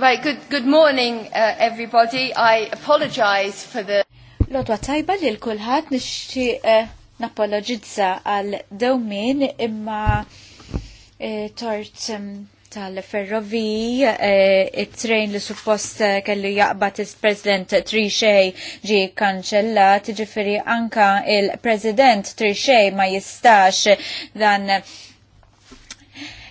Right, good, good morning uh, everybody. I apologize for the... Lodwa tajba li l-kulħat nixti uh, napologizza għal dawmin imma uh, tort um, tal-ferrovi, il uh, it-train li suppost kellu jaqbat il-President Trixej ġi kanċella, tiġifiri anka il-President Trixej ma jistax dan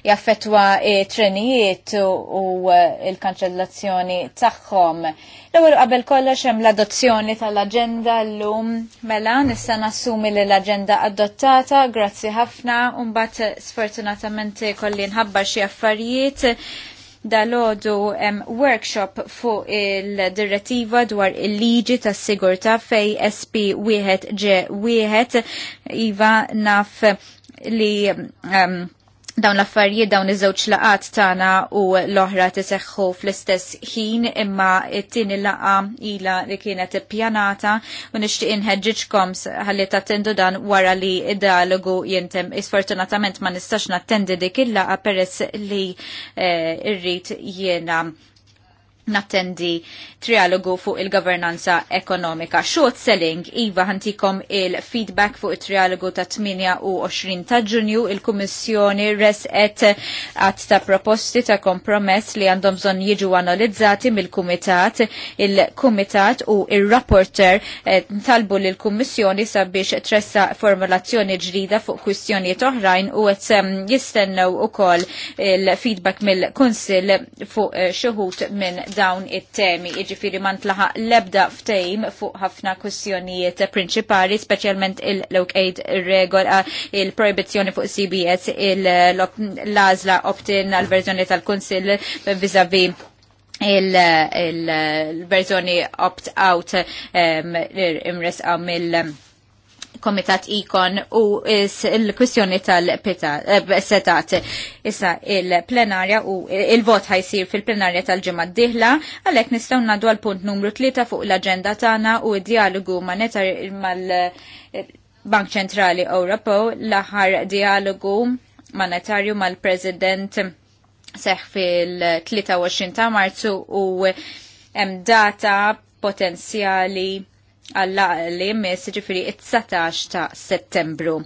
jaffetwa trenijiet u eh, il-kanċellazzjoni tagħhom. L-ewwel qabel kollox hemm l-adozzjoni tal-aġenda llum mela nista' nassumi li l agenda adottata, grazzi ħafna, u mbagħad eh, sfortunatament kolli nħabbar xi affarijiet dalodu um, workshop fuq il-direttiva dwar il-liġi tas sigurta fej SP wieħed ġe wieħed iva naf li um, dawn l-affarijiet dawn iż-żewġ laqat tagħna u l-oħra tiseħħu fl-istess ħin imma t-tieni laqa ila li kienet ippjanata u nixtieq inħeġġiġkom ħalli tattendu dan wara li id-dialogu jintem. Isfortunatament ma nistax nattendi dik il-laqa peress li eh, irrid jiena nattendi trialogu fuq il-governanza ekonomika. Short selling, Iva ħantikom il-feedback fuq il-trialogu ta' 28 ta' ġunju, il-Kummissjoni et għat ta' proposti ta' kompromess li għandhom zon jiġu analizzati mill-Kumitat, il-Kumitat u il-Rapporter eh, talbu l kummissjoni sabiex tressa formulazzjoni ġdida fuq kwistjonijiet oħrajn u għet eh, jistennew u kol il-feedback mill-Konsil fuq eh, xuħut minn dawn it-temi, iġifiri man tlaħaq lebda ftejm fuq ħafna kwestjonijiet prinċipali, specialment il-lok aid regol il-proibizjoni fuq CBS il-lazla opt-in għal-verżjoni tal-Kunsil vizavi il-verżjoni opt-out imresqa mill- komitat ikon u il-kwistjoni tal-setat. Eh, Issa il-plenarja u il-vot ħajsir fil-plenarja tal-ġemma d-dihla, għalek nistaw nadu għal-punt numru 3 fuq l-agenda tana u dialogu monetar mal-Bank Ċentrali Ewropo, l-aħħar dialogu monetarju mal-President seħ fil-23 ta' marzu u hemm data potenzjali għalla li jemmis ġifiri 19 ta' settembru.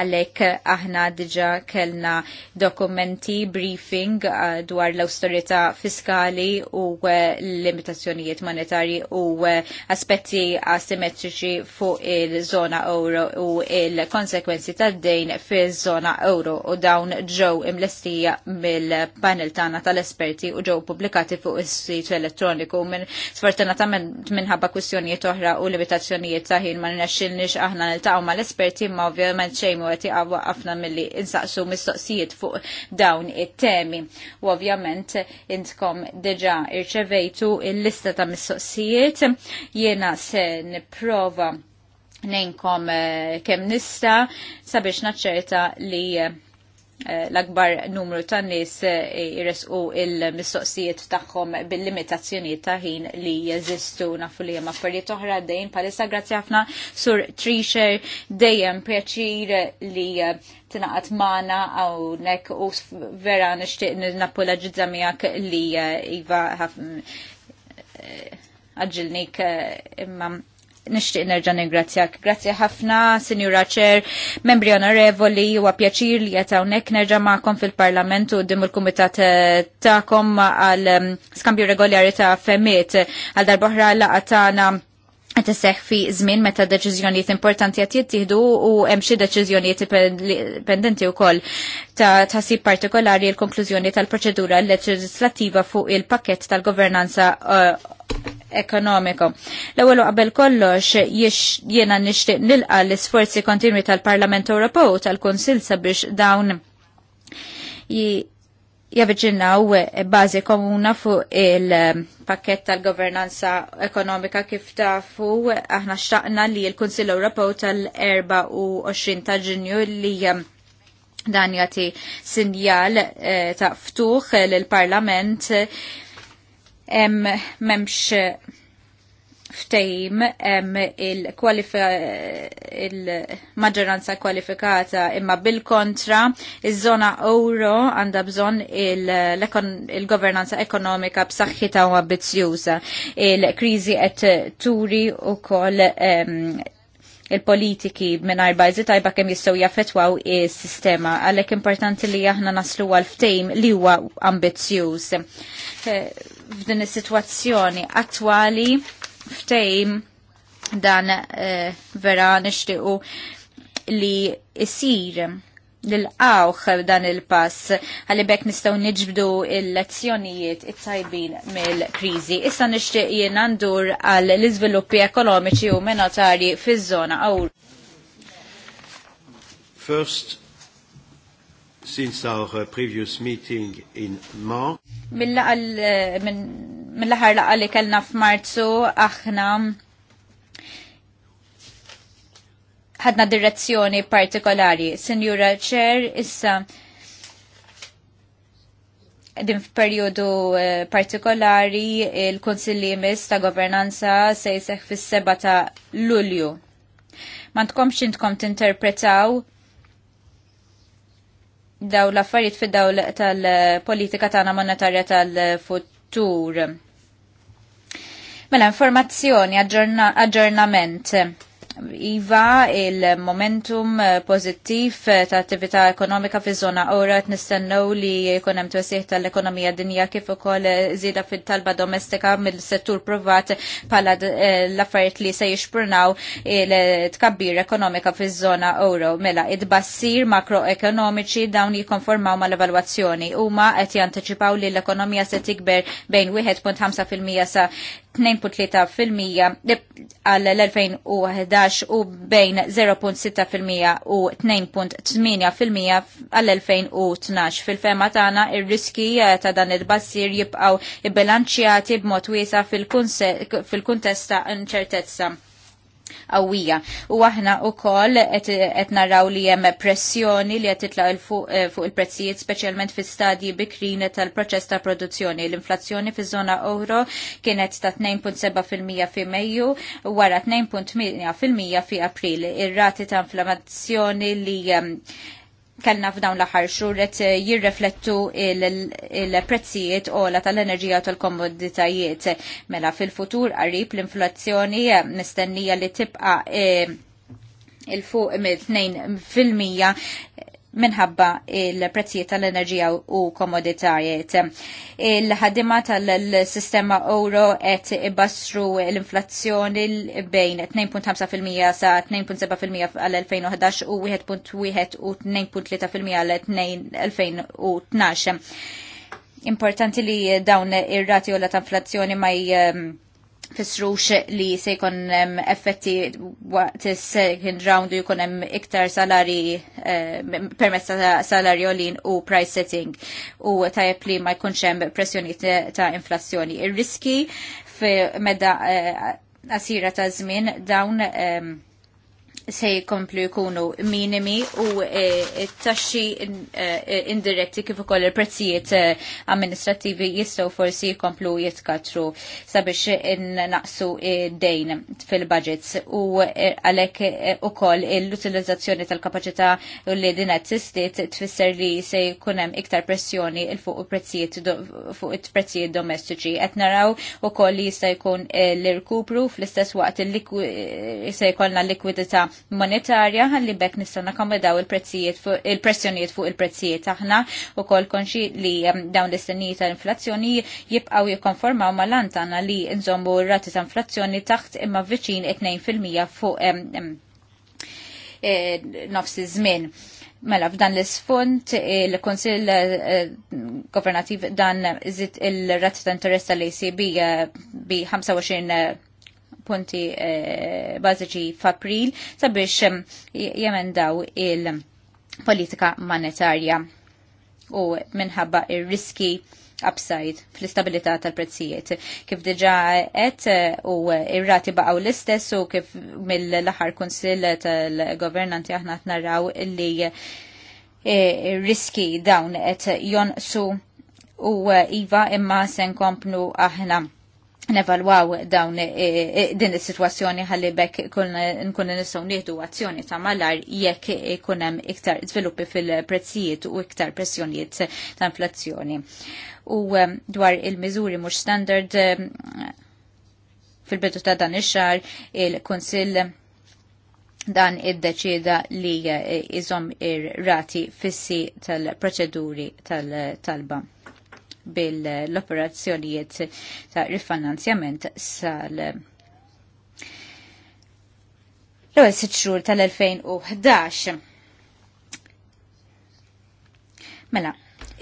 Għallek eh, aħna diġa kellna dokumenti, briefing eh, dwar l-austerita fiskali u eh, l-limitazzjonijiet monetari u aspetti asimetriċi fuq il-zona euro u il-konsekwenzi ta' dejn fil zona euro u dawn ġew imlestija mill-panel tana tal-esperti u ġew publikati fuq is-sit elettroniku minn sfortunatament minħabba kwistjonijiet oħra u li limitazzjonijiet ta' ħin ma nnexxilniex aħna niltaqgħu mal-esperti ma' ovvjament xejn mu qed ħafna milli insaqsu mistoqsijiet fuq dawn it-temi. U ovvjament intkom diġà irċevejtu il-lista ta' mistoqsijiet jiena se nipprova nejnkom eh, kemm nista sabiex naċċerta li eh, Eh, l-akbar numru ta' nies jresqu eh, il-mistoqsijiet tagħhom bil-limitazzjonijiet ta' ħin li jeżistu nafu li hemm affarijiet oħra dejjem palissa grazzi ħafna sur Trisher dejjem pjaċir li eh, tinaqat maħna għaw nek u vera nishtiq napolagġizza miak li Iva għadġilnik imma nishtiq nerġa' ningrazzjak. Grazzi ħafna, Sinjura Ċer, membri onorevoli, huwa pjaċir li qed hawnhekk nerġa' magħkom fil-Parlament u dim il-Kumitat eh, tagħkom għal mm, skambju regolari ta' femiet għal darbohra laqgħa tagħna qed isseħħ fi żmien meta deċiżjonijiet importanti qed jittieħdu u hemm xi deċiżjonijiet u wkoll ta' tasib partikolari il konklużjoni tal-proċedura leġislattiva fuq il-pakkett tal-governanza uh, ekonomiko. L-ewwel qabel kollox jiena nixtieq nilqa l-isforzi kontinwi tal-Parlament Ewropew tal-Kunsill sabiex dawn javġinaw eh, bazi komuna fuq il-pakket tal-governanza ekonomika kif tafu aħna xtaqna li l-Kunsill Ewropew tal-24 ta' ġinju li eh, dan jati sinjal eh, ta' ftuħ l-Parlament memx ftejm hemm il-maġġoranza kwalifikata imma bil-kontra iż-żona euro għandha bżonn il-governanza il ekonomika b'saħħitha u ambizzjuża. Il-kriżi qed turi wkoll il-politiki minn bajzi tajba kem jistaw jaffetwaw il-sistema, għalek importanti li jahna naslu għal-ftejm li huwa ambizzjuż. Eh, f'din is-sitwazzjoni attwali ftejm dan uh, vera nishtiqu li isir l-qawħ dan il-pass għalli bekk nistaw nġbdu il-lezzjonijiet it-tajbin mill-krizi. Issa nishtiq jien għandur għal l-izviluppi ekonomiċi u menotari fiż-żona għawr. First, since our previous meeting in March. Mill-laqal eh, mill ħar laqa li kellna f'Marzu aħna ħadna direzzjoni partikolari. Sinjura Cher, issa din f'perjodu eh, partikolari il-Konsilli Mis ta' Governanza se jseħħ fis-7 ta' Lulju. Ma tkomx intkom tinterpretaw daw l-affarijiet fid-dawl tal-politika tagħna monetarja tal-fut tur. Mela informazzjoni, aġġornament. Aggiorna, Iva, il-momentum eh, pozittiv eh, ta' attività ekonomika fi zona ora nistennew li jkun hemm twesih tal-ekonomija dinja kif ukoll żieda eh, fit-talba domestika mill-settur privat bħala l-affarijiet li se jixpurnaw il-tkabbir ekonomika fi zona euro. Mela, id-bassir makroekonomiċi dawn jikonformaw mal-evalwazzjoni huma qed jantiċipaw li l-ekonomija se tikber bejn 1.5% sa 2.3% eh, għal l-2011 u bejn 0.6% u 2.8% għal 2012. Fil-fema tagħna ir-riski eh, ta' dan il-bassir jibqgħu ibbilanċjati b'mod wiesa fil-kuntesta inċertezza għawija. U aħna wkoll qed naraw li hemm pressjoni li qed titlaq eh, fuq il-prezzijiet speċjalment fi stadji bikrin tal-proċess ta' produzzjoni. L-inflazzjoni fiż-żona euro kienet ta' 2.7% fi Mejju wara 2.8% fi April. Ir-rati ta' inflazzjoni li kellna f'dawn l-aħħar xhur qed jirreflettu il-prezzijiet ola tal-enerġija u tal-komoditajiet. Mela fil-futur qarib l-inflazzjoni mistennija li tibqa' eh, il-fuq mill-2 fil-mija minħabba il-prezzijiet tal-enerġija u komoditajiet. Il-ħaddima tal-sistema euro qed ibassru l-inflazzjoni bejn 2.5% sa 2.7% għal-2011 u 1.1 u 2.3% għal-2012. Importanti li dawn ir-ratio ta' inflazzjoni ma' fissrux li se jkun effetti waqt second round jkun hemm iktar salari eh, permezz ta' salari olin u price setting u tajjeb li ma jkunx hemm pressjoni ta' inflazzjoni. Ir-riski fi meda eh, asira ta' żmien dawn eh, se jkomplu jkunu minimi u t-taxxi e, e, e, indiretti kif ukoll il-prezzijiet amministrativi jistgħu forsi jkomplu jitkatru sabiex naqsu dejn fil-budgets u għalhekk ukoll l-utilizzazzjoni tal-kapaċità li din qed tistiet tfisser li se jkun hemm iktar pressjoni il fuq prezzijiet fuq it-prezzijiet domestiċi qed naraw ukoll li jista' jkun l-irkupru fl-istess waqt se jkollna likwidità monetarja ħalli bekk nistgħu nakkomodaw il-prezzijiet il-pressjonijiet fuq il-prezzijiet aħna wkoll konxi li um, dawn l-istennijiet tal-inflazzjoni jibqgħu jikkonformaw mal-antana li nżommu r-rati ta' inflazzjoni taħt imma viċin 2% fuq um, um, e, nofs iż-żmien. Mela f'dan l isfunt il-Konsil eh, Governativ dan iżid il-rat ta' interess tal-ACB eh, bi 25 punti eh, bażiċi f'April sabiex jemendaw il-politika monetarja u minħabba ir-riski upside fl-istabilità tal-prezzijiet. Kif diġa għet eh, u ir-rati baqgħu l-istess u kif mill-aħħar kunsill tal-governanti aħna t naraw li eh, riski dawn qed jonqsu u iva imma se nkomplu aħna nevalwaw dawn e, e, din is-sitwazzjoni għalli bekk nkun nistgħu nieħdu azzjoni ta' malar jekk ikun hemm iktar żviluppi fil-prezzijiet u iktar pressjonijiet ta' inflazzjoni. U dwar il-miżuri mhux standard fil-bidu ta' dan ix-xar il-Kunsill dan id-deċida li jizom e, ir-rati fissi tal-proċeduri tal-talba. tal proċeduri tal talba bil-operazzjonijiet ta' rifinanzjament sal l-ewwel sitt xhur tal-2011. Mela,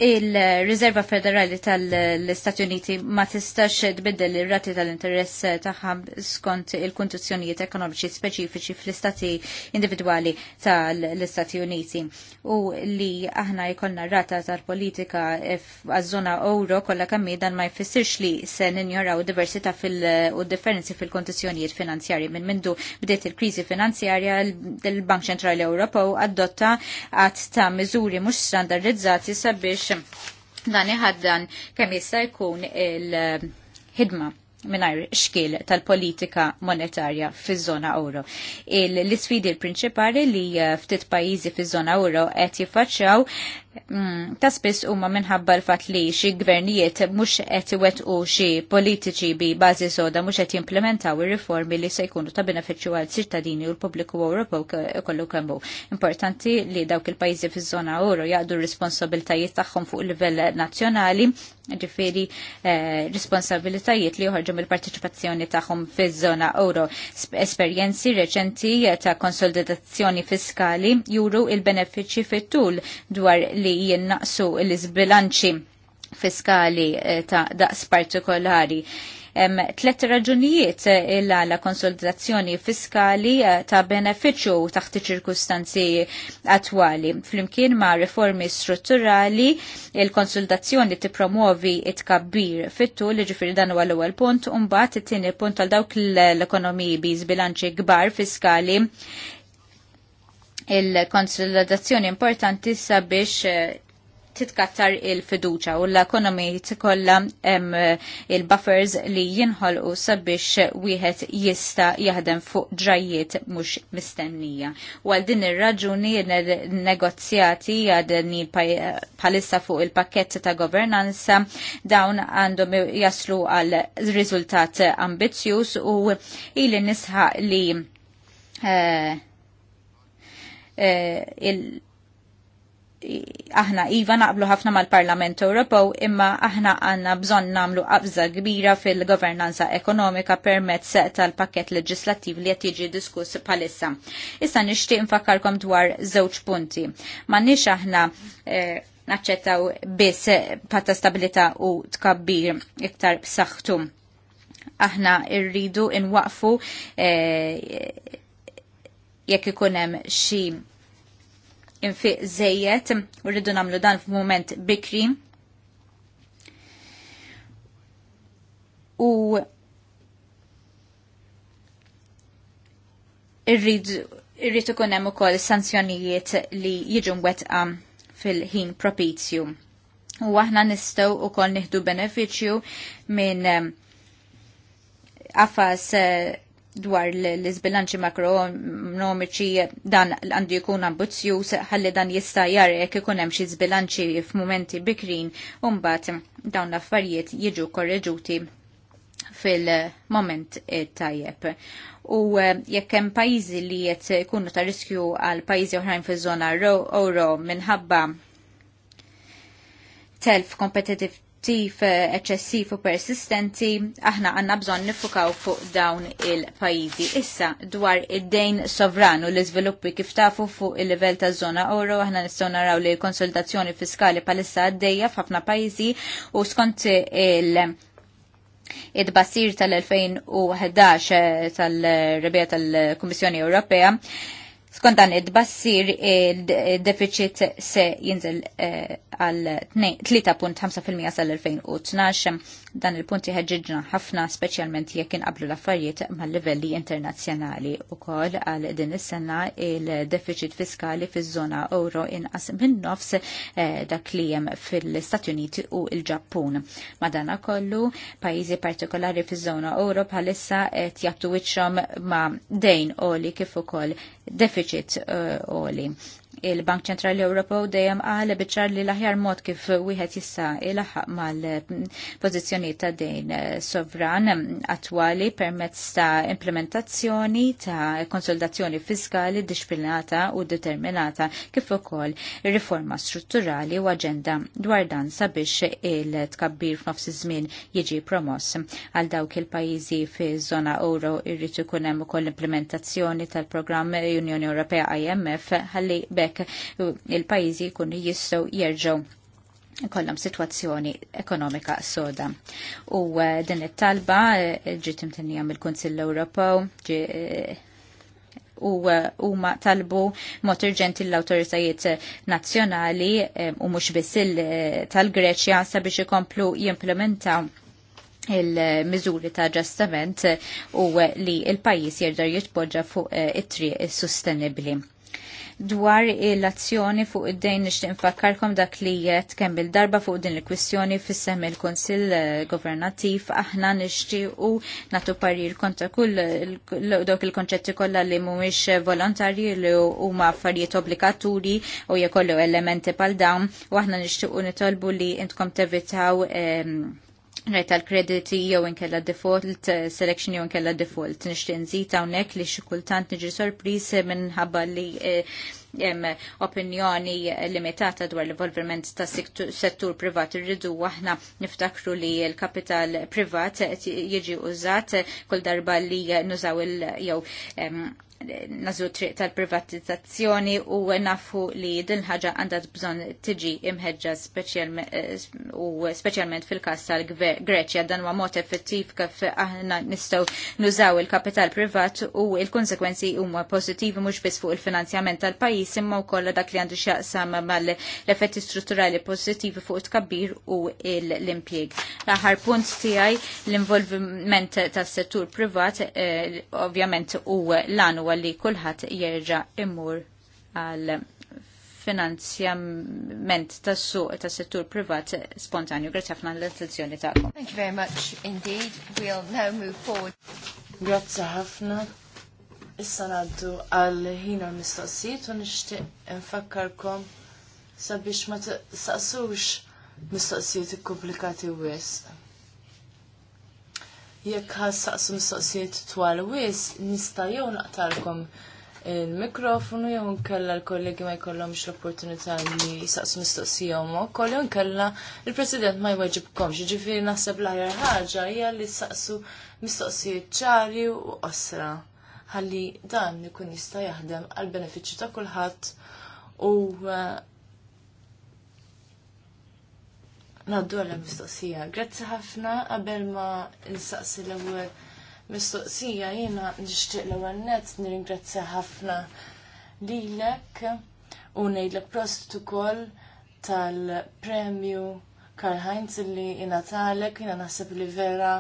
il-Riserva Federali tal-Istati Uniti ma tistax tbiddel ir-rati tal-interess tagħha skont il-kundizzjonijiet ekonomiċi speċifiċi fl-istati individwali tal-Istati Uniti u li aħna jkollna rata tal-politika għaż-żona euro kollha kemm dan ma jfissirx li se ninjoraw diversità fil- u differenzi fil-kondizzjonijiet finanzjarji minn mindu bdiet il-kriżi finanzjarja il-Bank Ċentrali Ewropew adotta għadd ta' miżuri mhux standardizzati sabiex biex dan iħaddan kemm jista' jkun il-ħidma minnajr xkil tal-politika monetarja fiż-żona euro. L-isfidi l-prinċipali li ftit pajjiżi fiż-żona euro qed jiffaċċjaw Mm, ta' spiss huma minħabba l-fatt li xi gvernijiet mhux qed iwettqu xi politiċi bi bażi soda mhux qed jimplementaw ir-riformi li se jkunu ta' benefiċċju għal ċittadini u l-pubbliku Ewropew kollu kemm hu. Importanti li dawk il-pajjiżi fiż-żona euro jaqdu r-responsabiltajiet tagħhom fuq livell nazzjonali ġifiri eh, responsabilitajiet li joħorġu mill-partiċipazzjoni tagħhom fiż-żona euro. Esperjenzi reċenti ta' konsolidazzjoni fiskali juru il-benefiċċji fit-tul dwar li li jinnaqsu l-izbilanċi fiskali eh, ta' daqs partikolari Tlet tliet raġunijiet eh, illa la konsolidazzjoni fiskali eh, ta' beneficju taħt ċirkustanzi attwali. Flimkien ma' riformi strutturali, il-konsolidazzjoni promuovi it-kabbir fittu li ġifiri dan u l-ewwel punt, u mbagħad it-tieni punt għal dawk l-ekonomiji biż bilanċi kbar fiskali il-konsolidazzjoni importanti sabiex eh, titkattar il-fiduċa u l-ekonomi tikolla il-buffers li jinħolqu sabiex wieħed jista jaħdem fuq ġrajiet mhux mistennija. U għal din ir-raġuni negozjati għadni palissa fuq il-pakket ta' governanza dawn għandhom jaslu għal riżultat ambizjus u ili nisħaq li uh, Eh, il- aħna iva naqblu ħafna mal-Parlament Ewropew imma aħna għanna bżonn namlu qabża kbira fil-governanza ekonomika permezz tal-pakket leġislattiv li qed jiġi diskuss palissa. Issa nixtieq nfakkarkom dwar żewġ punti. M'għandniex aħna eh, naċċettaw biss patta stabilità u tkabbir iktar b'saħħtu aħna irridu inwaqfu eh, jekk ikun hemm xi infiq żejjed u rridu nagħmlu dan f'mument bikri. U irrid ikun hemm ukoll sanzjonijiet li jiġu mwettqa fil-ħin propizju. U aħna nistgħu ukoll nieħdu benefiċċju minn eh, afas. uh, dwar l-izbilanċi makroekonomiċi dan għandu jkun ambizzjuż ħalli dan jista' jar jekk ikun hemm xi żbilanċi f'mumenti bikrin u mbagħad dawn l-affarijiet jiġu korreġuti fil-moment tajjeb. U eh, jekk hemm pajjiżi li qed ikunu ta' riskju għal pajjiżi oħrajn fiż-żona euro minħabba telf kompetitiv Tif eh, eċessiv u persistenti, aħna għanna bżon nifukaw fuq dawn il-pajizi. Issa, dwar id-dejn sovran u l-izviluppi kif tafu fuq il-level ta' zona euro, aħna nistaw naraw li konsultazzjoni fiskali palissa għaddeja f'ħafna pajizi u skont il- id-basir tal-2011 eh, tal-rebija tal kummissjoni Ewropea Skont dan id-bassir il-deficit se jinżel eh, għal 3.5% sal-2012. Dan il-punt jħedġiġna ħafna speċjalment jekk inqablu l-affarijiet mal-livelli internazzjonali u kol għal din is-sena il-deficit fiskali fiż-żona euro inqas minn nofs eh, dak li hemm fil-Stati Uniti u l-Ġappun. Madana kollu pajjiżi partikolari fiż-żona euro bħalissa qed jagħtu wiċċhom ma' dejn oli kif ukoll deficit deficit eh, oli. Il-Bank Ċentrali Ewropew dejjem qal biċar li l-aħjar mod kif wieħed jista' ilaħħaq mal-pożizzjoni ta' dejn sovran attwali permezz ta' implementazzjoni ta' konsolidazzjoni fiskali disciplinata u determinata kif ukoll riforma strutturali u aġenda dwar dan sabiex il-tkabbir f'nofs iż-żmien jiġi promoss għal dawk il-pajjiżi fi żona euro irrid ikun hemm ukoll implementazzjoni tal-programm Unjoni Ewropea IMF ħalli bekk il-pajizi kun jistaw jerġaw kollam situazzjoni ekonomika soda. U eh, din it-talba eh, ġiet imtinija mill-Kunsill Ewropew eh, u huma talbu mod urġenti l-awtoritajiet nazzjonali u mhux biss tal-Greċja sabiex ikomplu jimplementaw il miżuri ta' ġastament u li il-pajis jirder jitpoġġa fuq it-triq sostenibbli dwar l-azzjoni fuq id-dejn nixtieq nfakkarkom dak li jett kemm bil darba fuq din il-kwistjoni fis-sem il-Kunsill eh, Governattiv aħna nixtiequ nagħtu parir konta kull dawk il-konċetti kollha li mhumiex volontarji li huma affarijiet obbligaturi u jekollu elementi bħal dawn u aħna nixtiequ nitolbu li intkom tevitaw Rajt l-krediti jew inkella default, eh, selection jew inkella default. Nixtieq nżid hawnhekk li xi kultant niġi sorpris minħabba li jem eh, opinjoni limitata dwar l-involviment ta' settur privat irridu aħna niftakru li l-kapital privat jiġi użat kull darba li nużaw il jow nażlu triq tal-privatizzazzjoni u nafu li din ħaġa għandat bżonn tiġi imħeġġa eh, u speċjalment fil-kas tal-Greċja dan huwa mod effettiv kif aħna nistgħu nużaw il-kapital privat u il-konsekwenzi huma pożittivi mhux biss fuq il-finanzjament tal-pajjiż imma wkoll dak li għandu x'jaqsam mal-effetti strutturali pożittivi fuq it-kabbir u l-impjieg. L-aħħar punt tiegħi l-involviment tas-settur privat eh, ovvjament u l-għanu naraw li kulħadd jerġa' immur għal finanzjament tas suq tas settur privat spontanju. Grazie ħafna l-attenzjoni tagħkom. Thank you very much indeed. We'll now move forward. Grazzi ħafna. Issa ngħaddu għal ħin mistoqsijiet u nixtieq infakkarkom sabiex ma saqsux mistoqsijiet ikkomplikati wisq jekk ħassaqsu mistoqsijiet twal wis, nista' jew naqtalkom il-mikrofonu jew nkella l-kollegi ma jkollhomx l-opportunità li jisaqsu mistoqsijhom ukoll jew nkella il-President ma jweġibkomx. Jiġifieri naħseb l-aħjar ħaġa hija li saqsu mistoqsijiet ċari u qosra ħalli dan ikun jista' jaħdem għall benefiċċju ta' kulħadd u Naddu għal mistoqsija. Grazzi ħafna qabel ma nistaqsi l-ewwel mistoqsija jiena nixtieq l-ewwel nett nirringrazzja ħafna lilek u ngħidlek prost ukoll tal-premju Karl Heinz li talek jiena naħseb li vera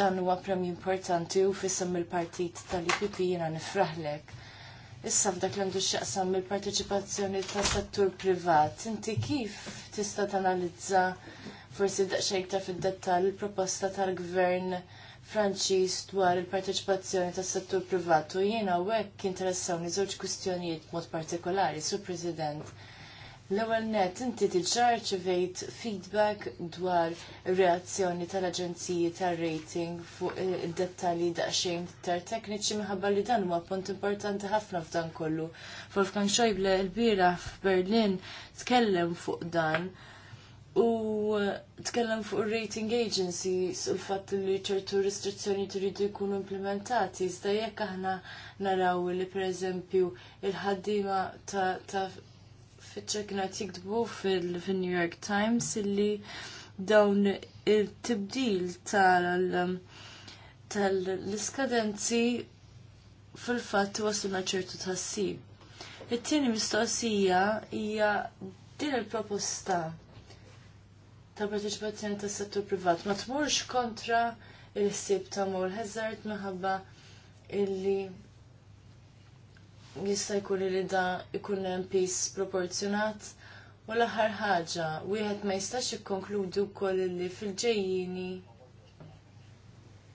dan huwa premju importanti u fissem il-partit tal-IPP jiena nifraħlek. Issa f'dak l għandu x'jaqsam mill-parteċipazzjoni tas settur privat, inti kif tista' tanalizza forsi daqxajk ta' fid-dettall il-proposta tal-Gvern Franċiż dwar il-parteċipazzjoni tas settur privat u jiena hawnhekk interessawni żewġ kwistjonijiet mod partikolari, Sur President. L-ewwel net inti tilċarċivejt feedback dwar ir-reazzjoni tal-aġenziji tar-rating fuq eh, id-dettalji daqsxejn tar tekniċi minħabba li dan huwa punt importanti ħafna f'dan kollu. Wolfgang Schäuble l-bira f'Berlin tkellem fuq dan u eh, tkellem fuq ir-rating agencies u l-fatt li ċertu restrizzjoni tridu jkunu implementati iżda jekk aħna naraw li pereżempju il-ħaddiema ta' kien kienet jiktbu fil-New York Times illi dawn il-tibdil um, tal-iskadenzi fil-fat wasluna ċertu tassi. It-tieni mistoqsija hija din il-proposta ta' parteċipazzjoni tas settur privat ma tmurx kontra il-sib ta' mol hazard minħabba illi jista' jkun li da jkun hemm pis proporzjonat u l-aħħar ħaġa wieħed ma jistax jikkonkludi wkoll li fil-ġejjini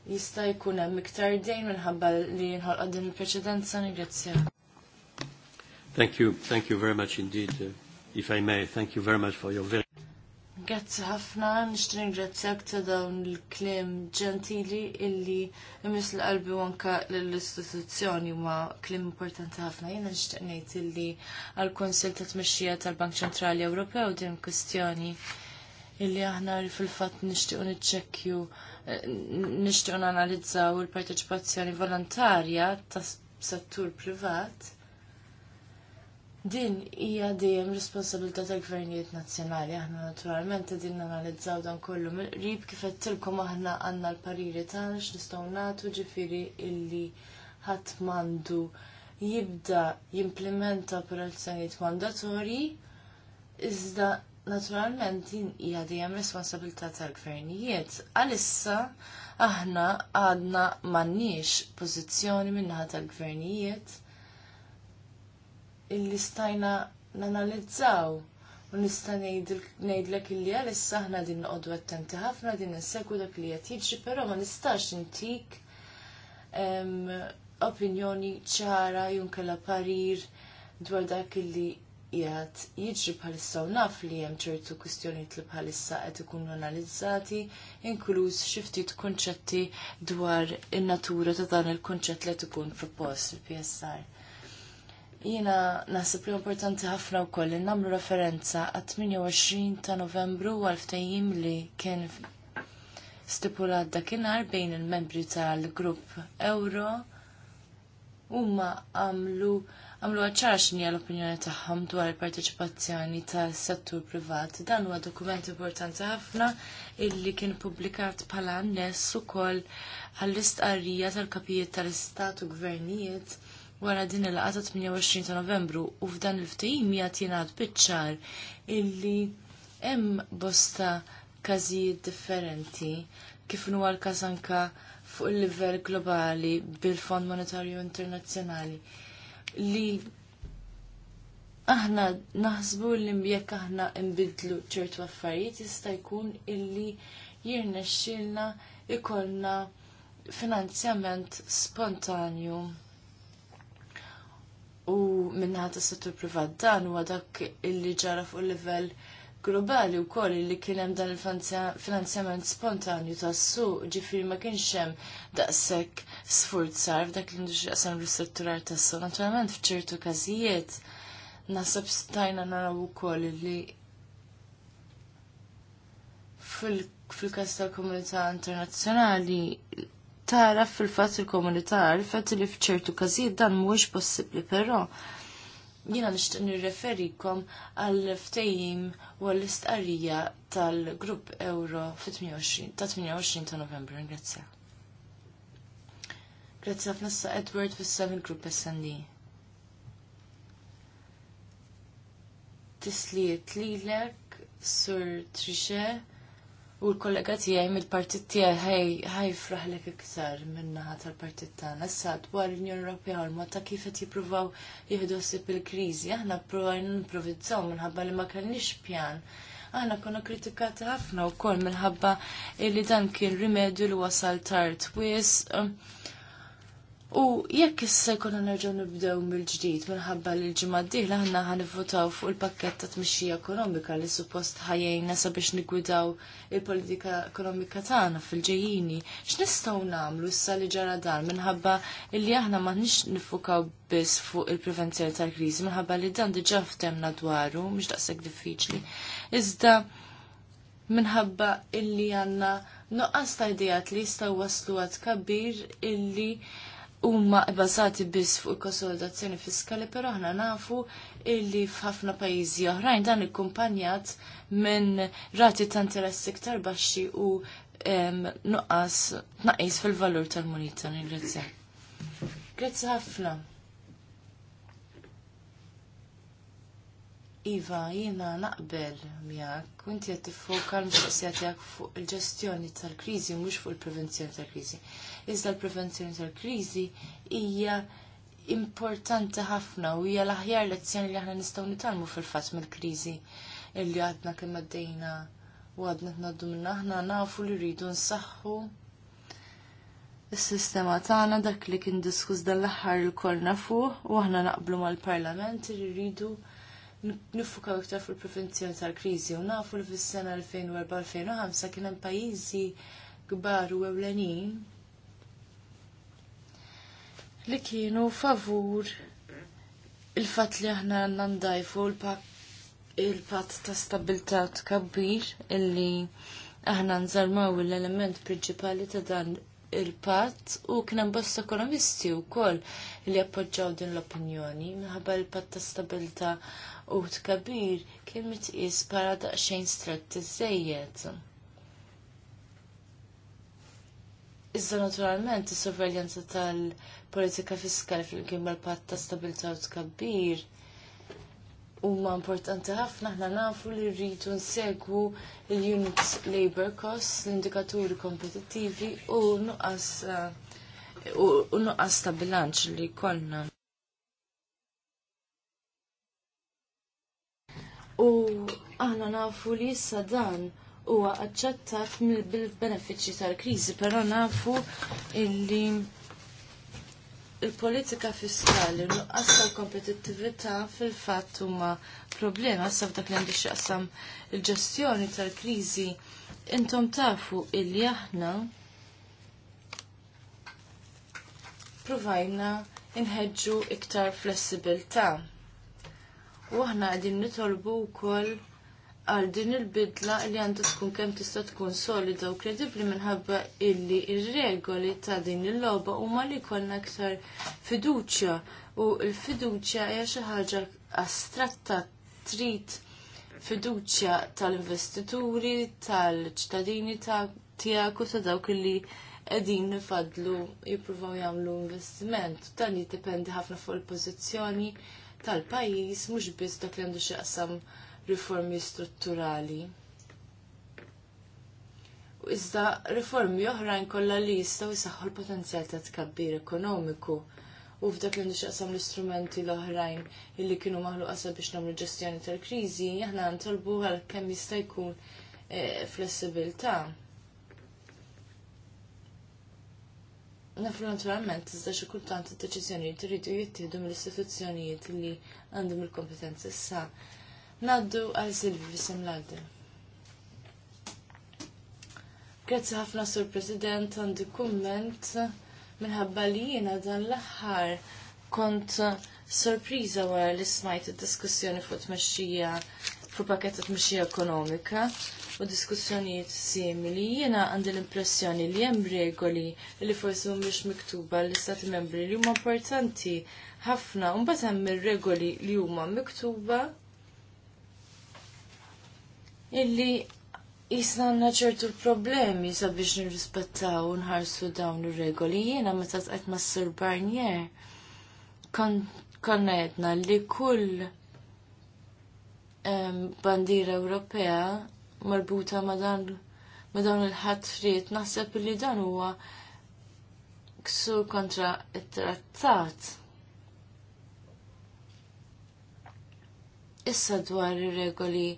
jista' jkun hemm iktar dejn minħabba li nħolqod din il-preċedenza ningrazzja. Thank you, thank you very much indeed. Uh, if I may, thank you very much for your very Grazzi ħafna, nixtri ringrazzjak ta' dawn il-klim ġentili illi imis l-qalbi wanka l-istituzzjoni ma klim importanti ħafna. Jena nixtieq ngħid illi għall konsil ta' Tmexxija tal-Bank Ċentrali Ewropew din kwestjoni illi aħna fil-fatt nixtiequ niċċekkju nixtiequ nanalizzaw il-parteċipazzjoni volontarja ta' settur privat Din hija dejjem responsabilità tal-gvernijiet nazzjonali, aħna naturalment din analizzaw dan kollu mill-qrib kif qed tilkom aħna għandna l-pariri tagħna x'nistgħu nagħtu ġifieri illi ħadd m'għandu jibda jimplementa operazzjonijiet mandatorji, iżda naturalment din hija dejjem responsabilità tal-gvernijiet. Għalissa aħna għadna m'għandniex pożizzjoni min-naħa tal-gvernijiet illi stajna nanalizzaw u nista' ngħidlek illi għalissa aħna din noqogħdu attenti ħafna din insegwu dak li qed jiġri, però ma nistax intik opinjoni ċara junkella parir dwar dak illi jgħat jiġri bħalissa u naf li hemm ċertu kwistjonijiet li bħalissa qed ikunu analizzati, inkluż xi ftit kunċetti dwar in-natura ta' dan il-kunċett li qed ikun propost il-PSR. Jiena nasib li importanti ħafna u li nagħmlu referenza għat 28 ta' Novembru għal ftajim li kien stipulat dakinhar bejn il-membri tal-grupp Euro huma għamlu għamlu għacċara xinja l-opinjoni tagħhom dwar il-parteċipazzjoni tas-settur privat. Dan huwa dokument importanti ħafna illi kien publikat bħala annes ukoll għall-istqarrija tal-kapijiet tal-istat u gvernijiet wara din il-laqgħa ta' 28 ta' Novembru u f'dan il-ftehim jgħat jingħad biċ-ċar illi hemm bosta każijiet differenti kif huwa l-każ anka fuq il-livell globali bil-Fond Monetarju Internazzjonali li aħna naħsbu li jekk aħna nbidlu ċertu affarijiet jista' jkun illi jirnexxilna ikollna finanzjament spontanju u minnaħat is-settur privat dan huwa dak illi ġara fuq livell globali u koll li kien hemm dan il-finanzjament spontanju tas-suq ġifiri ma kienx hemm daqshekk sfurzar f'dak l-industrija qasam ristrutturar tas-suq. Naturalment f'ċertu każijiet nasab stajna naraw ukoll li fil kastal tal komunità internazzjonali tara fil-fatt il-komunità għarfet li fċertu każijiet dan mhuwiex possibbli, però jina nishtiq nirreferikom għal ftejim u għall istqarrija tal-Grupp Euro fit-28 ta' 28 ta' Novembru. Grazie. Grazie ħafna sa' Edward fis-7 Grupp SND. Tisliet lilek, Sur Trichet. U l-kollega tiegħi mill-partit ħaj ħajfraħlek iktar minnaħa tal-partit tagħna. Issa dwar l-Unjoni Ewropea u l ta' kif qed jippruvaw jieħdu ssib il-kriżi, aħna ppruvajna nimprovizzaw minħabba li ma kellniex pjan. Aħna konna kritikati ħafna wkoll minħabba li dan kien rimedju li wasal tard wis U jekk issa jkollna nerġgħu nibdew mill-ġdid minħabba li l-ġimgħa d-dieħla aħna ħanivvotaw fuq il-pakkett ta' tmixxija ekonomika li suppost ħajjejna sabiex nigwidaw il-politika ekonomika tagħna fil-ġejjini. X'nistgħu nagħmlu issa li ġara dan minħabba li aħna m'aħniex nifukaw biss fuq il-prevenzjoni tal-kriżi minħabba li dan diġà ftemna dwaru mhux daqshekk diffiċli. Iżda minħabba illi għandna noqqas ta' idejat li jistgħu waslu kabbir illi huma bbażati biss fuq il-konsolidazzjoni fiskali, però aħna nafu illi f'ħafna pajjiżi oħrajn dan ikkumpanjat minn rati ta' interess iktar baxxi u nuqqas tnaqqis fil-valur tal-munita nirrizzja. Grazzi ħafna. Iva, jina naqbel miak, kunti inti qed tiffoka l-mistoqsija tiegħek fuq il-ġestjoni tal-kriżi mux fuq il-prevenzjoni tal-kriżi. Iżda l-prevenzjoni tal-kriżi hija importanti ħafna u hija l-aħjar lezzjoni li aħna nistgħu nitalmu fil-fatt mill-kriżi illi għadna kemm għaddejna u għadna tnaddu minna aħna nafu li rridu nsaħħu Is-sistema tagħna dak li kien diskuż dan l-aħħar il-kolna fuq u aħna naqblu mal-Parlament li rridu nifukaw iktar fuq il-prevenzjoni tal-kriżi u nafu li fis-sena 2004-2005 kien hemm pajjiżi kbar u ewlenin li kienu favur il-fatt li aħna nandajfu il-patt ta' stabilità tkabbir illi aħna nżarmaw l-element prinċipali ta' dan il-patt u kien hemm bosta ekonomisti wkoll li appoġġjaw din l-opinjoni minħabba l-patt ta' stabilità u kabir kien mitqis bħala daqsxejn strett iżejjed. Iżda naturalment is-sorveljanza tal-politika fiskali flimkien mal-patt ta' stabilità u tkabbir huma importanti ħafna aħna nafu li rridu nsegwu l-unit labor costs, l-indikaturi kompetittivi u nuqas u nuqqas ta' bilanċ li jkollna. U aħna nafu li issa dan huwa aċċettat bil-benefiċċji tal-kriżi, però nafu illi il-politika fiskali nuqqas tal-kompetittività fil-fatt huma problema sa dak li għandix x'jaqsam il-ġestjoni tal-kriżi intom tafu illi aħna provajna inħedġu iktar flessibilta. U aħna qegħdin nitolbu wkoll għal din il-bidla li għandha tkun kemm tista' tkun solida u kredibbli minħabba illi ir-regoli ta' din il-logħba huma li jkollna aktar fiduċja u l-fiduċja hija xi ħaġa astratta trid fiduċja tal-investituri, tal-ċittadini tiegħek u ta' dawk li qegħdin nifadlu jippruvaw jagħmlu investiment. Dan jiddependi ħafna fuq il-pożizzjoni tal-pajjiż mhux biss dak li għandu xi qasam riformi strutturali. U iżda riformi oħrajn kollha li jistgħu jsaħħu l-potenzjal ta' tkabbir ekonomiku u f'dak li nixaqsam l-istrumenti l-oħrajn illi kienu maħluqa biex nagħmlu ġestjoni tal-kriżi, aħna ntolbu għal kemm jista' jkun eh, flessibilità. Nafru naturalment, iżda xi kultant id-deċiżjonijiet iridu jittieħdu mill-istituzzjonijiet li għandhom il-kompetenza issa. Naddu għal Silvi fisem l Grazzi ħafna sur President għandi kumment minħabba li jiena dan l-aħħar kont sorpriża wara li smajt id-diskussjoni fuq tmexxija fuq paketta t-mxija ekonomika u diskussjonijiet simili, jiena għandi l-impressjoni li hemm regoli li forsi mhumiex miktuba l istati membri li huma importanti ħafna u mbagħad hemm regoli li huma miktuba illi jisna ċertu problemi sabiex nirrispettaw u nħarsu dawn ir-regoli. Jiena meta tqed mas-Sur Barnier konna jedna li kull bandira Ewropea marbuta ma' dan ma' dawn il-ħatfriet naħseb li dan huwa ksu kontra it-trattat. Issa dwar ir-regoli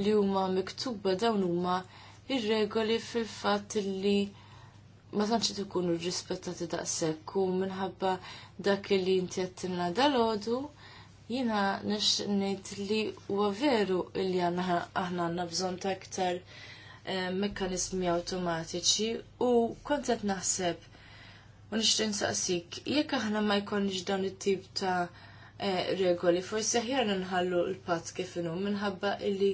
li huma miktuba dawn huma ir-regoli fil-fatt li ma tantx ikunu rrispettati daqshekk u minħabba dak li inti qed tinna dalodu Jina nix nejt li huwa veru li aħna għanna bżon ta' ktar eh, mekkanizmi automatiċi u kontet naħseb u nixtri saqsik: jekk aħna ma jkollniex dawn it-tip ta' eh, regoli, forsi aħjar nħallu l-pat kif inhu minħabba illi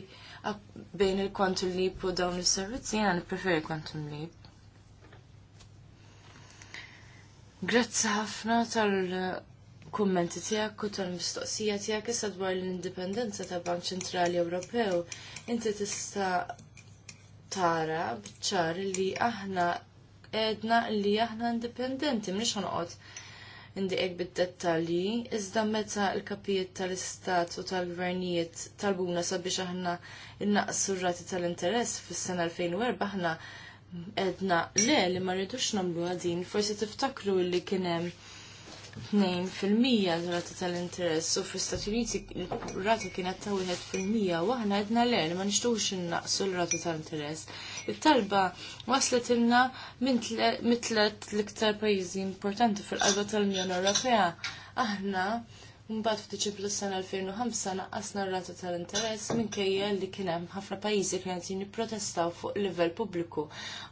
bejn il-quantum leap u dawn is-servizzi jiena nippreferi quantum leap. Grazzi ħafna tal kummenti tiegħek u tal-mistoqsija tiegħek issa dwar l-indipendenza tal Bank Ċentrali Ewropew. Inti tista' tara b'ċar li aħna edna li aħna indipendenti, mniex ħanqot indiqek bid-dettalji, iżda meta l-kapijiet tal-istat u tal-gvernijiet tal-Buna sabiex aħna innaqsu r-rati tal-interess fis-sena 2004 aħna edna le li ma rridux nagħmlu għadin, forsi tiftakru li kien hemm 2% rata tal-interess u fl-Istati Uniti rata kienet ta' 1% u aħna għedna l ma nixtux innaqsu l-rata tal-interess. Il-talba waslet ilna mitlet l-iktar pajjiżi importanti fil-qalba tal-Unjoni Ewropea. Aħna Mbagħad f'Diċembru s-sena 2005 naqqasna r-rata tal-interess minkejja li kien hemm ħafna pajjiżi kien qed jipprotestaw fuq livell pubbliku.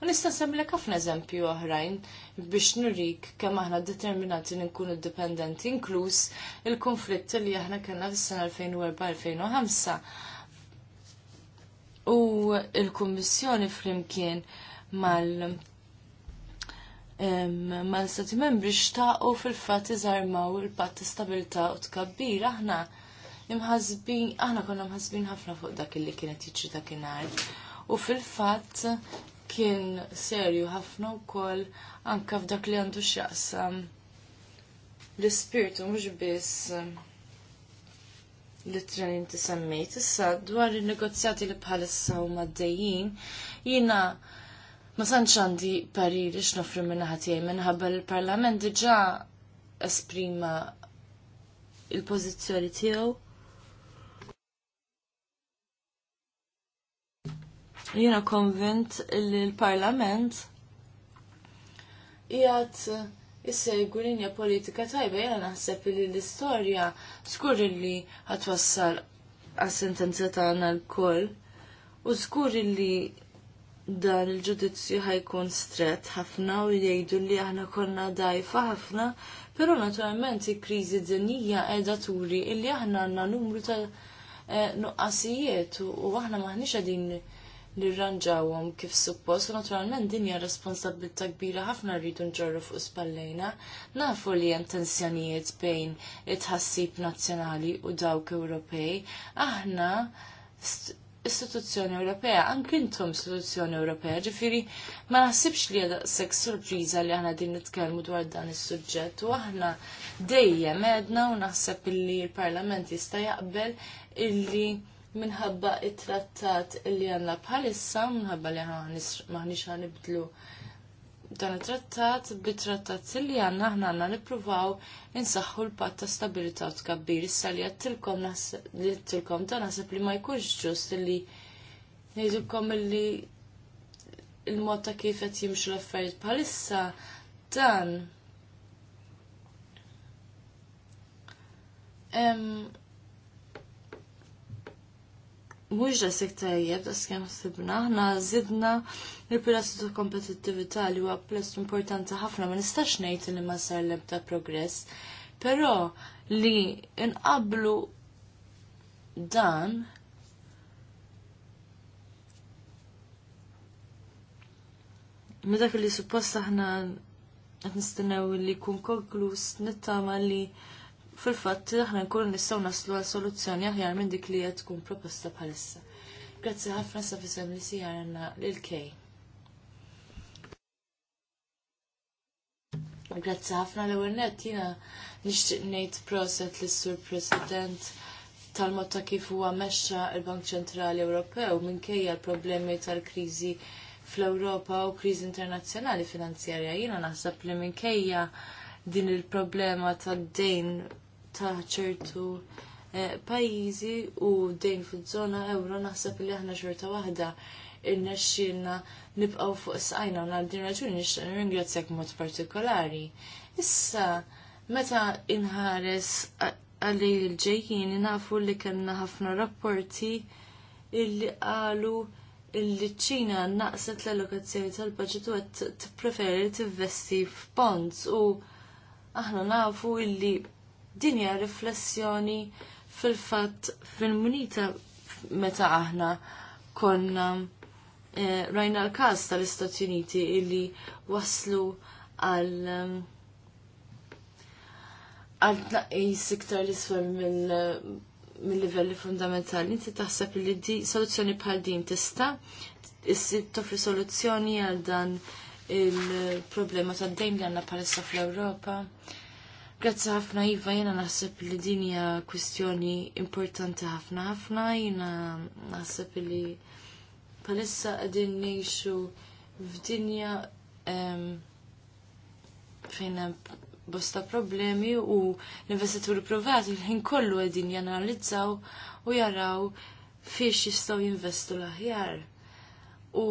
U nista' semmilek ħafna eżempju oħrajn biex nurik kemm aħna determinati nkunu dipendenti inkluż il-konflitt li aħna kellna fis-sena 2004-2005. U l-Kummissjoni flimkien mal ma l-Stati membri xtaqu fil-fat iżarmaw il-patt stabilta u tkabbir aħna imħazbin, aħna konna mħazbin ħafna fuq dak li kienet jiġri dakinhar. U fil-fatt kien serju ħafna wkoll anke f'dak li għandu x'jaqsam l-ispirtu mhux biss li t-trenin t-semmejt. Issa dwar il-negozjati li bħalissa u maddejjin, jina Ma sanċ għandi pariri x'nofri minn ħatijaj minnħabba l-Parlament diġà esprima il-pożizzjoni tiegħu. Jiena konvint li l-Parlament jgħat jissegwu linja politika tajba jena naħseb li l-istorja skur li wassal għas sentenza tagħna l-koll u skur li dan il-ġudizzju ħajkun stret ħafna u jgħidu li aħna konna dajfa ħafna, pero naturalment il-kriżi dinija qiegħda turi illi aħna għandna numru ta' eh, nuqqasijiet u aħna maħniex għadin nirranġawom kif suppost u naturalment din hija responsabilità kbira ħafna rridu nġorru fuq spallejna. Nafu li hemm tensjonijiet bejn it-ħassib nazzjonali u dawk Ewropej. Aħna istituzzjoni Ewropea, anke intom istituzzjoni Ewropea, ġifiri ma naħsibx li għadha sek surpriża li aħna din nitkellmu dwar dan is-suġġett u aħna dejjem għedna u naħseb li l-Parlament jista' jaqbel illi minħabba it-trattat illi għanna bħalissa minħabba li aħna maħniex ħanibdlu dan it-trattat bit-trattat li għanna ħna għanna nipruvaw insaħħu l-patt ta' stabilità u tkabbir. Issa li għattilkom ta' nasib li ma jkunx ġust li ngħidilkom li il-mod ta' kif qed jimxu l-affarijiet bħalissa dan mhux da sek tajjeb da skemm sibna, aħna żidna il plessu ta' kompetittivita li huwa pilastru importanti ħafna ma nistax ngħid li ma sar l'ebda progress. Però li nqablu dan Ma dak li suppost aħna qed nistennew li jkun konklus nittama li fil-fatt aħna nkunu nistgħu naslu għal soluzzjoni aħjar minn dik li qed tkun proposta bħalissa. Grazzi ħafna sa fisem li sijar għandna lil-kej. Grazzi ħafna l ewwel jiena nixtieq ngħid proset lis sur President tal-mod ta' kif huwa mexxa l-Bank Ċentrali Ewropew minkejja l-problemi tal-kriżi fl-Ewropa u kriżi internazzjonali finanzjarja. Jiena naħseb li minkejja din il-problema tad dejn ta' ċertu eh, pajjiżi u dejn fiż-żona euro naħseb li aħna xorta waħda irnexxielna nibqgħu fuq sqajna u għal din raġuni nixtaq nirringrazzjak mod partikolari. Issa meta inħares għalli l ġejjini nafu li kellna ħafna rapporti illi qalu illi ċina naqset l-allokazzjoni tal-budget u qed tippreferi tivvesti f'bonds u aħna nafu illi Din hija riflessjoni fil-fatt fil-munita meta aħna konna eh, rajna l-każ tal-Istati Uniti illi waslu għal um, għal tnaqqis iktar l-isfel mill mill-livelli fundamentali, inti taħseb li di soluzzjoni bħal din tista, issib toffri soluzzjoni għal dan il-problema ta' dejn li għanna palissa fl-Europa. Grazzi ħafna Iva, jena naħseb li din hija kwistjoni importanti ħafna ħafna, jena naħseb li palissa qegħdin ngħixu f'dinja fejn hemm bosta problemi u l-investituri privati l-ħin kollu qegħdin janalizzaw u jaraw fiex jistgħu jinvestu l-aħjar. U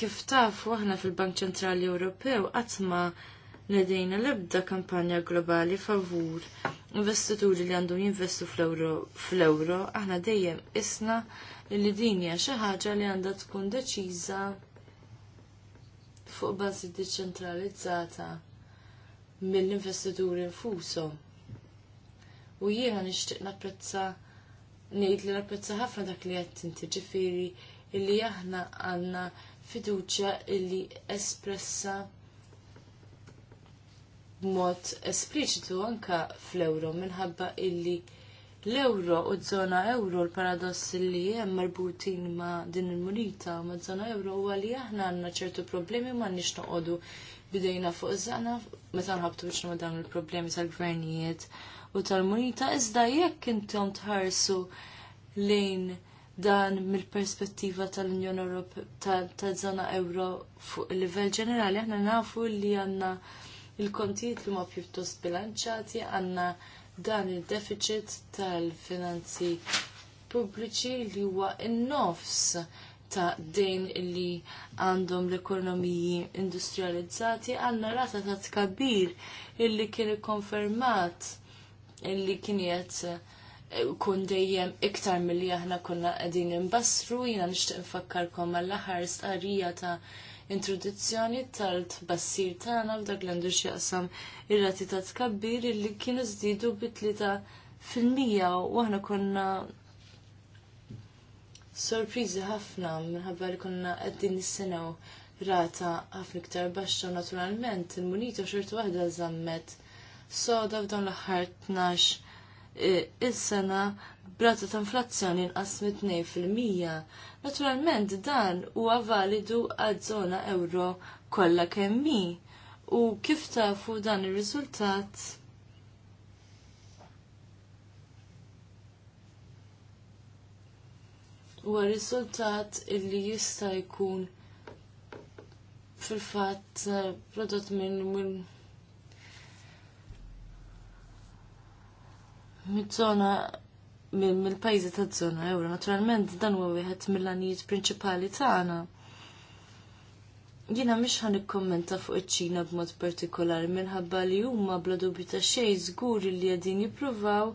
Kif taf aħna fil-Bank Ċentrali Ewropew qatt ma nedejna l-ebda kampanja globali favur investituri li għandhom jinvestu fl-euro, aħna dejjem isna li din hija xi ħaġa li għandha tkun deċiża fuq bażi deċentralizzata mill-investituri nfushom. U jiena nixtieq napprezza ngħid li napprezza ħafna dak li qed inti ġifieri illi aħna għandna fiduċja illi espressa b'mod espliċitu anka fl-euro minħabba illi l-euro u żona euro l-paradoss li hemm marbutin ma' din il-munita ma' żona euro huwa li aħna għandna ċertu problemi ma' nix noqogħdu bidejna fuq żana meta nħabtu biex ma' dawn il-problemi tal-gvernijiet u tal-munita iżda jekk intom tħarsu lejn dan mill-perspettiva tal-Unjoni Ewropea tal-żona Ewro fuq il-livell ġenerali aħna nafu li għandna il-kontijiet li ma pjuttost bilanċati għandna dan il-deficit tal-finanzi pubbliċi li huwa in-nofs ta' dejn li għandhom l-ekonomiji industrializzati għandna rata ta' tkabbir illi kien ikkonfermat illi kien qed kun dejjem iktar milli aħna konna qegħdin imbassru, jiena nixtieq nfakkarkom għall-aħħar stqarrija ta' introduzzjoni tal-tbassir tagħna f'dak li għandu x'jaqsam ir-rati ta' tkabbir li kienu żdiedu bi tlieta fil-mija u aħna konna sorpriżi ħafna minħabba li konna qegħdin nissinew rata ħafna iktar baxxa naturalment il-munita xorta waħda żammet soda f'dan l-aħħar 12 is-sena brata ta' inflazzjoni inqas mit fil-mija. Naturalment dan huwa validu għaż-żona euro kollha kemm u kif tafu dan ir-riżultat huwa riżultat illi jista' jkun fil-fatt eh, prodott minn min mid-żona mill pajzi taż-żona ewra, Naturalment dan huwa wieħed mill-għanijiet prinċipali tagħna. Jiena mhix ħan ikkommenta fuq iċ-Ċina b'mod partikolari minħabba li huma bla dubju ta' xejn żgur li qegħdin jippruvaw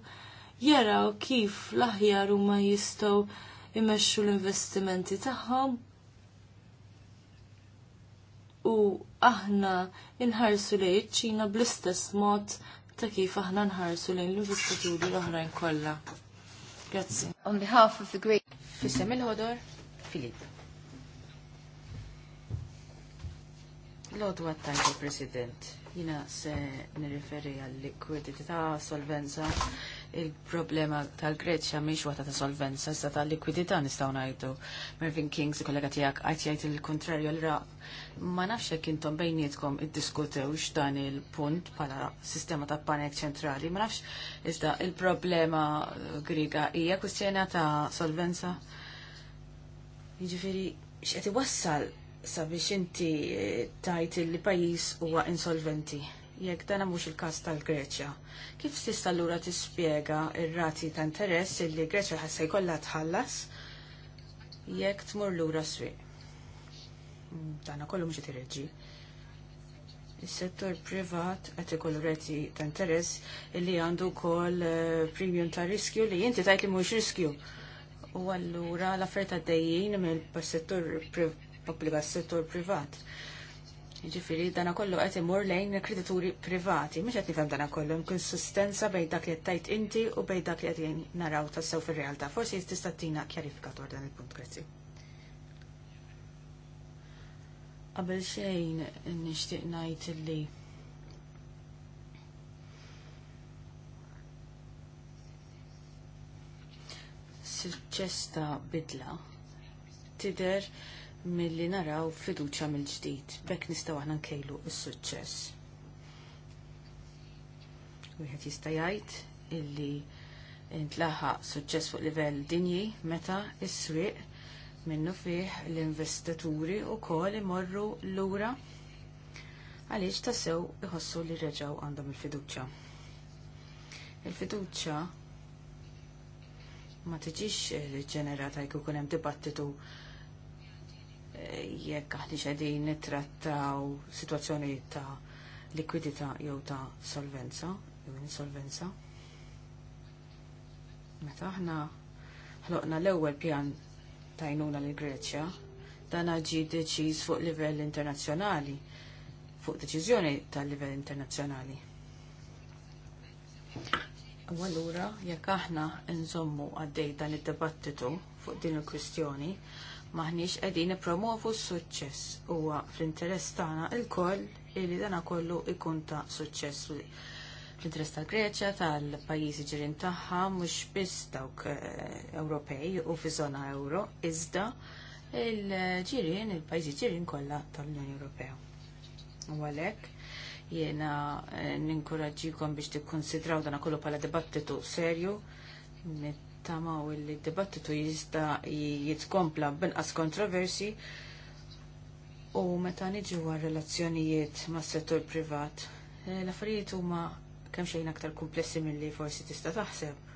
jaraw kif l-aħjar huma jistgħu imexxu l-investimenti tagħhom u aħna inħarsu lejn iċ-Ċina bl-istess mod ta' kif aħna nħarsu lejn l-investituri l-oħrajn kollha. Grazzi. On behalf of the great Fissem il-ħodor, Filip. L-ħodwa tajba, President, jina se nirriferi għall-likwidità, solvenza, il-problema tal-Greċja miex waħda ta' solvenza, issa ta' likwidità nistgħu ngħidu. Mervin Kings, kollega tiegħek, qed jgħid il-kontrarju l ra ma nafx jekk intom bejnietkom iddiskutewx dan il-punt bħala sistema ta' panek ċentrali, ma nafx iżda il-problema griga hija kustjena ta' solvenza. Jiġifieri x'qed iwassal sabiex inti eh, tajt il pajjiż huwa insolventi jekk dana mhux il-każ tal-Greċja. Kif tista' allura tispjega r-rati ta' interess illi Greċja ħassa jkollha tħallas jekk tmur lura swieq? Dana kollu mhux tirreġġi. Is-settur privat qed ikollu rati ta' interess li għandu wkoll eh, premium ta' riskju li inti tajt li mhux riskju. U allura l-affer ta' dejjin mill-settur pubblika s-settur privat Ġifiri, dana kollu għet imur lejn kredituri privati, mux għet nifem dana kollu, mkun sustenza bej dak li għettajt inti u bej dak li għet naraw ta' sew fil-realta. Forsi jististatina kjarifikator dan il-punt, grazzi. Qabel xejn nishtiq najt li suċċesta bidla tider milli naraw fiduċa mill-ġdid. Bekk nistgħu aħna nkejlu il suċċess Wieħed jista' jgħid illi ntlaħaq suċċess fuq livell dinji meta is swieq minnu fih l-investituri wkoll imorru lura għaliex tassew iħossu li reġaw għandhom il-fiduċja. Il-fiduċja ma tiġix ġenerata jkun hemm dibattitu jekk aħni xedin nittrattaw situazzjoni ta' likwidità jew ta' solvenza, jew insolvenza. Meta aħna ħloqna l-ewwel pjan tajnuna l Greċja, dan ġi deċiż fuq livell internazzjonali, fuq deċiżjoni tal-livell internazzjonali. U allura jekk aħna nżommu għaddej dan id-dibattitu fuq din il-kwistjoni, maħniex qegħdin nippromovu s-suċċess. Huwa fl-interess tagħna lkoll li dana kollu ikun ta' suċċess fl-interess tal-Greċja, tal-pajjiżi ġirin tagħha mhux biss dawk eh, Ewropej u fi żona Ewro, iżda il ġirin il-pajjiżi ġirien kollha tal-Unjoni Ewropea. U għalhekk jiena eh, ninkoraġġikom biex tikkonsidraw dana kollu bħala dibattitu serju tamaw li d-dibattitu jista jitkompla b'inqas kontroversi u meta niġu għal relazzjonijiet ma' settur privat. Eh, l-affarijiet huma kemm xejn aktar komplessi milli forsi tista' taħseb.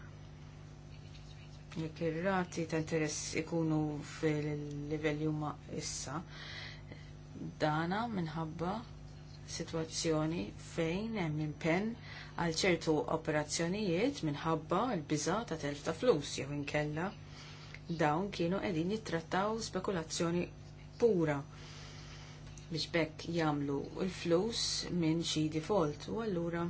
Jekk ir-rati ta' interess ikunu fil-livelli huma issa, dana minħabba situazzjoni fejn hemm impenn għal ċertu operazzjonijiet minħabba l-biża ta' telf ta' flus jew inkella dawn kienu qegħdin jittrattaw spekulazzjoni pura biex bekk jagħmlu l-flus minn xi default u allura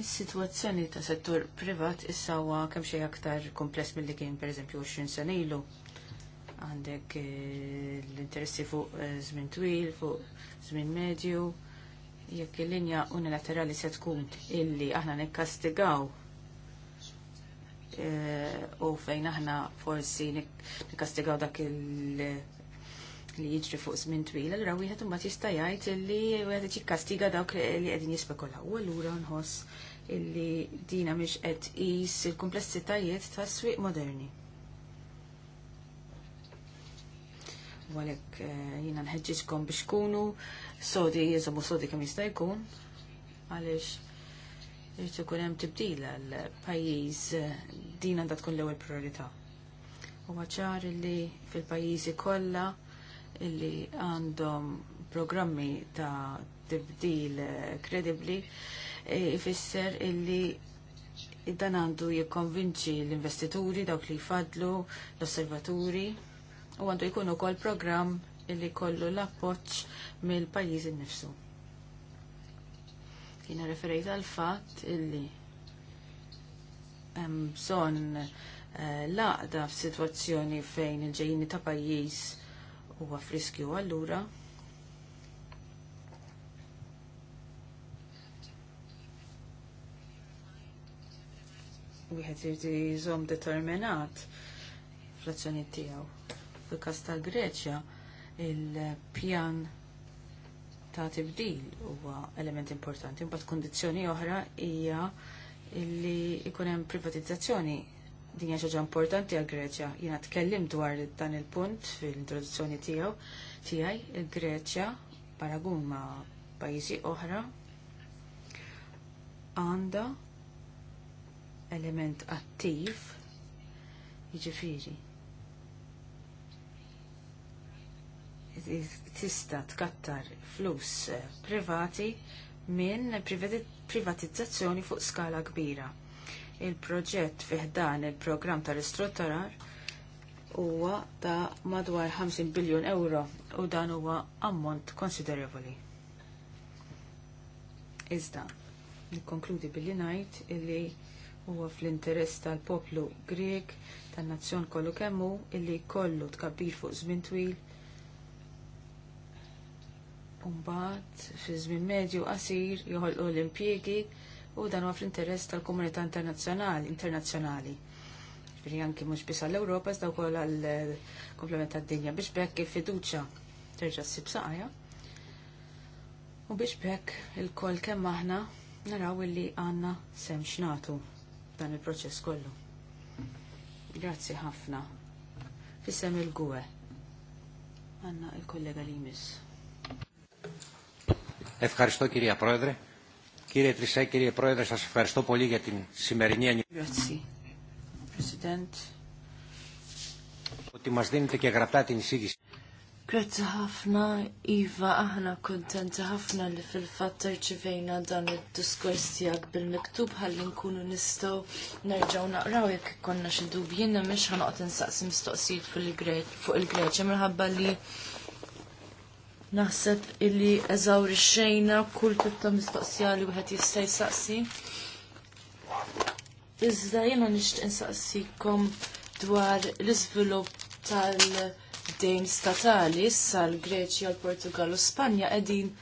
Is-sitwazzjoni ta' settur privat issa huwa kemm xejn aktar kompless milli kien pereżempju 20 sena ilu għandek eh, l-interessi fuq eh, żmien twil, fuq żmien medju, jekk il-linja unilaterali se tkun illi aħna nikkastigaw eh, u fejn aħna forsi nikkastigaw dak il- li jiġri fuq żmien twil, allura wieħed imbagħad jista' jgħid illi wieħed jikkastiga dawk li qegħdin jispekulaw. U allura nħoss illi dina mhix qed tqis il-komplessitajiet tas-swieq moderni U għalek eh, jina nħedġiġkom biex kunu sodi, jizomu sodi kem jista' jkun, għalix jirtu kun hemm tibdil għal-pajjiż eh, din għandha tkun l-ewwel priorità. U ċar li fil-pajjiżi kollha illi għandhom programmi ta' tibdil eh, kredibli ifisser illi dan għandu jikkonvinċi l-investituri, dawk li jfadlu, l-osservaturi, u għandu jkun ukoll programm illi kollu l-appoġġ mill pajjiżi innifsu. Kina referejt għal fatt illi hemm bżonn eh, laqda f'sitwazzjoni fejn il-ġejjini ta' pajjiż huwa friskju allura wieħed irid jżomm determinat fl-azzjoni tiegħu fil-kas tal-Greċja il-pjan ta' tibdil huwa element importanti. Mbagħad kundizzjoni oħra hija li jkun hemm privatizzazzjoni din hija ħaġa importanti għal Greċja. Jiena tkellim dwar dan il-punt fil-introduzzjoni tiegħu tiegħi il-Greċja paragun ma' pajjiżi oħra għandha element attiv jiġifieri tista tkattar flus eh, privati minn privatizzazzjoni fuq skala kbira. Il-proġett fiħdan il-programm ta' ristrutturar huwa ta' madwar 50 biljun euro u dan huwa ammont konsiderevoli. Iżda, nikkonkludi billi ngħid illi huwa fl-interess tal-poplu Grek, tan-nazzjon kollu kemm hu illi kollu tkabbir fuq żmien twil Umbat, fi żmien medju qasir joħolqu l-impjiegi u dan huwa fl-interess tal-komunità internazzjonali, internazzjonali. Ġifieri anki mhux biss għall-Ewropa iżda wkoll għal komplement tad-dinja biex bekk il-fiduċja terġa' ssib saqajja. U biex bekk il-koll kemm aħna naraw illi għandna sem xnatu dan il-proċess kollu. Grazzi ħafna. Fissem il-gwe. Għanna il-kollega li jmiss. Ευχαριστώ κυρία Πρόεδρε. Κύριε Τρισέ, κύριε Πρόεδρε, σας ευχαριστώ πολύ για την σημερινή ανοιχτή. Ότι μας δίνετε και γραπτά την εισήγηση. Grazzi ħafna, Iva, aħna kontenta ħafna li fil-fatt rċivejna dan id-diskors tiegħek bil-miktub ħalli nkunu nistgħu nerġgħu naqraw jekk konna xi dubjina mhux ħanoqgħod insaqsi mistoqsijiet fuq il-Greċja minħabba li Naħseb illi eżawri xejna kull tip ta' mistoqsija li wieħed jista' jsaqsi. Iżda jiena nixtieq insaqsikom dwar l-iżvilupp tal-dejn statali sal greċja l-Portugal u Spanja qegħdin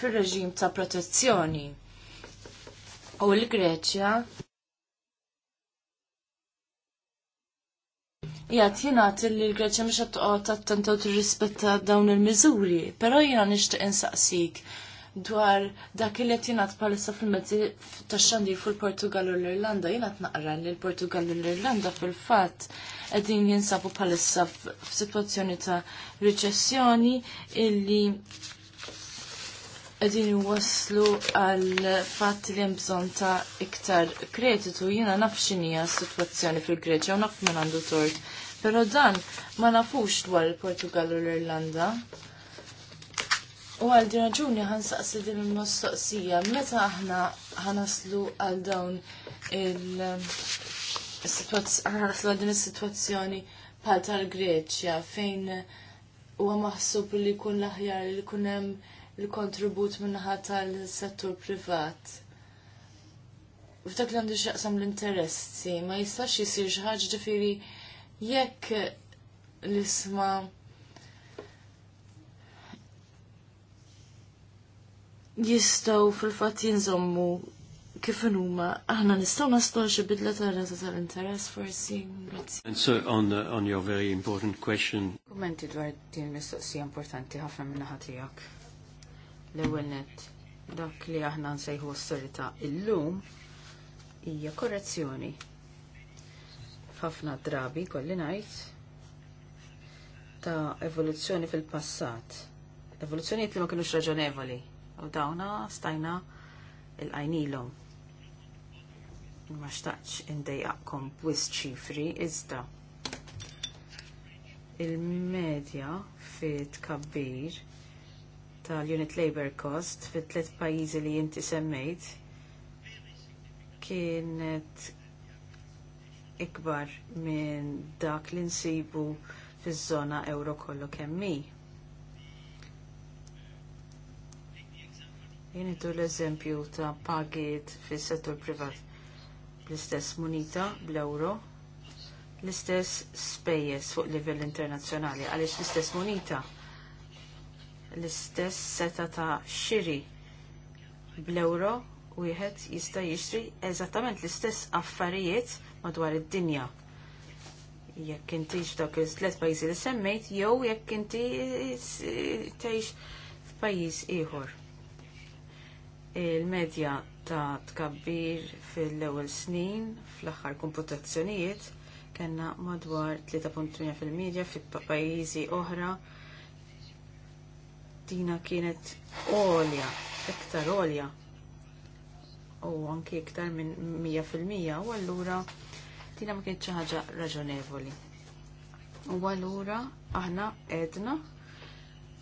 fir-reġim ta' protezzjoni. U l-Greċja Jgħat jingħad li l-Greċja mhux għat toqgħod attenta u dawn il-miżuri, però jiena nixtieq insaqsik dwar dak li qed jingħad bħalissa fil-mezzi tax-xandir fil-Portugal u l-Irlanda, jien qed naqra li l-Portugal u l-Irlanda fil-fatt qegħdin jinsabu bħalissa f'sitwazzjoni ta' riċessjoni illi qegħdin waslu għal fatt li hemm bżonn ta' iktar kreditu jiena nafxinija x'inhija s-sitwazzjoni fil-Greċja u man għandu tort. Però dan ma nafux dwar il-Portugal u l-Irlanda. U għal din raġuni ħansaqsi din il-mistoqsija meta aħna ħanaslu għal dawn il-sitwazzjoni għal din is-sitwazzjoni bħal tal-Greċja fejn huwa maħsub li jkun l-aħjar li jkun hemm l-kontribut minnaħa tal-settur privat. Ftak li għandu xaqsam l-interessi, ma jistax jisir ħaġa ġifiri jekk l-isma jistaw fil-fat jinżommu kif huma aħna nistgħu nastaw xi bidla tar-rata tal-interess forsi. And so on the, on your very important question. Kommenti dwar din mistoqsija importanti ħafna minn naħa tiegħek l-ewwel nett dak li aħna nsejħu s-sorita illum hija korrezzjoni. F'ħafna drabi kolli ngħid ta' evoluzzjoni fil-passat. Evoluzzjonijiet li ma kinux raġonevoli u dawna stajna il-għajnilhom. Ma xtaqx indejjaqkom b'wis ċifri iżda il-medja fit kabbir tal-unit labor cost fit tliet pajjiżi li inti semmejt kienet ikbar minn dak li nsibu fiż-żona euro kollu kemm mi. Jien iddu l-eżempju ta' pagiet fis-settur privat bl-istess munita bl-euro l-istess spejjeż fuq livell internazzjonali għaliex l-istess munita l-istess seta ta' xiri bl-euro wieħed jista' jixtri eżattament l-istess affarijiet madwar id-dinja. Jekk inti f'dawk il-tliet pajjiżi li semmejt, jew jekk inti tgħix f'pajjiż ieħor. Il-medja ta' tkabbir fil-ewwel snin fl-aħħar komputazzjonijiet kellna madwar 3.8% fil-pajjiżi oħra tina kienet olja, iktar olja u anki iktar minn 100% u allura tina ma kienet ħaġa raġonevoli. U allura aħna edna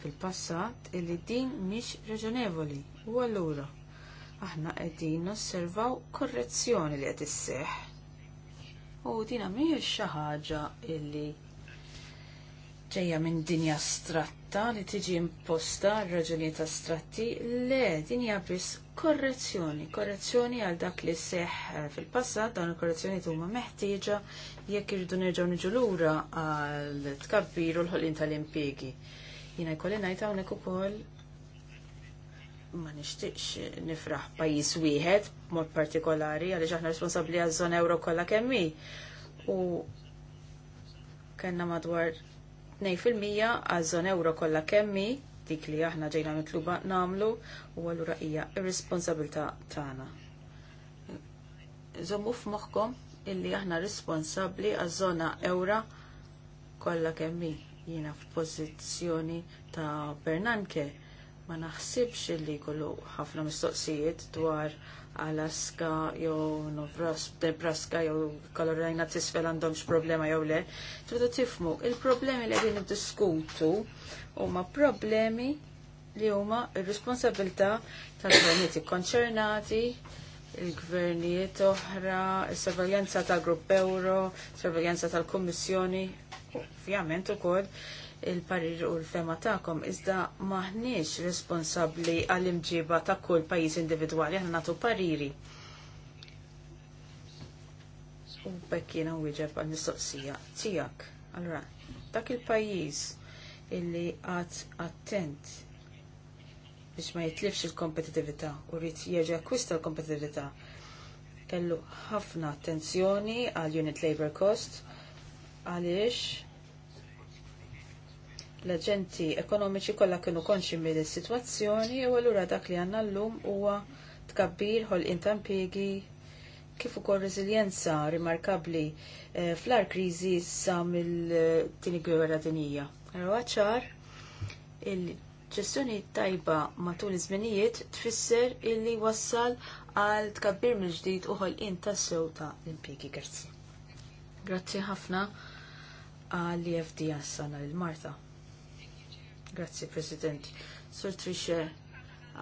fil-passat illi din mhix raġonevoli. U allura aħna qegħdin nosservaw korrezzjoni li qed isseħħ. U dina mhijiex xi ħaġa illi ġejja minn dinja stratt tatta li tiġi imposta raġunijiet astratti le din hija biss korrezzjoni, korrezzjoni għal dak li seħ eh, fil-passat, dawn il-korrezzjoni tuma meħtieġa jekk irridu nerġgħu niġu lura għal tkabbir u l ħolin tal-impjegi. Jina jkolli ngħid hawnhekk ukoll ma nixtieqx nifraħ pajjiż wieħed mod partikolari għaliex aħna responsabbli għaż-żona euro kollha kemm u kellna madwar 2% għal żon euro kollha kemmi dik li aħna ġejna mitluba namlu u għallura hija ir-responsabilità tagħna. Żommu f'moħħkom illi aħna responsabbli għaż-żona ewra kollha kemm jiena f'pożizzjoni ta' Bernanke ma naħsibx illi kollu ħafna mistoqsijiet dwar Alaska jew Nebraska jew Carolina tisfel għandhomx problema jew le. Tridu tifmu, il-problemi li qegħdin niddiskutu huma problemi li huma r-responsabilità tal-gvernijiet ikkonċernati, il-gvernijiet oħra, is-sorveljanza tal-Grupp Euro, sorveljanza tal-Kummissjoni, ovvjament ukoll il-parir u l-fema ta'kom, iżda maħniex responsabli għall-imġiba ta' kull pajis individuali, għan natu pariri. U bekkina u wieġeb għal-mistoqsija tijak. Allora, dak il-pajis illi għad attent biex ma jitlifx il-kompetitivita u rrit jieġa kwista l-kompetitivita kellu ħafna attenzjoni għal unit labor cost għaliex L-aġenti ekonomiċi kollha kienu konxi mill-sitwazzjoni u allura dak li għandna llum huwa tkabbir ħolqien ta' impjiegi kif ukoll reżiljenza rimarkabbli eh, fl-ar kriżi sa mill-tieni gwerra dinija. Allura ċar il-ġestjoni tajba matul iż-żminijiet tfisser illi wassal għal tkabbir mill-ġdid u ħolqien tas-sew ta' impjiegi. Grazzi. Grazzi ħafna għal-EFD għas-sana l-Marta. Grazzi, President. Sur Trixe,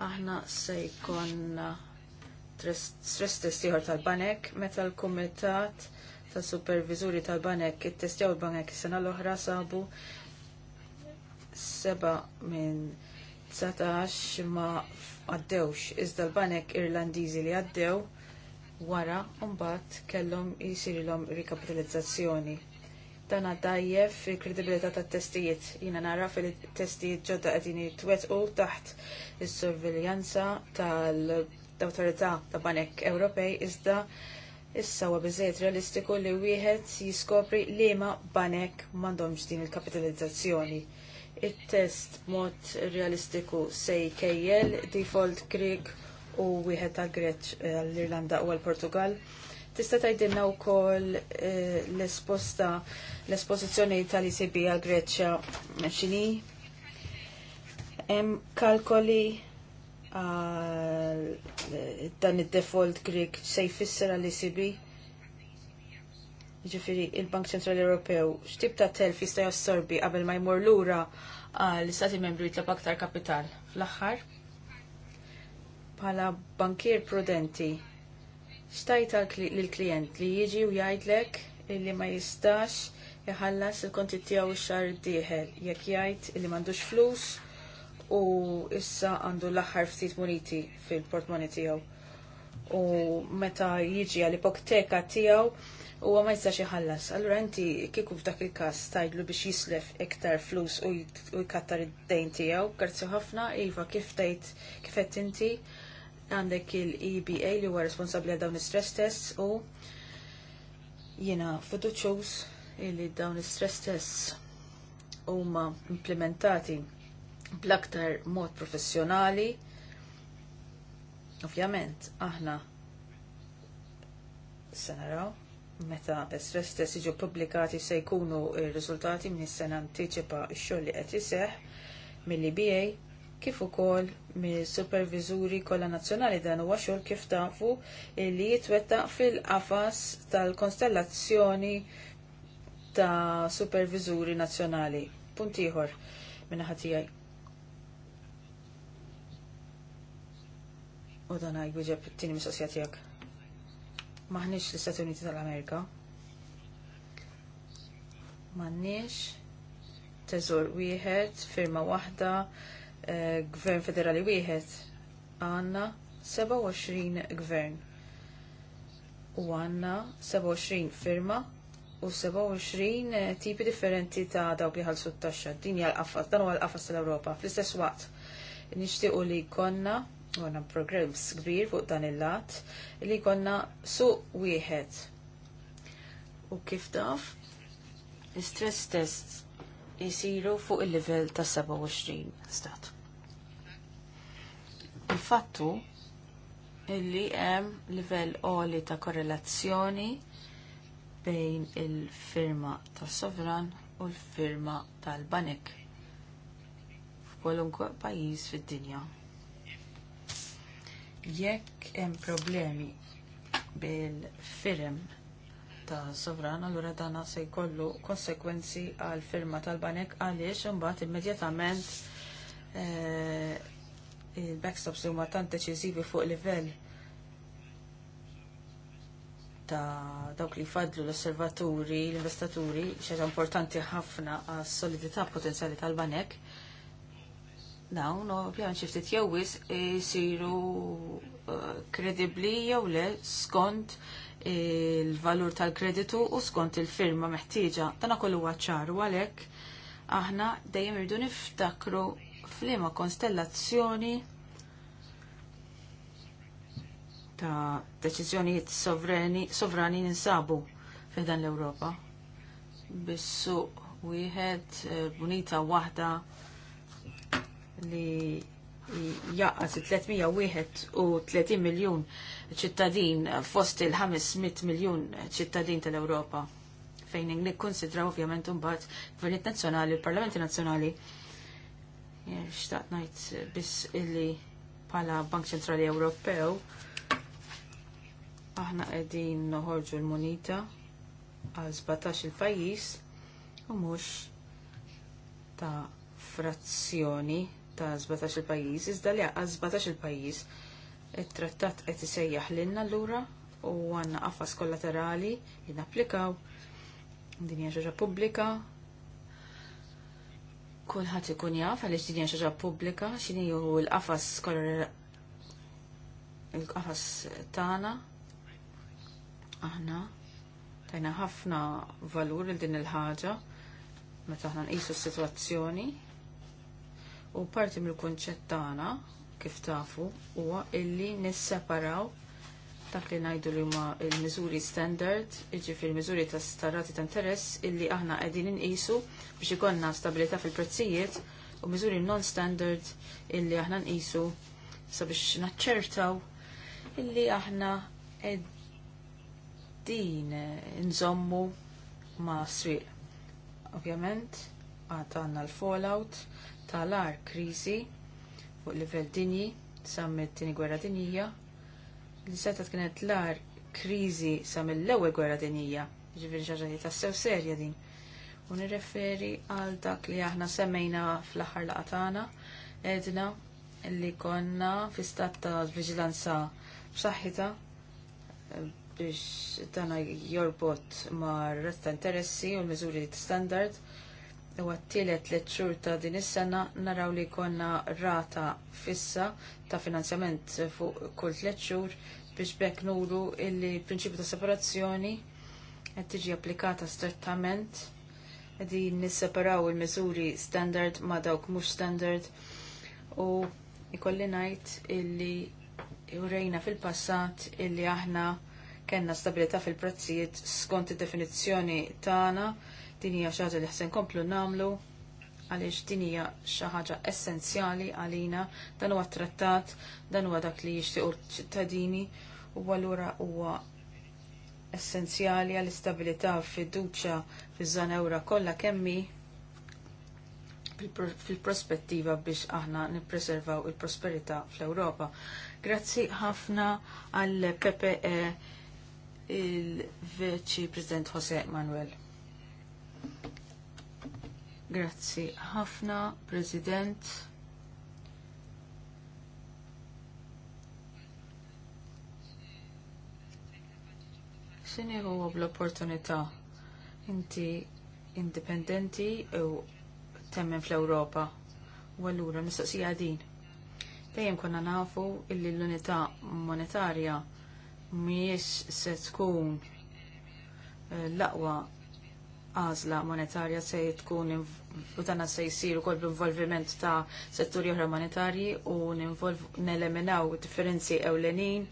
aħna se jkonna stress testiħor tal-banek, meta l-Kumitat ta' Supervizuri tal-banek it-testjaw banek is-sena l-oħra sabu seba minn 19 ma għaddewx, iżda l-banek irlandiżi li għaddew wara mbagħad kellhom jisirilhom rikapitalizzazzjoni dan għaddajjef il-kredibilità tat testijiet. Jina nara fil-testijiet ġodda għedini jitwettqu taħt il-surveljanza tal-autorità ta' Banek Ewropej iżda issa huwa biżejjed realistiku li wieħed jiskopri li ma banek m'għandhomx din il-kapitalizzazzjoni. It-test mod realistiku se jkejjel default Greek u wieħed ta' greċ għall-Irlanda eh, u għall-Portugal. Uh, Tista' tgħidilna wkoll eh, l-esposta l-espożizzjoni tal-ICB għal Greċja x'inhi. Hemm kalkoli għal eh, dan id-default Greek se jfisser għal ICB. E Ġifieri il-Bank Ċentrali Ewropew x'tib ta' tel jista' jassorbi qabel ma jmur lura għal istati membri tlab aktar kapital fl-aħħar bħala bankier prudenti xtajt l-klient li jiġi u jgħidlek li ma jistax jħallas il-konti tiegħu x-xar dieħel jekk jgħid li m'għandux flus u issa għandu l-aħħar ftit muniti fil-portmoni tiegħu. U meta jiġi għal ipokteka tiegħu huwa ma jistax jħallas. Allura inti kieku f'dak il-każ tajdlu biex jislef iktar flus u jkattar id-dejn tiegħu, grazzi ħafna, iva kif tgħid kif qed inti għandek il-EBA li huwa responsabbli għal dawn is-stress tests u jiena fiduċjuż li dawn is-stress tests huma implementati bl-aktar mod professjonali. Ovvjament, aħna se naraw meta stress test iġu publikati se jkunu r riżultati minn is-sena anticipa x-xogħol li qed iseħħ mill-IBA kif ukoll mis-superviżuri kollha nazzjonali dan huwa xogħol kif tafu li jitwettaq fil-qafas tal-konstellazzjoni ta' superviżuri nazzjonali. Punt ieħor minn ħatijaj. U dan għaj għuġeb t-tini mis-sosja tijak. Maħnix l-Istati Uniti tal-Amerika. Maħnix teżor wieħed, firma waħda, gvern federali wieħed għanna 27 gvern u għanna 27 firma u 27 eh, tipi differenti ta' dawk li ħalsu t-taxxa. Din hija l-qafas, dan huwa l-qafas tal-Ewropa. Fl-istess waqt, nixtiequ li konna u għanna programs kbir fuq dan il-lat li konna suq wieħed. U kif taf, stress tests jisiru fuq il-level ta' 27 stat Il-fattu illi hemm livell għoli ta' korrelazzjoni bejn il-firma tas sovran u l-firma tal-banek f'kolunkwe pajjiż fid-dinja. Jekk hemm problemi bil-firm ta' sovran, allura dana se jkollu konsekwenzi għal firma tal-banek għaliex imbagħad immedjatament eh, il-backstops huma tant deċiżivi fuq livell ta' dawk li fadlu l-osservaturi, l-investaturi, xaġa importanti ħafna għas solidità potenzjali tal-banek, dawn no, xi ftit jowis, siru eh, kredibbli jew le skont il-valur tal-kreditu u skont il-firma meħtieġa. Dana kollu ċar u għalhekk aħna dejjem irdu niftakru flima konstellazzjoni ta' deċiżjonijiet sovrani, sovrani ninsabu fiħdan l-Europa. Bissu wieħed bunita waħda li jaqqas 30 miljon ċittadin fost il-500 miljon ċittadin tal-Europa fejn nikkonsidraw ovvjament imbagħad gvernijiet nazzjonali, il-Parlamenti Nazzjonali, Xtaqt ngħid biss illi bħala Bank Ċentrali Ewropew aħna qegħdin noħorġu l-munita għal 17 il-pajjiż u mhux ta' frazzjoni ta' 17 il-pajjiż, iżda li għal 17 il-pajjiż it-trattat qed isejjaħ lilna lura u għandna qafas kollaterali li napplikaw din hija xaġa pubblika Kulħadd ikun jaf għaliex din hija xi ħaġa pubblika x'inhi l-qafas il-qafas tagħna aħna tajna ħafna valur il din il-ħaġa meta aħna nqisu s-sitwazzjoni u parti mill-kunċett tagħna kif tafu huwa illi nisseparaw dak li najdu li huma il-miżuri standard, iġifir miżuri ta' starati ta' interess illi aħna qegħdin inqisu biex ikonna stabilità fil-prezzijiet u miżuri non-standard illi aħna nqisu sabiex naċċertaw illi aħna qegħdin nżommu ma' sriq. Ovvjament, għad għandna l-fallout tal-ar kriżi fuq livell dinji samm it-tieni gwerra dinjija li setat kienet l-ar krizi sa mill-ewwel gwerra dinija, ġifieri ġaġa li tassew serja din. U nirreferi għal dak li aħna semmejna fl-aħħar laqatana edna li konna fi stat ta' viġilanza b'saħħita eh, biex dana jorbot ma' resta interessi u l-miżuri standard u għattilet li xhur ta' din is-sena naraw li jkollna rata fissa ta' finanzjament fuq kull tliet xhur biex bekk nuru illi prinċipju ta' separazzjoni qed tiġi applikata strettament qegħdin nisseparaw il-miżuri standard ma' dawk mhux standard u ikolli ngħid illi urejna fil-passat illi aħna kellna stabilità fil-prezzijiet skont id-definizzjoni tagħna Din hija xi ħaġa li ħsen komplu nagħmlu għaliex din hija xi ħaġa essenzjali għalina dan huwa trattat, dan huwa dak li jixtiequ ċittadini u allura huwa essenzjali għall-istabilità fiduċja fiż-żona ewra kollha kemmi fil-prospettiva biex aħna nippreservaw il-prosperità fl-Ewropa. Grazzi ħafna għall PPE il-Veċi President Jose Manuel. Grazzi ħafna, President. Sini huwa bl-opportunità inti indipendenti u temmen fl-Ewropa u allura mistoqsija din. Dejjem konna nafu illi l-unità monetarja mhijiex se tkun eh, l-aqwa għażla monetarja se tkun u dan se jisir u bl-involviment ta' setturi oħra monetarji u neleminaw differenzi ewlenin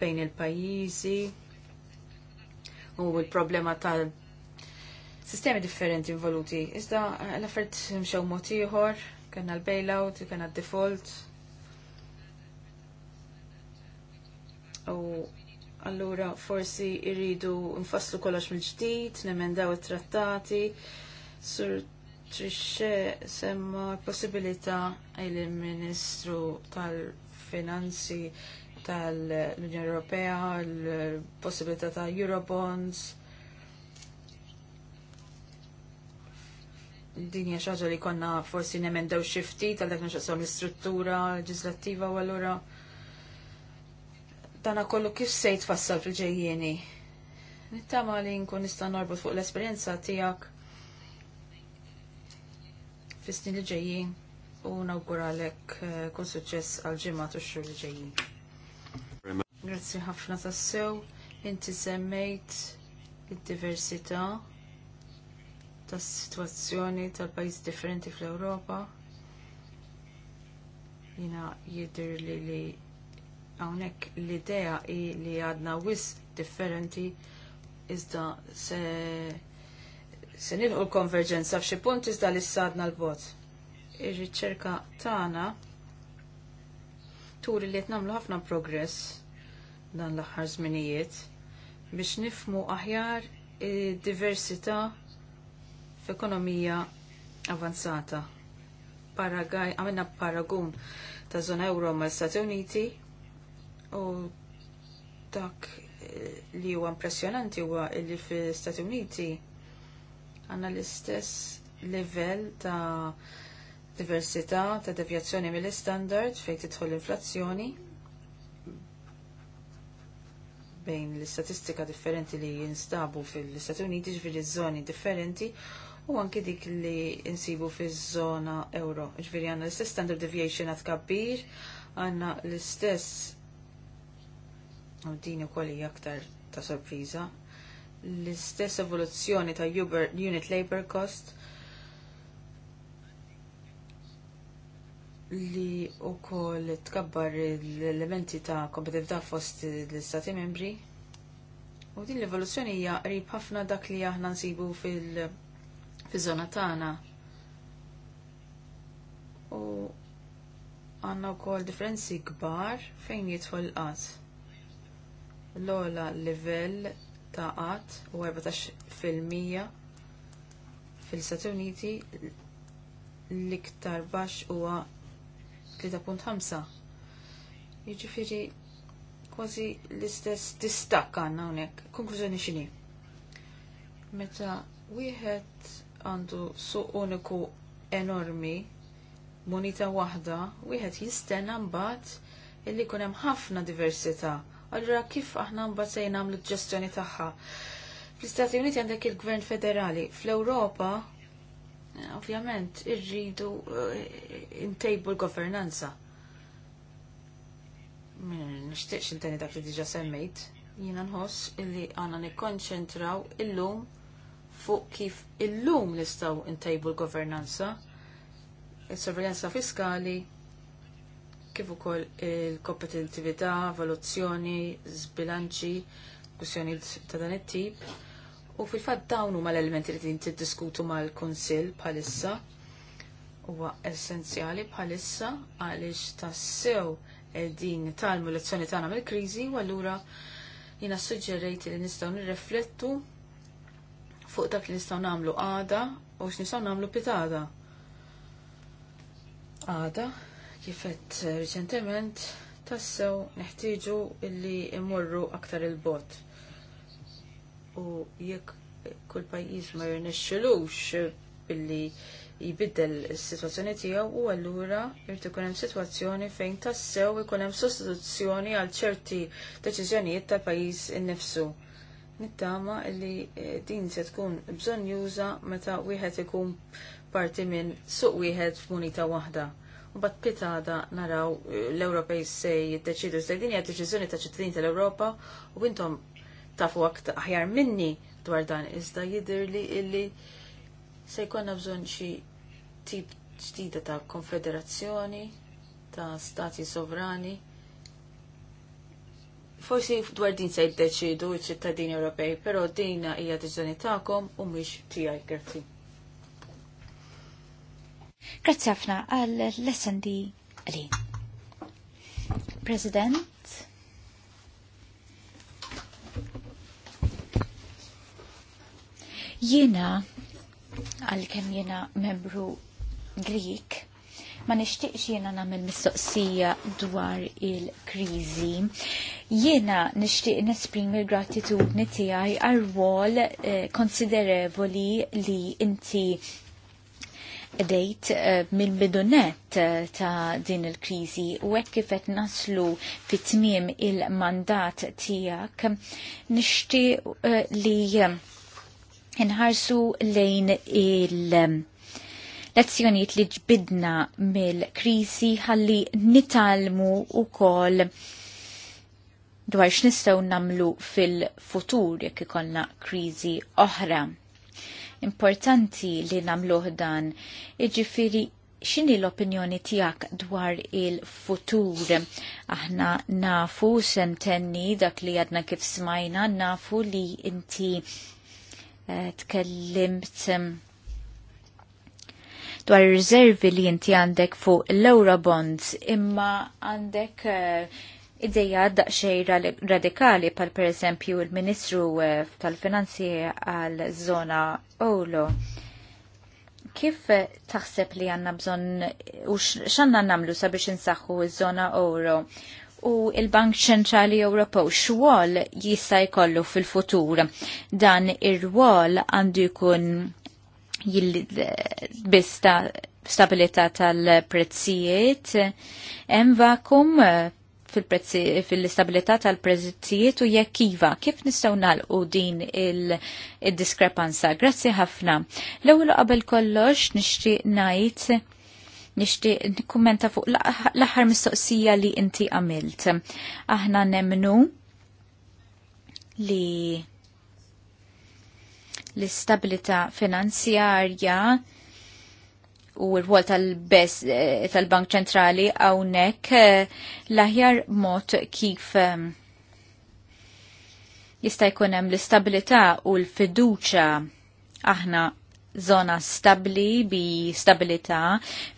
bejn il-pajjiżi u l-problema tal sistemi differenti involuti. Iżda l-affert mxew mod ieħor, l-bailout, kena d-default. U Allura forsi irridu nfasslu kollox mill-ġdid, nemendaw it-trattati, sur trixxe semma possibilità il-Ministru tal-Finanzi tal-Unjoni Ewropea, l-possibilità ta' Eurobonds. Din hija xi ħaġa li konna forsi nemendew xifti tal għal dak nixaqshom l-istruttura leġislattiva u allura dana kollu kif se jitfassal fil-ġejjieni. Nittama li nkun nista' norbot fuq l-esperjenza tiegħek fissni li ġejjin u nawguralek eh, kull suċċess għal ġimma u x li ġejjin. Grazzi ħafna tassew, inti semmejt id-diversità tas-sitwazzjoni tal-pajjiż differenti fl-Ewropa. Jina jidher li li Hawnhekk l-idea li għadna wis differenti iżda se se nilħu l-konverġenza f'xi punt iżda li sadna l-vot. Ir-riċerka tagħna turi li qed nagħmlu ħafna progress dan l-aħħar żminijiet biex nifmu aħjar diversità f'ekonomija avanzata. Paragaj, għamilna paragun ta' zona euro ma' Stati Uniti U dak eh, li huwa impressjonanti huwa li fl istati Uniti għandna l-istess livell ta' diversità ta' devjazzjoni mill-istandard fejn tidħol l-inflazzjoni bejn l-istatistika differenti li jinstabu fil-Istati Uniti ġviri żoni differenti u anki dik li insibu fiż-żona euro. Ġviri għanna l-istess standard deviation għat kabbir, għandna l-istess U din ukoll hija aktar ta' sorpriża. L-istess evoluzzjoni ta' Uber, unit labor cost li wkoll tkabbar l-elementi ta' kompetitività fost l-istati membri. U din l-evoluzzjoni hija qrib ħafna dak li aħna nsibu fil-żona tagħna. U għandna wkoll differenzi kbar fejn jidħol qatt l-ola livell ta' qatt u 14% fil-Stati Uniti l-iktar baxx huwa 3.5. Jiġifieri kważi l-istess distakk għandna hawnhekk. Konklużjoni x'inhi? Meta wieħed għandu suq uniku enormi, moneta waħda, wieħed jistenna mbagħad illi jkun hemm ħafna diversità Allora kif aħna mbagħad se nagħmlu ġestjoni tagħha? Fl-Istati Uniti għandek il-Gvern Federali, fl-Ewropa eh, ovvjament irridu eh, intejbu l-governanza. Nixtieq x'inteni dak li diġà semmejt, jiena nħoss illi għandna nikkonċentraw illum fuq kif illum nistgħu ntejbu l-governanza, is-sorveljanza fiskali, kif ukoll il-kompetitività, valuzzjoni, zbilanċi, kwistjoni ta' dan it-tip. U fil-fatt dawn huma l-elementi li tinti diskutu mal-Kunsill bħalissa huwa essenzjali bħalissa għaliex tassew din talmu lezzjoni tagħna mill-kriżi u allura jiena suġġerejt li nistgħu nirreflettu fuq dak li nistgħu nagħmlu għada u x'nistgħu nagħmlu pitada. Għada kifet eh, riċentement tassew neħtieġu illi imorru aktar il-bot. U jekk kull pajjiż ma jirnexxilux billi jibiddel is-sitwazzjoni tiegħu u allura jrid ikun hemm sitwazzjoni fejn tassew ikun hemm sostituzzjoni għal ċerti deċiżjonijiet tal-pajjiż innifsu. Nittama illi eh, din se tkun bżonn juża meta wieħed ikun parti minn suq wieħed f'munita waħda u bat pitada naraw eh, l-Ewropej se jiddeċidu se din hija deċiżjoni ta' ċittadini tal-Ewropa u intom tafu aktar aħjar minni dwar dan iżda li illi se jkollna bżonn xi tip ġdida ta' konfederazzjoni ta' stati sovrani. Forsi dwar din se jiddeċidu ċ-ċittadini Ewropej, però din hija deċiżjoni tagħkom u mhix tiegħi grazzi. Grazzi ħafna għal lesson di li. President, jiena għal kem jiena membru Greek, ma nishtiqx jiena namil mistoqsija dwar il-krizi. Jiena nishtiq nesprimi l-gratitudni tiegħi għal rwol eh, konsiderevoli li inti dejt eh, mill-bidunet eh, ta' din il-krizi u hekk kif qed naslu fit-tmiem il-mandat tiegħek nixtieq eh, li nħarsu lejn il- lezzjonijiet li ġbidna mill-krisi ħalli nitalmu u kol dwar x'nistgħu namlu fil-futur jekk ikollna krizi oħra importanti li namluħ dan. Iġifiri, xini l-opinjoni tijak dwar il-futur? Aħna nafu semtenni dak li għadna kif smajna, nafu li inti uh, tkellimt dwar ir-riservi li inti għandek fuq l-Eurobonds, imma għandek uh, ideja daqxej radikali pal per esempio il-Ministru eh, tal-Finanzi għal zona Olo. Kif eh, taħseb li għanna bżon u xanna namlu sabiex nsaxħu iż-żona Oro u il-Bank Ċentrali Ewropew x'wol jista' jkollu fil-futur dan ir-rwol għandu jkun eh, bista stabilità tal-prezzijiet, hemm vakum fil-prezzi fil-istabilità tal-prezzijiet u jekk iva, kif nistgħu nagħlqu din il-diskrepanza. Grazzi ħafna. L-ewwel qabel kollox nixtieq ngħid nixtieq nikkummenta fuq l-aħħar mistoqsija li inti għamilt. Aħna nemnu li l-istabilità finanzjarja u r-rwol tal-bes eh, tal-Bank ċentrali hawnhekk eh, l-aħjar mod kif eh, jista' jkun hemm l-istabilità u l-fiduċa aħna zona stabli bi stabilità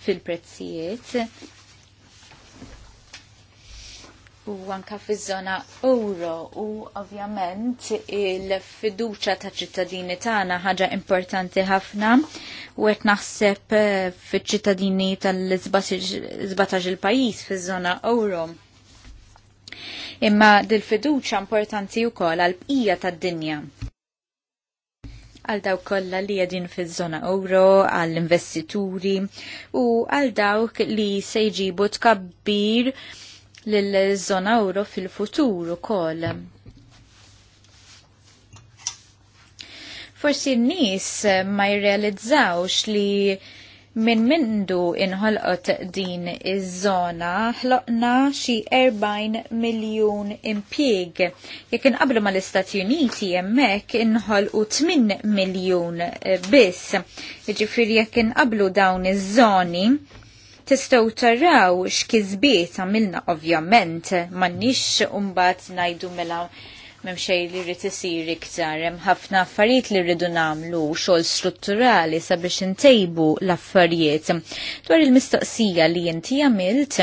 fil-prezzijiet u anka fiż-żona euro u ovvjament il-fiduċa ta' ċittadini tagħna ħaġa importanti ħafna u qed naħseb eh, fiċ-ċittadini tal-17 il-pajjiż fiż-żona euro. Imma dil-fiduċa importanti wkoll għal bqija tad-dinja għal dawk kollha li qegħdin fiż-żona euro, għall investituri u għal dawk li se jġibu tkabbir l żona fil-futur ukoll. Forsi n-nies ma jirrealizzawx li minn mindu inħolqot din iż-żona ħloqna xi 40 miljun impjieg. Jekk inqablu mal-Istati Uniti hemmhekk inħolqu 8 miljun biss. Jiġifieri jekk inqablu dawn iż-żoni Tistgħu taraw x'kisbiet għamilna ovvjament m'għandniex umbat ngħidu mela memxej li rrit isir iktar, hemm ħafna affarijiet li rridu nagħmlu xogħol strutturali sabiex intejbu l-affarijiet. Dwar il-mistoqsija li inti għamilt,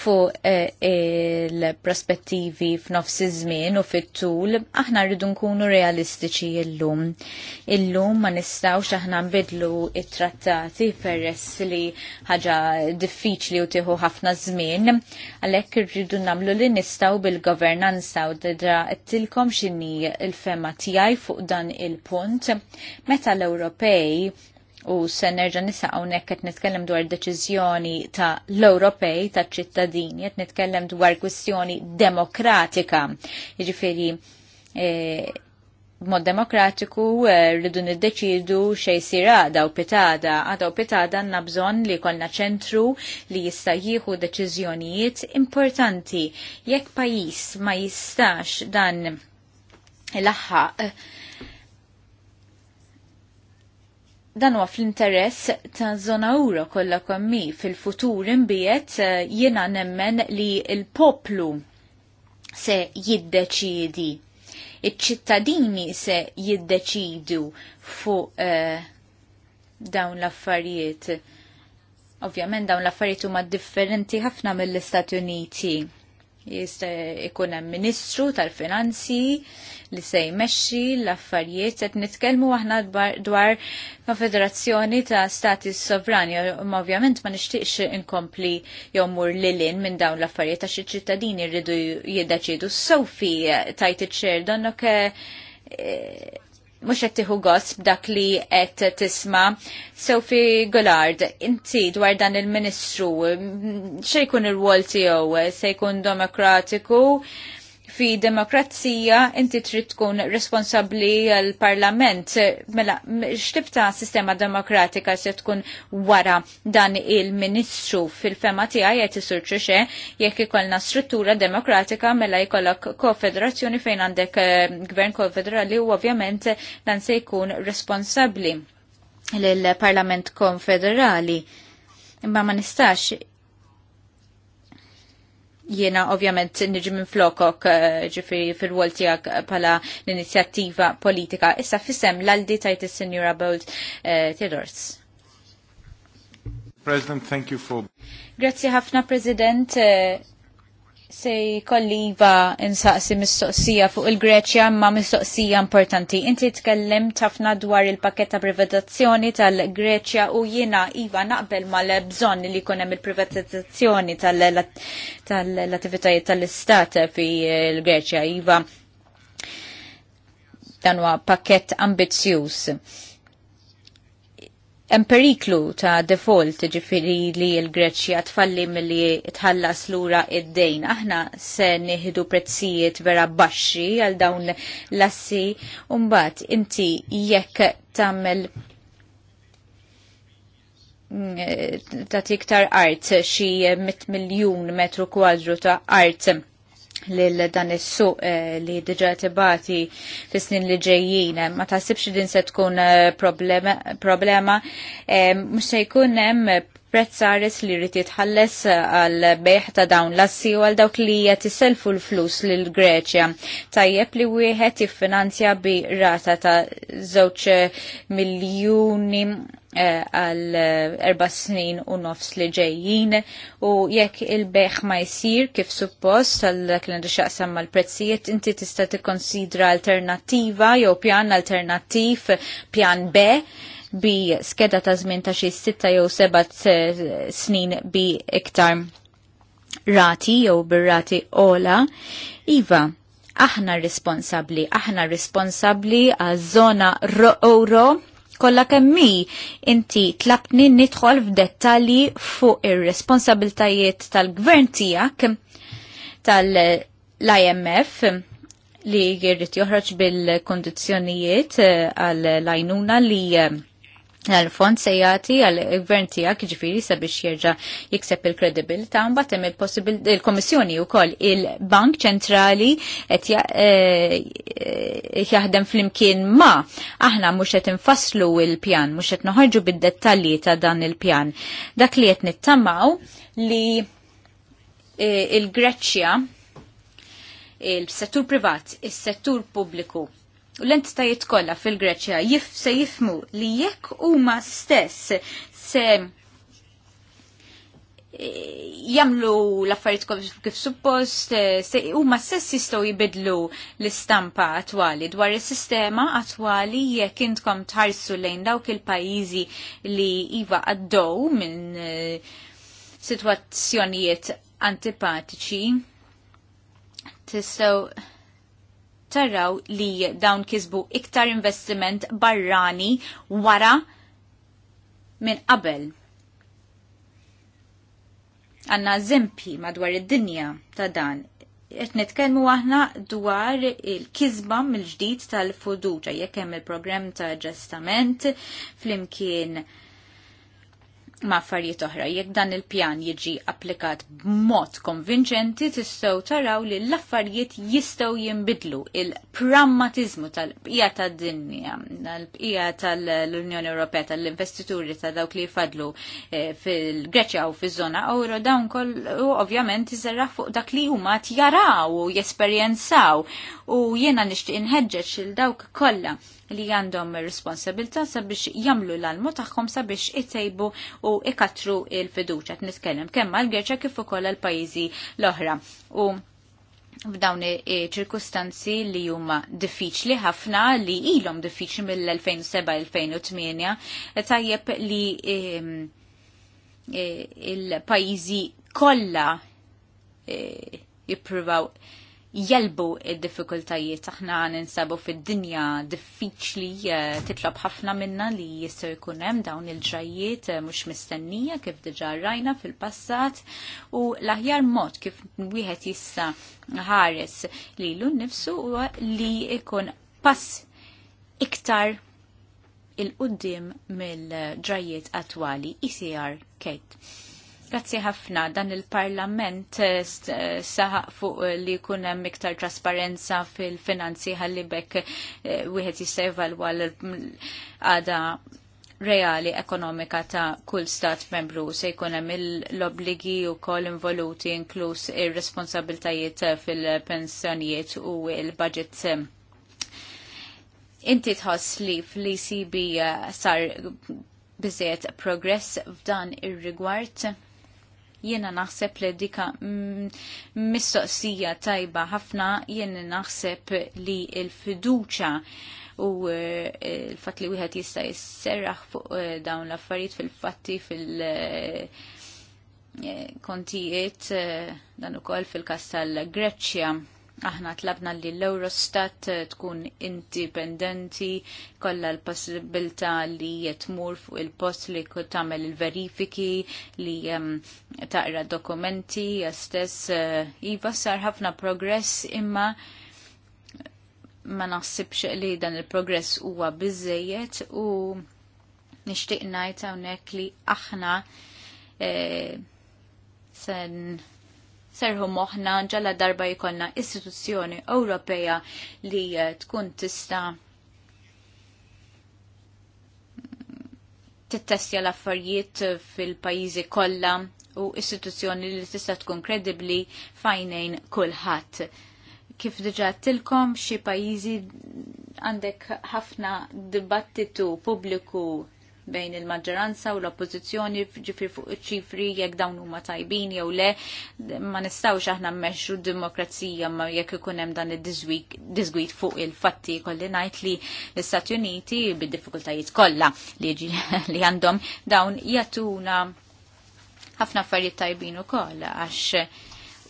fuq eh, il-prospettivi f'nofs iż-żmien u fit-tul, aħna rridu nkunu realistiċi illum. Illum ma nistgħux aħna nbidlu it-trattati peress li ħaġa diffiċli u tieħu ħafna żmien, għalhekk irridu nagħmlu li nistgħu bil-governanza u dra tilkom x'inhi l-fema tiegħi fuq dan il-punt meta l-Ewropej u se nerġa' nisa hawnhekk qed nitkellem dwar deċiżjoni ta' l-Ewropej ta' ċittadini, qed nitkellem dwar kwistjoni demokratika. Jiġifieri e, mod demokratiku e, rridu niddeċidu xej sir għada u pitada. Għada u pitada għanna bżon li kolna ċentru li jista jieħu deċiżjonijiet importanti. Jekk pajis ma jistax dan l-aħħaq dan huwa fl-interess ta' zona euro kollha kommi fil-futur imbiet eh, jiena nemmen li l-poplu se jiddeċidi. Iċ-ċittadini se jiddeċidu fuq eh, dawn l-affarijiet. Ovvjament dawn l-affarijiet huma differenti ħafna mill-Istati Uniti jista' ikun hemm Ministru tal-Finanzi li se jmexxi l-affarijiet qed nitkellmu aħna dwar Konfederazzjoni ta' Stati Sovrani, ma ovvjament ma nixtieqx inkompli jommur lilin minn dawn l-affarijiet għax iċ-ċittadini rridu jiddeċidu. Sofi tajt iċ-ċer donnok eh, mux qed tiħu gosb dak li qed tisma. Sophie Gullard, inti dwar dan il-Ministru, xejn jkun il-wol tiegħu se jkun demokratiku, fi demokrazija inti trid tkun responsabbli l parlament Mela, x'tib ta' sistema demokratika se tkun wara dan il-ministru fil-fema tiegħi qed isur xe jekk ikollna struttura demokratika mela jkollok konfederazzjoni fejn għandek eh, gvern konfederali u ovvjament dan se jkun responsabbli lill-Parlament Konfederali imma ma nistax Jiena ovvjament nġi minn flokok eh, ġifiri fil-wol tijak pala l-inizjattiva politika. Issa fissem l-aldi tajt il-Senjura Bold eh, President, thank you for... Grazie ħafna, President. Eh, se kolliva insaqsi mistoqsija fuq il-Greċja ma mistoqsija importanti. Inti tkellem tafna dwar il-pakket ta' privatizzazzjoni tal-Greċja u jiena iva naqbel ma le bżon li kunem il-privatizzazzjoni tal-attivitajiet tal-istat fi l-Greċja iva dan huwa pakket ambizzjuż hemm periklu ta' default ġifiri li l-Greċja tfalli milli tħallas lura id-dejn. Aħna se nieħdu prezzijiet vera baxxi għal dawn l-assi u inti jekk tagħmel mm, eh, ta' tiktar art xi 100 miljun metru kwadru ta' art lil dan is-suq eh, li diġa tibati fis-snin li ġejjin. Eh, ma taħsibx din se tkun eh, problema, mhux se jkun hemm prezzaris li rrit jitħalles għal beħ ta' dawn lassi u għal dawk li iselfu l-flus lil Greċja. Tajjeb li wieħed jiffinanzja bi rata ta' żewġ miljuni Eh, għal eh, erba snin u nofs li ġejjin u jekk il-beħ ma jisir kif suppost għal dak li għandu mal prezzijiet inti tista' tikkonsidra alternativa jew pjan alternattiv pjan B bi skeda ta' żmien ta' xi sitta jew seba' eh, snin bi iktar rati jew bir-rati ola. Iva, aħna responsabli, aħna responsabli għaż-żona euro kolla kemmi inti tlapni nidħol f'dettalji fuq ir-responsabiltajiet tal-gvern tiegħek tal-IMF li jirrit joħroġ bil-kondizjonijiet eh, għal lajnuna li eh, l-fond se jagħti għall-gvern tiegħek jiġifieri sabiex jerġa' jikseb il-kredibilità mbagħad hemm il komissjoni u kommissjoni wkoll il-Bank Ċentrali qed eh, jaħdem flimkien ma aħna mhux qed infasslu il-pjan mhux qed noħorġu bid-dettalji ta' dan il-pjan. Dak li qed nittamaw li eh, il-Greċja il-settur privat, il-settur pubbliku u l-entitajiet kollha fil-Greċja jif se jifmu li jekk huma stess se e, jamlu l-affarijiet kif suppost, e, u ma stess jistgħu jibidlu l-istampa attwali dwar is-sistema attwali jekk intkom tħarsu lejn dawk il-pajjiżi li iva għaddew minn e, sitwazzjonijiet antipatiċi. Tistgħu taraw li dawn kisbu iktar investiment barrani wara minn qabel. Għanna eżempi madwar id-dinja ta' dan. Qed nitkellmu aħna dwar il-kisba mill-ġdid tal-fuduġa jekk hemm il-programm ta' ġestament flimkien ma' affarijiet oħra. Jekk dan il-pjan jiġi applikat b'mod konvinċenti, tistgħu taraw li l-affarijiet jistgħu jinbidlu. Il-prammatiżmu tal-bqija tad-dinja, tal-bqija tal-Unjoni Ewropea, tal-investituri ta' dawk li jfadlu eh, fil-Greċja u fiż-żona euro dawn kollu ovvjament iżerraħ fuq dak li huma tjaraw u jesperjenzaw u jiena nixtieq inħeġġeġ il dawk kollha li għandhom responsabilta sabiex jamlu l-almu taħħom sabiex it-tejbu u ikatru il-fiduċa. Nitkellem kemm għal-Gerċa kif ukoll l pajjiżi l-oħra. U f'dawn ċirkustanzi li huma diffiċli ħafna li ilhom diffiċli mill-2007-2008 tajjeb li e, il-pajjiżi kollha e, jippruvaw e, jelbu id-diffikultajiet aħna ninsabu fid-dinja diffiċli eh, titlab ħafna minna li jista' jkun hemm dawn il-ġrajiet eh, mhux mistennija kif diġà rajna fil-passat u l-aħjar mod kif wieħed jista' ħares lilu nnifsu huwa li ikun pass iktar il-qoddim mill-ġrajiet attwali ICR e Kate. Grazzi ħafna dan il-parlament eh, eh, saħaq fuq eh, li jkun hemm iktar trasparenza fil-finanzi ħalli bekk wieħed jista' jevalwa l-għada reali ekonomika ta' kull stat membru se jkun hemm l-obligi wkoll involuti inkluż ir-responsabiltajiet fil-pensjonijiet u l-budget Inti tħoss li fl-ECB sar biżiet progress f'dan ir-rigward? Jiena naħseb li dika mistoqsija tajba ħafna jiena naħseb li l-fiduċa u e, l-fat li wieħed jista' jisserraħ fuq e, dawn l-affarijiet fil-fatti fil- e, kontijiet dan ukoll fil kastal tal-Greċja Aħna tlabna li l-Eurostat eh, tkun indipendenti, kollha l-possibilità li tmur fuq il-post li tagħmel il-verifiki, li ehm, taqra dokumenti, stess eh, iva sar ħafna progress imma ma naħsibx li dan il-progress huwa biżejjed u nixtieq ngħid hawnhekk li aħna se eh, sen serħu moħna ġalla darba jkollna istituzzjoni Ewropea li eh, tkun tista' tittestja l-affarijiet fil-pajjiżi kollha u istituzzjoni li tista' tkun kredibbli fajnejn kulħadd. Kif diġà tilkom xi pajjiżi għandek ħafna dibattitu pubbliku bejn il-maġġoranza u l-oppożizzjoni fuq ċifri jekk dawn huma tajbin jew le ma nistgħux aħna mmexxu d-demokrazija ma jekk ikun hemm dan id-disgwit fuq il-fatti kolli ngħid li l-Istati Uniti bid-diffikultajiet kollha li li għandhom dawn jatuna ħafna affarijiet tajbin ukoll għax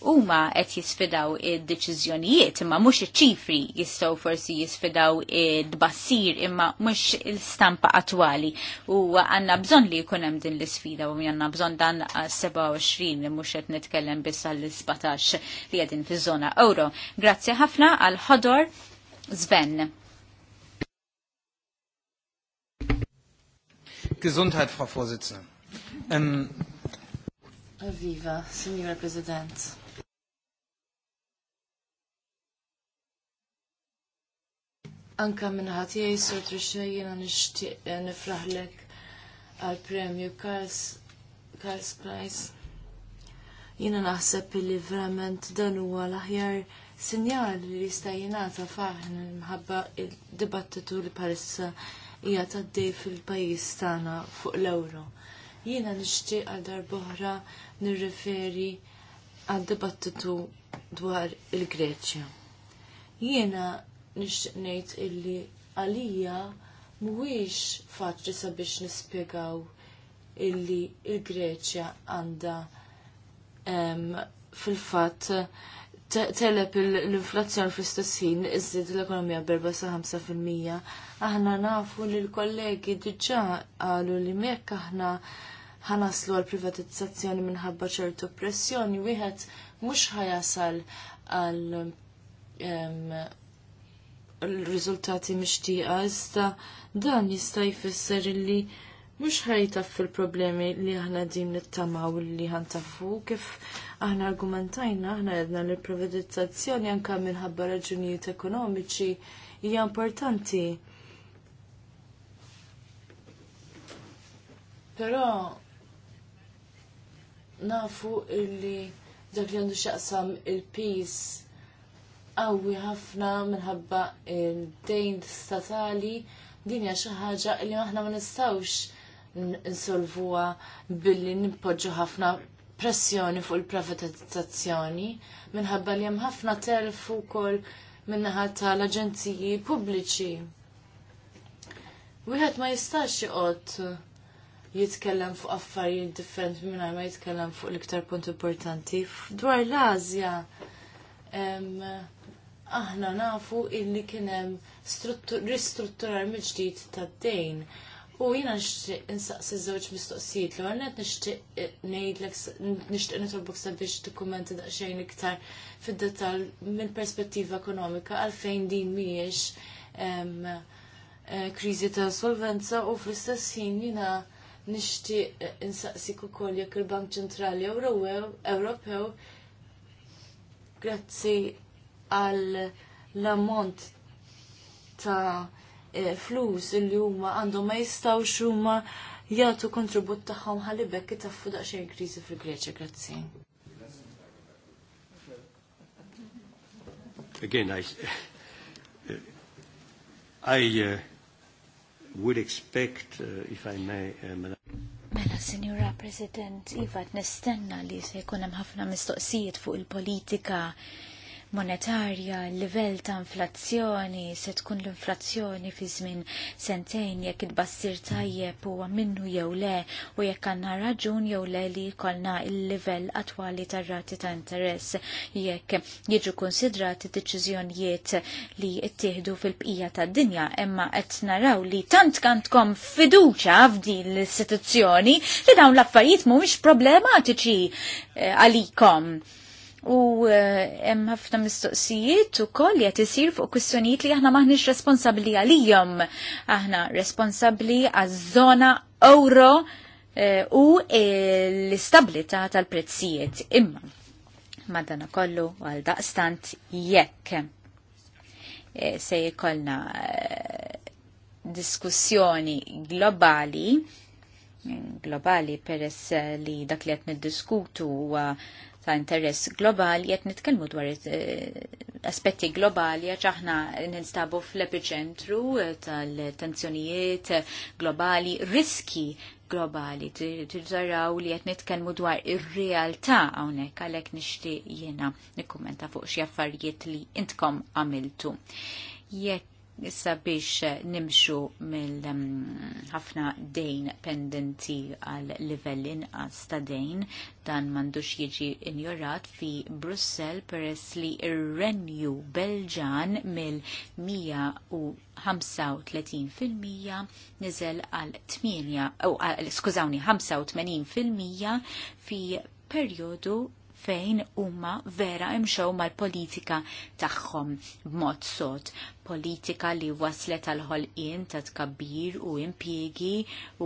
huma qed jisfidaw id-deċiżjonijiet imma mhux iċ-ċifri jistgħu forsi jisfidaw id-bassir imma mhux l-istampa attwali u għandna bżonn li jkun hemm din l-isfida u għandna bżonn dan 27 li mhux qed nitkellem biss għall-17 li qegħdin fiż-żona euro. Grazzi ħafna għal ħodor Sven. Gesundheit, Frau Vorsitzende. Ähm, Viva, Signora President. Anka minnaħat jgħi sur trixxej jena nishtiq eh, nifraħlek għal premju Karls Price. Jina naħseb li verament dan huwa l-aħjar sinjal li jista' jingħata faħn mħabba il-dibattitu li parissa hija tgħaddej fil-pajjiż tagħna fuq l-ewro. Jiena nixtieq għal darb'oħra nirreferi għad dibattitu dwar il-Greċja. Jiena nixtieq ngħid illi għalija mhuwiex faċli sabiex nispjegaw illi l greċja għandha fil-fatt telep l-inflazzjoni fl-istess ħin l-ekonomija berba sa 5%. Aħna nafu li l-kollegi diġà qalu li mekk aħna ħanaslu għal privatizzazzjoni minħabba ċertu pressjoni wieħed mhux ħajasal għal l-riżultati mixtieqa iżda dan jista' jfisser illi mhux ħajtaf fil-problemi li aħna din nittamaw li ħantaffu kif aħna argumentajna aħna għedna li l privatizzazzjoni anke minħabba raġunijiet ekonomiċi hija importanti. Però nafu illi dak li għandu xaqsam il-peace qawwi ħafna minħabba dejn statali din hija xi ħaġa li aħna ma nistgħux insolvuha billi nippoġġu ħafna pressjoni fuq il-privatizzazzjoni minħabba li hemm ħafna telf ukoll min-naħa tal-aġenziji pubbliċi. Wieħed ma jistax joqgħod jitkellem fuq affarijiet differenti mingħajr ma jitkellem fuq l-iktar punt importanti dwar l-Asja aħna nafu illi kienem ristrutturar mill-ġdid tad-dejn. U jina nixtieq insaqsi żewġ mistoqsijiet li għannet nixtieq ngħidlek nixtieq nitolbok sabiex tikkumenti daqsxejn iktar fid-dettall minn perspettiva ekonomika għalfejn din mhijiex eh, kriżi ta' solvenza u fl-istess ħin jina nixtieq insaqsik ukoll jekk il-Bank Ċentrali Ewropew Grazzi għal l-ammont ta' e, flus li huma għandhom ma jistawx huma jagħtu kontribut tagħhom ħalibek bekk itaffu daqsxejn kriżi fil-Greċja. Grazzi. Again, I, eh, I uh, would expect, uh, if I may, uh, Madam. Mela, Signora President, Iva, nistenna li se jkun hemm ħafna mistoqsijiet fuq il-politika monetarja, l-livell ta' inflazzjoni, se tkun l-inflazzjoni fi żmien sentejn jekk id-bassir tajjeb huwa minnu jew le u jekk għandna raġun jew le li jkollna l-livell attwali tar-rati ta' interess jekk jiġu konsidrati deċiżjonijiet li ttieħdu fil-bqija tad-dinja, imma qed naraw li tant kantkom fiduċa f'din l-istituzzjoni li dawn l-affarijiet mhumiex problematiċi eh, għalikom u eh, hemm ħafna mistoqsijiet ukoll qed isir fuq kwistjonijiet li aħna maħniex responsabbli għalihom. Aħna responsabbli għaż-żona euro eh, u eh, l-istabilità tal-prezzijiet. Imma dan kollu għal daqstant jekk se jkollna diskussjoni globali globali peress li dak li qed niddiskutu huwa uh, ta' interess globali jett nitkelmu dwar eh, aspetti globali għax aħna ninstabu fl epicentru eh, tal-tensjonijiet globali, riski globali, tiżaraw li jett nitkelmu dwar ir-realtà hawnhekk għalhekk nixtieq jiena nikkumenta fuq xi affarijiet li intkom għamiltu. Jekk issa biex eh, nimxu mill-ħafna mm, dejn pendenti għal livell inqas ta' dejn dan mandux jiġi injorat fi Brussel peress li ir-renju Belġan mill-135% nizel għal 8 u skużawni 85% fi perjodu fejn huma vera imxew mal-politika tagħhom b'mod sod. Politika li waslet għal ħolqien ta' tkabbir u impjiegi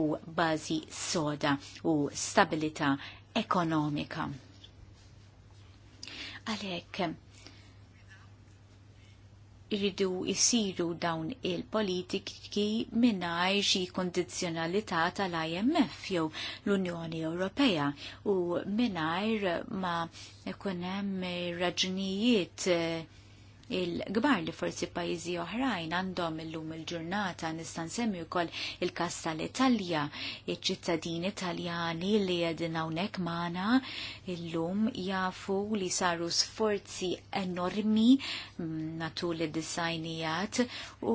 u bażi soda u stabilità ekonomika. Għalhekk iridu jisiru dawn il-politiki minnaj xi kondizjonalità tal-IMF jew l-Unjoni Ewropea u minnaj ma ekonem hemm raġunijiet eh, il-gbar li forsi pajjiżi oħrajn għandhom illum il-ġurnata nista' nsemmi wkoll il kassa l italja iċ-ċittadini Italjani li qegħdin hawnhekk magħna illum jafu li saru sforzi enormi mm, matul id-disajnijat u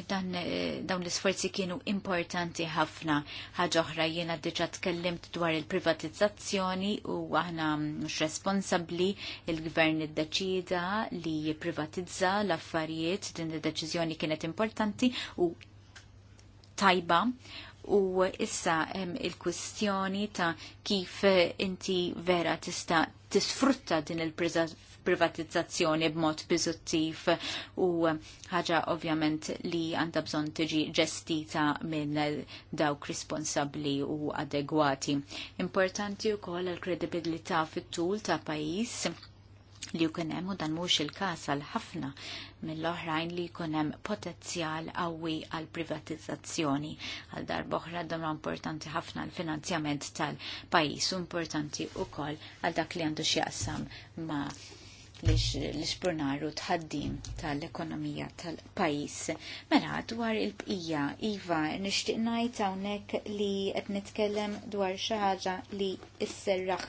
dan eh, dawn l-isforzi kienu importanti ħafna. Ħaġa oħra jiena diġa tkellimt dwar il-privatizzazzjoni u aħna mhux responsabbli il-gvern iddeċida li jipprivatizza l-affarijiet din id-deċiżjoni kienet importanti u tajba u issa hemm il-kwistjoni ta' kif eh, inti vera tista' tisfrutta din il priza privatizzazzjoni b'mod biżuttiv u ħaġa ovvjament li għandha bżonn tiġi ġestita minn dawk responsabbli u adegwati. Importanti wkoll l kredibilità fit-tul ta' pajjiż li jkun hemm u dan mhux il-każ għal ħafna mill-oħrajn li jkun hemm potenzjal qawwi għal privatizzazzjoni għal darba oħra dan importanti ħafna l-finanzjament tal-pajjiż u importanti wkoll għal dak li għandu x'jaqsam ma' l-xpurnaru tħaddim tal-ekonomija tal-pajis. Mela, dwar il-bqija, Iva, nishtiq najt hawnhekk li qed nitkellem dwar xi ħaġa li sserraħ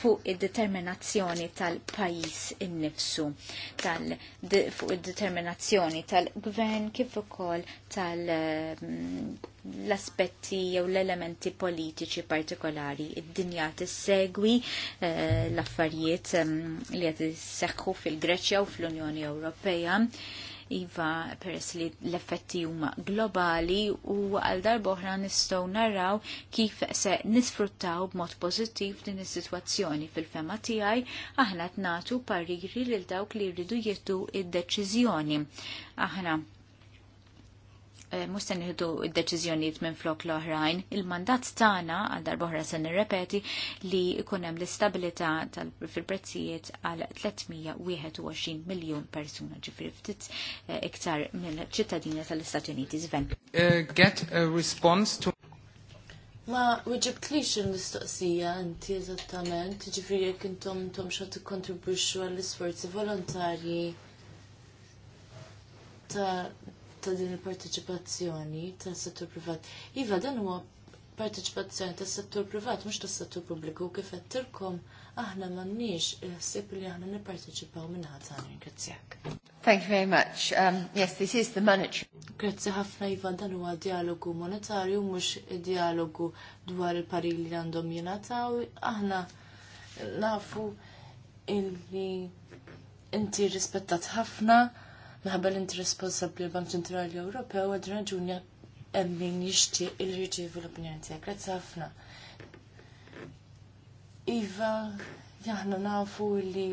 fuq id-determinazzjoni tal-pajis innifsu, tal fuq id-determinazzjoni tal-gvern kif ukoll -tal l-aspetti jew l-elementi politiċi partikolari. Id-dinja tissegwi eh, l-affarijiet ehm, li qed isseħħu fil-Greċja u fl-Unjoni Ewropea. Iva peress li l-effetti huma globali u għal darba oħra nistgħu narraw kif se nisfruttaw b'mod pożittiv din is-sitwazzjoni fil-fema tiegħi aħna tnatu pariri lil dawk li jridu jittu id-deċiżjoni. Aħna Eh, mux se nieħdu d-deċiżjonijiet minn flok l-oħrajn, il-mandat tagħna għal darboħra se nirrepeti li jkun hemm l-istabilità fil-prezzijiet għal 321 miljun persuna ġifri ftit eh, iktar minn ċittadini tal-Istati Uniti żven. Eh, get a response to Ma weġibtlix il-mistoqsija inti eżattament, ġifri jekk intom intom xa t għall-isforzi volontarji ta' ta' din il-parteċipazzjoni ta' settur privat. Iva, dan huwa parteċipazzjoni tas settur privat, mhux tas settur pubbliku, kif għattilkom aħna m'għandniex il ħsib li aħna nipparteċipaw minna għatani. ringrazzjak. Thank you very much. Um, yes, this is the monetary. Grazzi ħafna Iva dan huwa dialogu monetarju mhux dialogu dwar il-parili li għandhom jingħataw. Aħna nafu illi inti rispettat ħafna Maħbel inti responsabli l-Bank Ċentrali Ewropew għad raġuni hemm min jixtieq il jirċievu l-opinjoni tiegħek. Grazzi ħafna. Iva, jaħna nafu li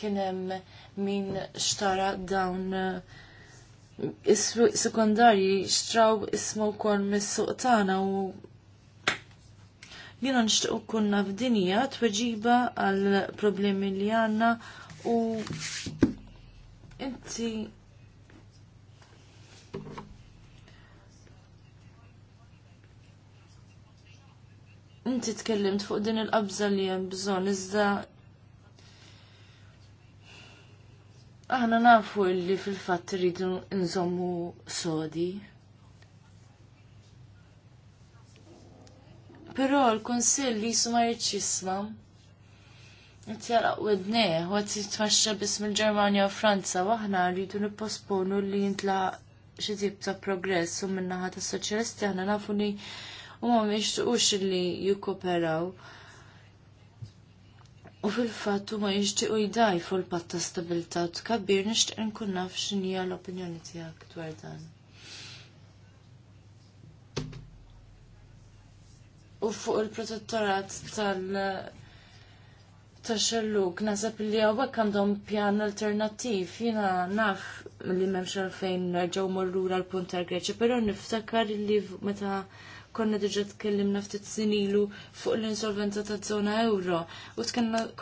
kien hemm min xtara dawn eh, is-suq sekondarji xtraw isma wkoll mis-suq tagħna u jiena nixtieq ukoll naf tweġiba għal problemi li għandna u Inti Inti tkellimt fuq din il-qabża li hemm bżonn iżda aħna nafu li fil-fatt rridu nżommu sodi. Però l-Kunsill li ma jisma' Nitjalaq widneħ, u t jitmaxxa biss mill-Ġermanja u Franza, waħna rridu nipposponu li jintla' xi ta' progress u minnaħa ta' soċjalisti aħna nafu li huma mhix li jukoperaw. U fil-fatt huma jixtiequ fu l-patt ta' stabilità u tkabbir nixtieq nkun naf x'inhija l-opinjoni tiegħek dwar dan. U fuq il-protettorat tal- ta' xelluk, nasab li għawek għandhom pjan alternativ, jina naf li memx għalfejn nerġaw morrur l-punt tal Greċi, pero niftakar li meta konna diġa tkellimna ftit sinilu fuq l-insolvenza ta' zona euro, u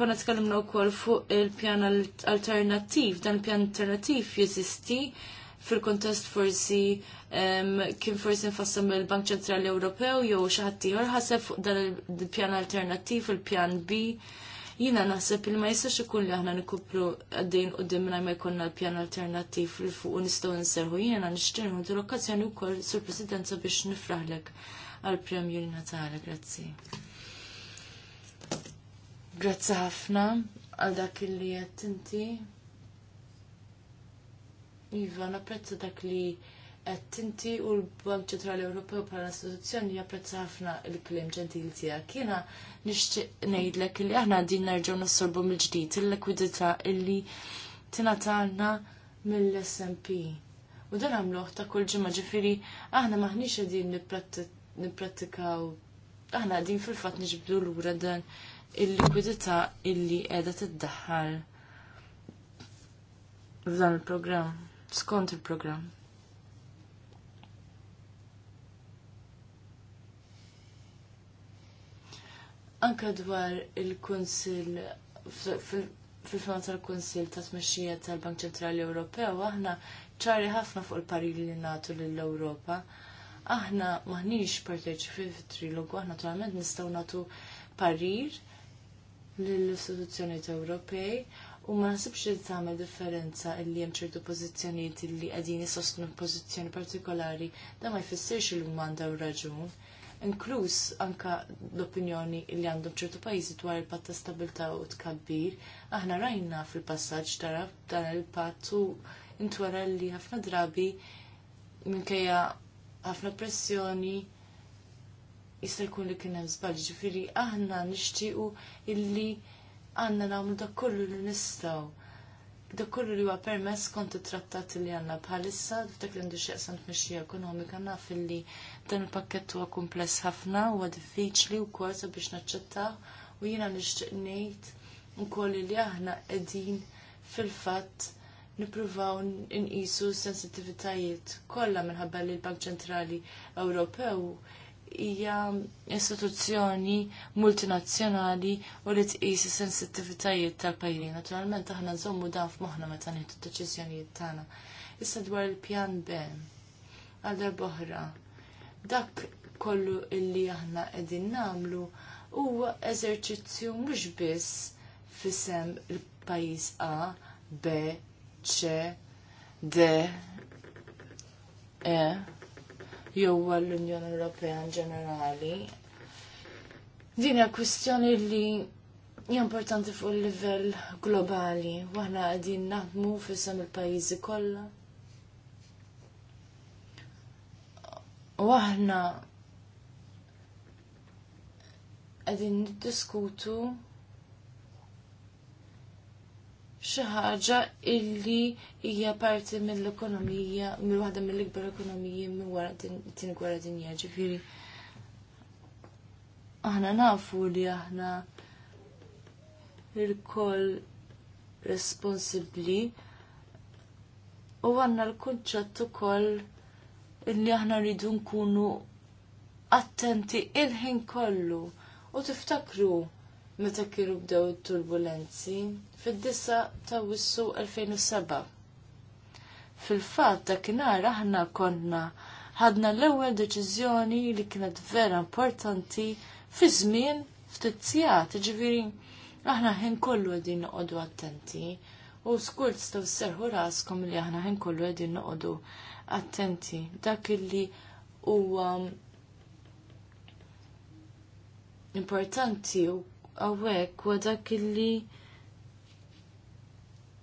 konna tkellimna u kol fuq il-pjan alternativ, dan pjan alternativ jesisti fil-kontest forsi kien forsi nfassam il-Bank Ċentrali Ewropew jew xi ħadd ieħor ħaseb fuq dan il-pjan alternattiv, il-pjan B Jina naħseb il ma jistax ikun li aħna nikuplu għaddejn u dimna ma jkollna l-pjan alternattiv li fuq nistgħu nserħu. Jina nixtirħu l u wkoll sur Presidenza biex nifraħlek għal-premju li natala. Grazzi. Grazzi ħafna għal dak li qed inti. Iva, napprezza dak li qed inti u l-Bank Ċentrali Ewropew bħala istituzzjoni japprezza ħafna l-kliem ġentili tiegħek. Jiena nixtieq ngħidlek li aħna din nerġgħu nassorbu mill-ġdid il-likwidità illi tingħatalna mill-SMP. U dan għamluh ta' kull ġimgħa ġifieri aħna maħniex qegħdin nipprattikaw aħna qegħdin fil-fatt niġbdu lura dan il-likwidità illi qiegħda tiddaħħal f'dan il-programm, skont il-programm. anka dwar il-Kunsil fil-fema tal-Kunsil ta' tmexxija tal-Bank Ċentrali Ewropew aħna ċari ħafna fuq il-parili li nagħtu lill-Ewropa. Aħna maħniex parteċipi fil trilogu aħna naturalment nistgħu nagħtu parir lill-istituzzjonijiet Ewropej u ma nasibx li tagħmel differenza illi hemm ċertu pożizzjonijiet li qegħdin jisostnu pożizzjoni partikolari, da ma jfissirx li huma għandha raġun inkluż anka l-opinjoni li għandhom ċertu pajjiżi dwar il-patt ta' stabilità u tkabbir, aħna rajna fil-passaġġ tara dan il-patt u intwara li ħafna drabi minkejja ħafna pressjoni jista' jkun li kien hemm żball, ġifieri aħna nixtiequ illi għandna nagħmlu dak kollu li nistgħu. Dak kollu li huwa permess kont it-trattat li għandna bħalissa f'dak li għandi x'jaqsam tmexxija ekonomika naf illi Dan il-pakket huwa kumpless ħafna huwa diffiċli wkoll sabiex naċċettah u jiena nixtieq ngħid ukoll li aħna qegħdin fil-fatt nippruvaw nqisu s-sensittivitajiet kollha minħabba li l-Bank Ċentrali Ewropew hija istituzzjoni multinazzjonali u li tqis is-sensittivitajiet tal pajjiżi Naturalment aħna nżommu dan f'moħħna meta nieħdu d-deċiżjonijiet tagħna. Issa dwar il-pjan B għal darb'oħra dak kollu illi aħna qegħdin nagħmlu huwa eżerċizzju mhux biss fisem il-pajjiż A, B, C, D, E, jew għall-Unjoni Ewropea in ġenerali. Din hija kwistjoni li hija importanti fuq il-livell globali, aħna qegħdin naħdmu fisem il-pajjiżi kollha U aħna qegħdin niddiskutu xi ħaġa illi hija parti mill-ekonomija, mill waħda mill-ikbar ekonomiji minn wara din gwerra dinja, ġifieri. Aħna nafu li aħna il-koll responsibli u għanna l-kunċett ukoll illi aħna rridu nkunu attenti il-ħin kollu u tiftakru meta kienu bdew turbulenzi fid-disa ta' wissu 2007. Fil-fatt dakinhar aħna konna ħadna l-ewwel deċiżjoni li kienet vera importanti fi żmien ftit sigħat, ġifieri aħna ħin kollu qegħdin noqogħdu attenti u skurt staw sserħu raskom li aħna ħin kollu qegħdin noqogħdu attenti. Dak illi huwa importanti u għawek u dak illi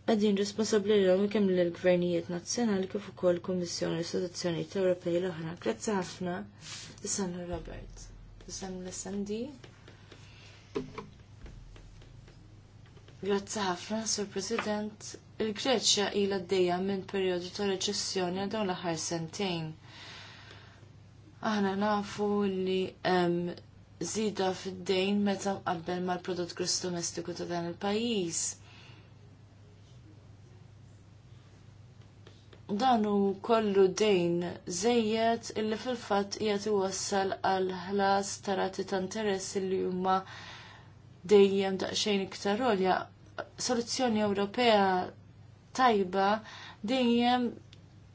għadin responsabli l-għom kem l-gvernijiet nazzjonali kif ukoll l-Kommissjoni l-Istituzzjonijiet Ewropej l-oħra. Grazzi ħafna, Sanna Robert. Tisem l-SND. Grazzi ħafna, Sur President, il-Greċja ilha għaddejja minn perjodu ta' reċessjoni għal dawn l-aħħar sentejn. Aħna nafu li hemm żieda fid-dejn meta mqabbel mal-prodott gross domestiku ta' dan il-pajjiż. Dan hu kollu dejn żejjed illi fil-fatt qiegħed iwassal għal ħlas ta' rati ta' interess li huma dejjem daqsxejn iktar olja soluzzjoni Ewropea tajba dejjem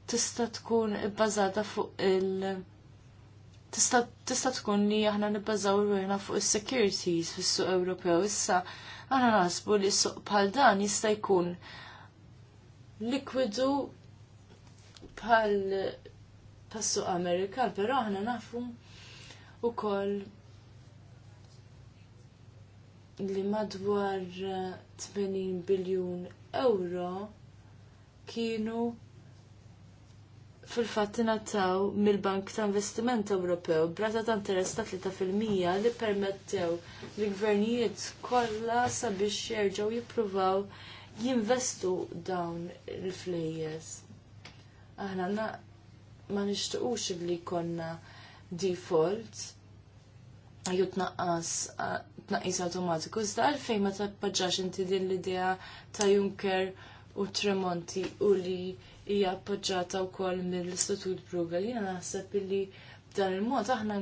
tista' tkun bbażata fuq il- tista' tista' tkun li aħna nibbażaw ruħna fuq is-securities fis-suq Ewropew issa aħna naħsbu li suq bħal dan jista' jkun likwidu bħal tas-suq Amerikan, però aħna nafu ukoll li madwar 80 biljun euro kienu fil-fatt nataw mill-Bank ta' Investiment Ewropew brata ta' interess ta' 3% li permettew li gvernijiet kollha sabiex jerġgħu jippruvaw jinvestu dawn il-flejjes. Aħna ma nixtiequx li konna default jew tnaqqas tnaqqis awtomatiku iżda għalfejn ma tappaġġax inti din l-idea ta' Juncker u Tremonti u li hija appoġġjata wkoll mill-Istitut Bruegel. Jiena naħseb li b'dan il-mod aħna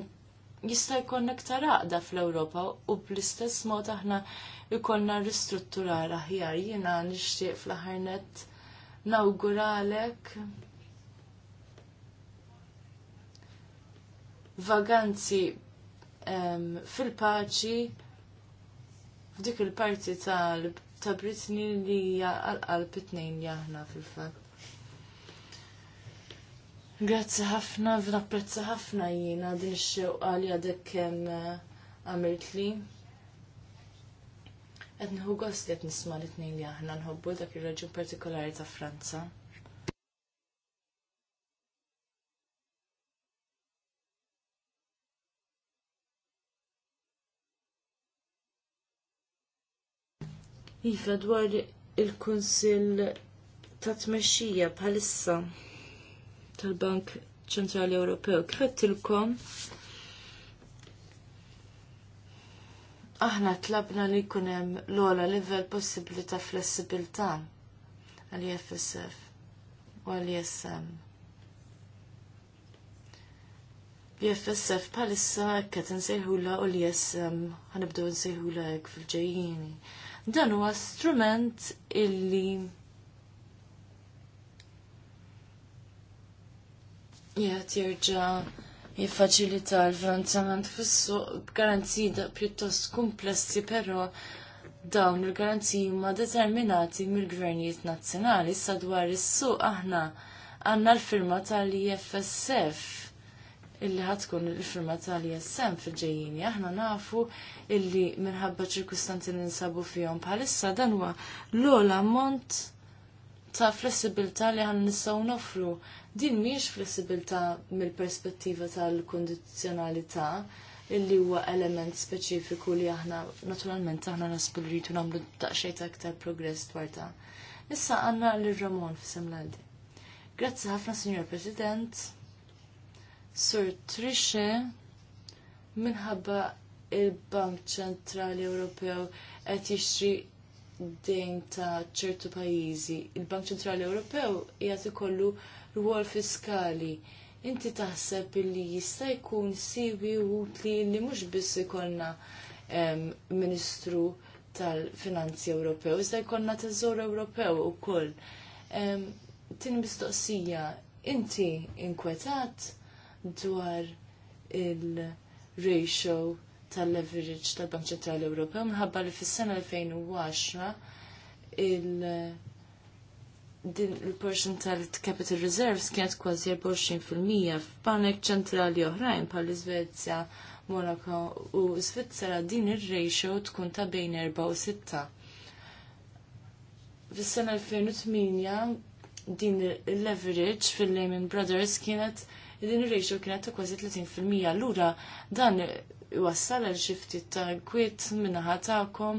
jista' jkollna aktar għaqda fl-Ewropa u bl-istess mod aħna jkollna ristrutturar aħjar. Jiena nixtieq fl-aħħar nett nawguralek vaganzi fil-paċi f'dik il-parti tal ta' Britni li hija għal-qalb it-tnejn li aħna fil fat Grazzi ħafna, napprezza ħafna jina din ix-xewqa li għadek kem eh, għamilt li. Għedni hu gost qed nisma' l nejn li aħna nħobbu dak il raġun partikolari ta' Franza. Iva dwar il-Kunsill ta' tmexxija bħalissa tal-Bank Ċentrali Ewropew. Kif qedtilkom aħna tlabna li jkun hemm l-ogħla livell possibbli ta' flessibilità għal FSF e u għal ISM. E BFSF e bħalissa qed insejħula u l-ISM ħanibdew insejħula hekk fil-ġejjieni Dan huwa strument illi jgħat jirġa jiffaċilita l-finanzjament fis-suq b'garanziji pjuttost komplessi, però dawn il-garanziji huma determinati mill-gvernijiet nazzjonali sadwar is-suq aħna għandna l-firma tal-IFSF illi ħatkun il-firma tal-ISM fil-ġejjini. Aħna nafu illi minħabba ċirkustanti ninsabu fihom bħalissa dan huwa l-ola ammont ta' flessibilità li għan nistgħu nofru. Din mhijiex flessibilità mill-perspettiva tal-kondizzjonalità illi huwa element speċifiku li aħna naturalment aħna nasbu li rridu nagħmlu daqsxejn aktar progress dwar ta'. Issa għandna l-Ramon fis-semladi. Grazzi ħafna, Signor President. Sur Trisha minħabba il-Bank Ċentrali Ewropew qed jixtri dejn ta' ċertu pajjiżi. Il-Bank Ċentrali Ewropew qiegħed ikollu rwol fiskali. Inti taħseb li jista' jkun siwi utli li mhux biss ikollna Ministru tal-Finanzi Ewropew, iżda jkollna teżor Ewropew ukoll. Tin mistoqsija, inti inkwetat? dwar il-ratio tal-leverage tal-Bank Ċentrali Ewropew minħabba li fis-sena 2010 il- din il tal capital reserves kienet kważi 24% f'banek ċentrali oħrajn bħal iżvezja Monaco u Svizzera din ir-ratio tkun ta' bejn 4 u 6. Fis-sena 2008 din il-leverage fil-Lehman Brothers kienet li din ir-ratio kienet ta' kważi 30%. Allura dan iwassal għal xi ftit ta' kwiet minnaħa tagħkom.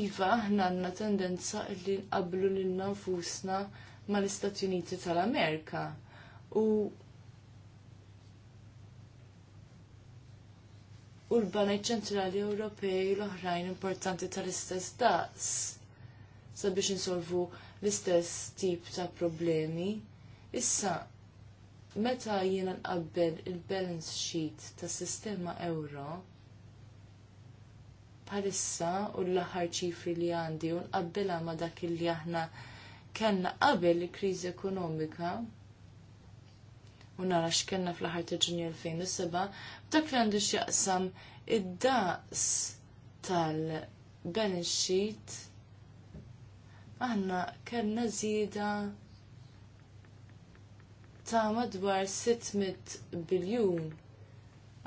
Iva, aħna għandna tendenza li nqablu lil nfusna mal-Istati Uniti tal-Amerika. U u l-Banaj ċentrali Ewropej l-oħrajn importanti tal-istess daqs sabiex insolvu l-istess tip ta' problemi. Issa, meta jiena nqabbel il-balance sheet tas sistema euro bħalissa u l-aħħar ċifri li għandi u nqabbilha ma dak li aħna kellna qabel il-kriżi ekonomika u nara x'kellna fl-aħħar ta' ġunju 2007, dak li għandu x'jaqsam id-daqs tal-balance sheet aħna kellna żieda ta' madwar 600 biljun.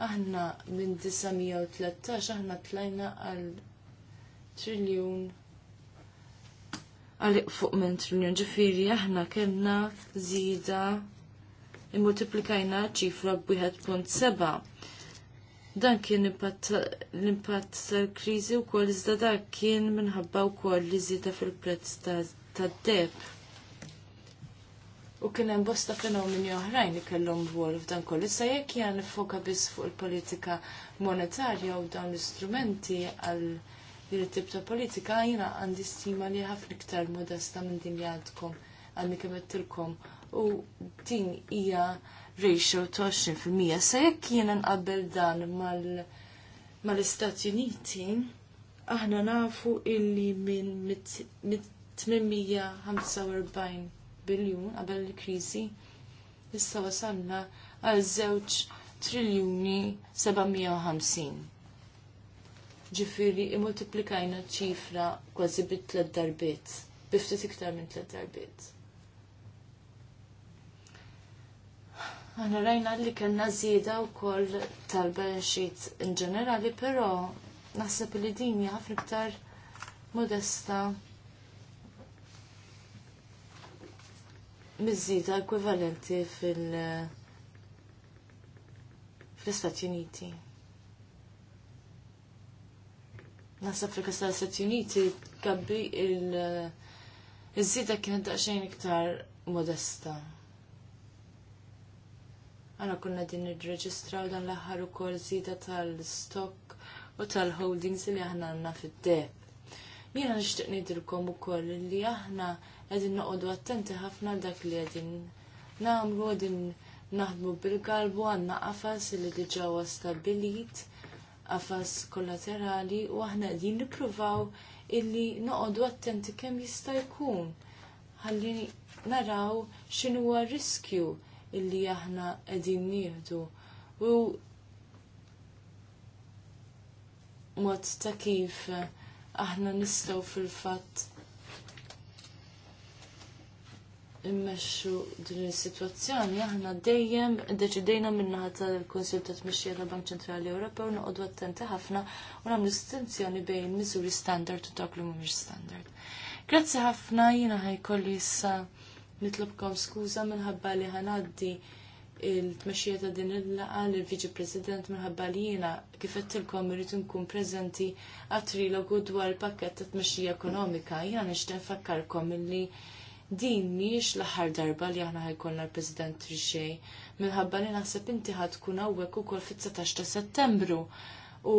Aħna minn 913 aħna tlajna għal triljun għal fuq minn triljun. ġifiri aħna kemna zida immultiplikajna ċifra b-1.7. Dan kien l-impatt tal-krizi u kol iżda dak kien minħabba u kol li zida fil-prezz tad-deb. Ta u kien hemm bosta fenomeni oħrajn li kellhom rwol f'dan kollu. Issa jekk jien nifoka biss fuq il-politika monetarja u dawn l-istrumenti għal din it-tip ta' politika jiena għandi stima li ħafna iktar modesta minn din li għandkom għandi kemettilkom u din hija ratio ta' 20%. Sa jekk jiena nqabbel dan mal-Istati Uniti, aħna nafu illi minn 845 biljun qabel il-kriżi. Issa wasalna għal żewġ triljuni 750. Ġifiri imultiplikajna ċifra kważi bit tlet darbiet, biftit iktar minn tlet darbiet. Għana rajna li kellna zjeda u koll tal-benxit in ġenerali, pero naħseb li din ħafna iktar modesta mizzita ekwivalenti fil- fl-Istati Uniti. Nasab fil kastar l-Istati Uniti kabbi il- iż-żida kienet daqsxejn iktar modesta. Għana kunna din u dan l-aħħar ukoll żida tal-stock u tal-holdings li aħna għandna fid-deb. Jiena nixtieq ngħidilkom ukoll li aħna għedin noqodu attenti ħafna dak li għedin namlu għedin naħdmu bil-galbu għanna għafas li diġa stabilit għafas kollaterali u aħna għedin nipruvaw illi noqodu attenti kemm jista' jkun ħalli naraw x'inhu huwa riskju illi aħna qegħdin nieħdu u mod ta' kif aħna nistgħu fil-fatt immexxu din is-sitwazzjoni aħna dejjem deċidejna minnaħa tal-Kunsil ta' Tmexxija tal-Bank Ċentrali Ewropew noqogħdu attenti ħafna u nagħmlu distinzjoni bejn miżuri standard u dak li mhumiex standard. Grazzi ħafna jiena ħajkolli issa nitlobkom skuża minħabba li ħanaddi il-tmexxija ta' din il-laqa l viċi President minħabba li jiena kif qedtilkom irid nkun preżenti għat-trilogu dwar il-pakkett ta' tmexxija ekonomika. Jiena nixtieq nfakkarkom illi din mhijiex l-aħħar darba li aħna ħajkollna l-President Trixej minħabba li naħseb inti ħadkun hawnhekk ukoll fit-19 ta' Settembru. U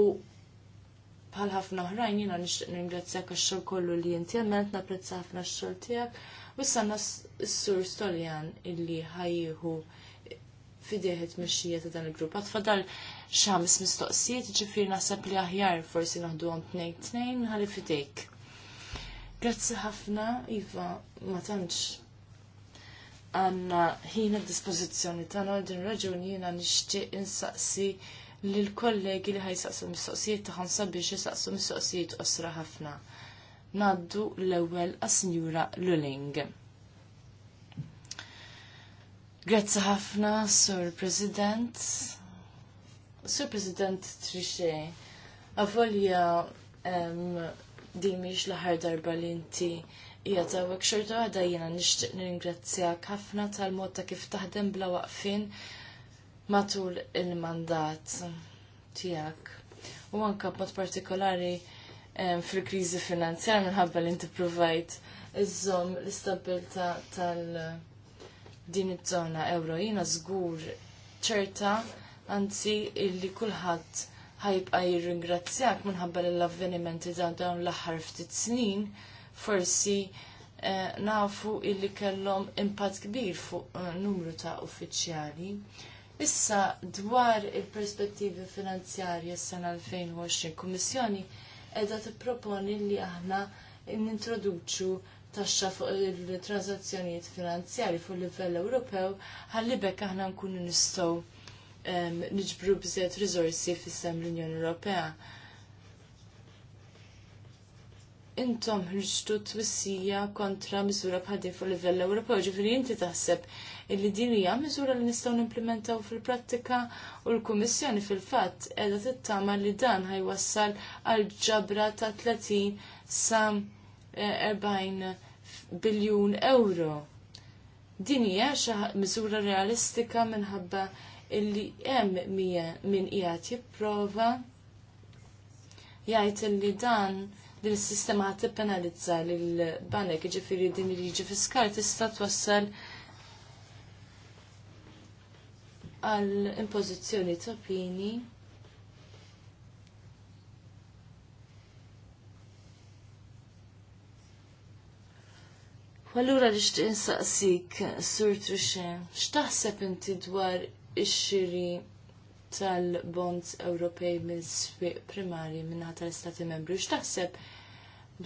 bħal ħafna oħrajn jiena nixtieq ningrazzjak għax-xogħol kollu li inti għamilt napprezza ħafna x-xogħol tiegħek u issa s-sur Stoljan illi ħajjieħu fideħet mexxija ta' dan il-grupp. Għatfadal xamis mistoqsijiet ġifiri naħseb li aħjar forsi naħdu għom tnejn tnejn ħalli fidejk. Grazzi ħafna, Iva, ma tantx għanna ħina dispozizjoni ta' għal din raġuni jiena nixtieq insaqsi lil kollegi li ħajsaqsu mistoqsijiet tagħhom biex jisaqsu mistoqsijiet qosra ħafna. Naddu l-ewwel għas-Sinjura Luling. Grazzi ħafna, Sur President. Sur President Trixie, avolja di miex l-aħħar darba li inti hija tawwek xorta għada jiena nixtieq ningrazzjak ħafna tal-mod ta' kif taħdem bla waqfin matul il-mandat tiegħek. U anke b'mod partikolari fil-kriżi finanzjar minħabba li inti provajt iżżomm l-istabilta tal- din iż-żona euro jiena żgur ċerta anzi illi kulħadd ħajbqa jirringrazzjak minħabba l-avvenimenti ta' dawn l-aħħar ftit snin, forsi eh, nafu illi kellhom impatt kbir fuq eh, numru ta' uffiċjali. Issa dwar il-perspettivi finanzjarji s-sena 2020, Kummissjoni edha tipproponi li aħna nintroduċu taxxa fuq il-transazzjonijiet finanzjarji fuq livell Ewropew ħalli bekk aħna nkunu nistgħu niġbru bżiet rizorsi fissem l-Unjoni Ewropea. Intom ħriġtu twissija kontra miżura bħadin fuq livell Ewropew, ġifieri inti taħseb illi din hija miżura li nistgħu nimplementaw fil-prattika u l-Kummissjoni fil-fatt qiegħda tittama li dan ħajwassal għal ġabra ta' 30 sa 40 eh, biljun euro. Din hija xi miżura realistika minħabba illi hemm min qiegħed jipprova jgħid illi dan din l-sistema ħat tippenalizza lil banek ġifiri din li liġi fiskal tista' twassal għal impożizzjoni ta' opini Allura li xtiq insaqsik, Sur Trixie, x'taħseb inti dwar ix-xiri tal-bonds Ewropej minn swieq primarji minn tal-Istati Membri. X'taħseb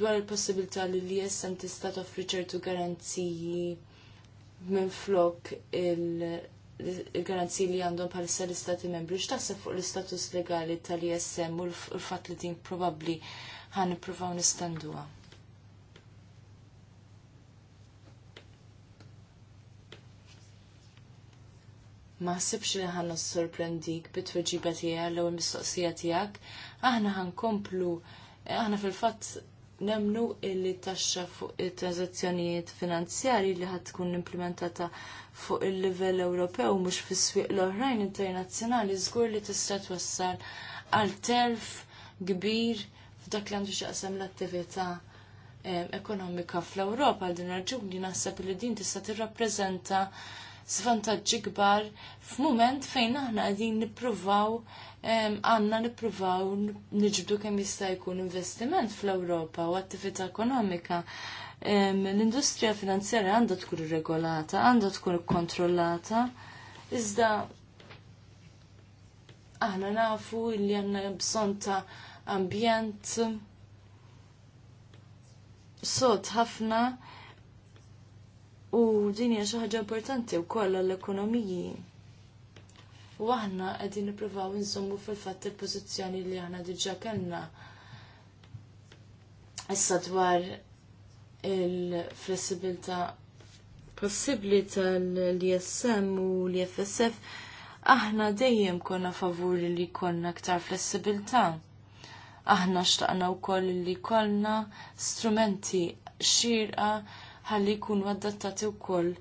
dwar il-possibilità li l-ISM tista' toffri ċertu garanziji minn flok il-garanziji li għandhom bħalissa l-Istati Membri. X'taħseb fuq l-istatus legali tal-ISM u l-fatt li din probabbli ħan nippruvaw nistanduha. ma ħsibx li ħanna sorprendik bit-tweġiba tiegħek l mistoqsija tiegħek. Aħna ħankomplu aħna fil-fatt nemnu illi taxxa fuq it-transazzjonijiet finanzjarji li ħad tkun implementata fuq il-livell Ewropew mhux fis-swieq l-oħrajn internazzjonali żgur li tista' twassal għal telf kbir f'dak li għandu x'aqsam l-attività eh, ekonomika fl-Ewropa għal din raġuni naħseb li din tista' tirrappreżenta svantaġġi kbar f'mument fejn aħna qegħdin nippruvaw għanna nippruvaw niġbdu kemm jista' jkun investiment fl-Ewropa u attività ekonomika l-industrija finanzjarja għandha tkun regolata, għandha tkun kontrollata, iżda aħna nafu li għanna bżon ta' ambjent sod ħafna U din hija xi ħaġa importanti wkoll għall-ekonomiji. U aħna qegħdin nippruvaw insommu fil-fatt il-pożizzjoni li aħna diġà kellna. Issa dwar il-flessibilità possibbli tal-ISM u l-FSF aħna dejjem konna favuri li konna ktar flessibilità. Aħna xtaqna u koll li konna strumenti xirqa ħalli jkunu adattati wkoll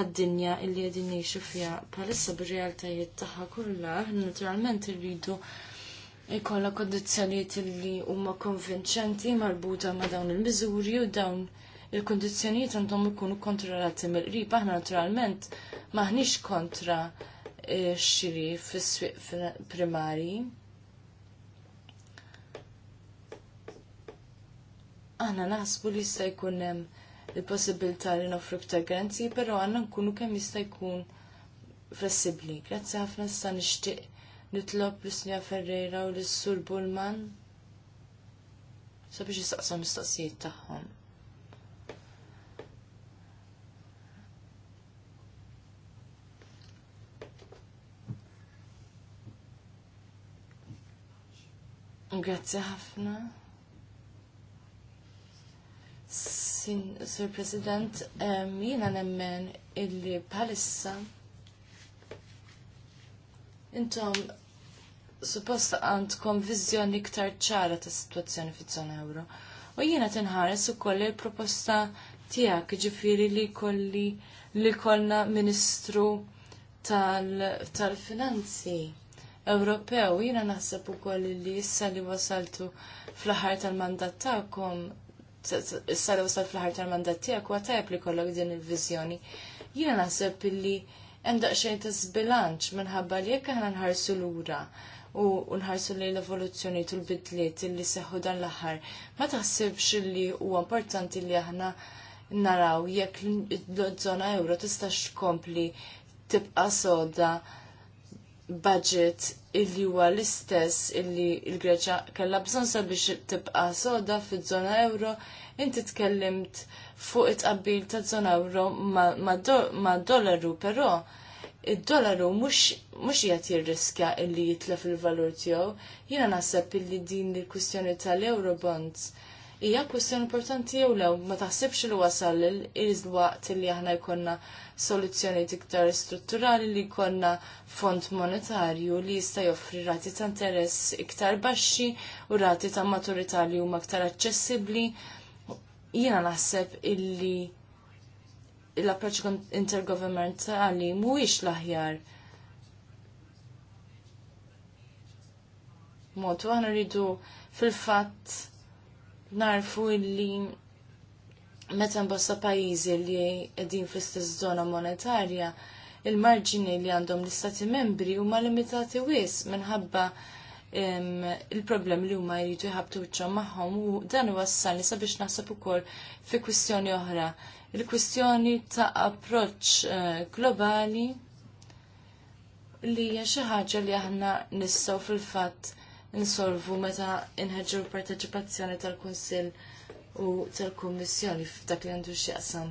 għad-dinja illi qegħdin ngħixu fiha bħalissa bir-realtajiet tagħha kollha naturalment irridu jkollha kondizzjonijiet illi huma konvinċenti marbuta ma' dawn il-miżuri u dawn il kundizzjonijiet għandhom ikunu kontrollati mill-qrib aħna naturalment maħniex kontra eh, xiri fis-swieq primarji. Aħna naħsbu li jista' jkun hemm il-possibilità li nofru iktar garanzi, però għandna nkunu kemm jista' jkun flessibbli. Grazzi ħafna sta nixtieq nitlob l-Sinja Ferreira u l-Sur Bullman sabiex jistaqsam mistoqsijiet tagħhom. Grazzi ħafna. Sir President, jiena nemmen illi bħalissa intom supposta għandkom viżjoni iktar ċara ta' situazzjoni fi zona euro. U jiena tinħares ukoll il-proposta tiegħek ġifieri li kolli li kollna Ministru tal-Finanzi tal Ewropew. Jiena naħseb li issa li wasaltu fl-aħħar tal-mandat kom issa li wasal fl-ħar tal-mandat tiegħek huwa tajjeb li kollok din il vizjoni Jiena naħseb illi hemm daqsxejn ta' sbilanċ minħabba li jekk aħna nħarsu lura u nħarsu li l-evoluzzjoni u l-bidliet li seħħu dan l-aħħar, ma taħsibx li huwa importanti li aħna naraw jekk l-żona euro tista' tkompli tibqa' soda budget illi huwa l-istess illi l-Greċa kellha bżonn sabiex tibqa' soda fiż-żona euro, inti tkellimt fuq it-qabbil ta' żona euro ma' dollaru, però id-dollaru mhux qed jirriskja illi jitlef il-valur tiegħu. Jiena naħseb illi din il-kwistjoni tal-Eurobonds hija kwestjoni importanti jew lew ma taħsibx li wasal il-waqt li aħna jkollna soluzzjoni iktar strutturali li jkollna fond monetarju li jista' joffri rati ta' interess iktar baxxi u rati ta' maturità li huma aktar aċċessibbli. Jiena naħseb illi l-approċċ intergovernmentali mhuwiex l-aħjar. Mod aħna rridu fil-fatt narfu illi meta mbossa pajjiżi li qegħdin fl-istess żona monetarja, il-marġini li għandhom l-istati membri huma limitati wis minħabba il-problem li huma jridu jħabtu wiċċhom magħhom u dan li sabiex naħseb ukoll fi kwistjoni oħra. Il-kwistjoni ta' approċċ eh, globali li hija xi ħaġa li aħna nistgħu fil-fatt nsolvu meta nħedġu l-parteċipazzjoni tal-Kunsill u tal-Kummissjoni f'dak li għandu x'jaqsam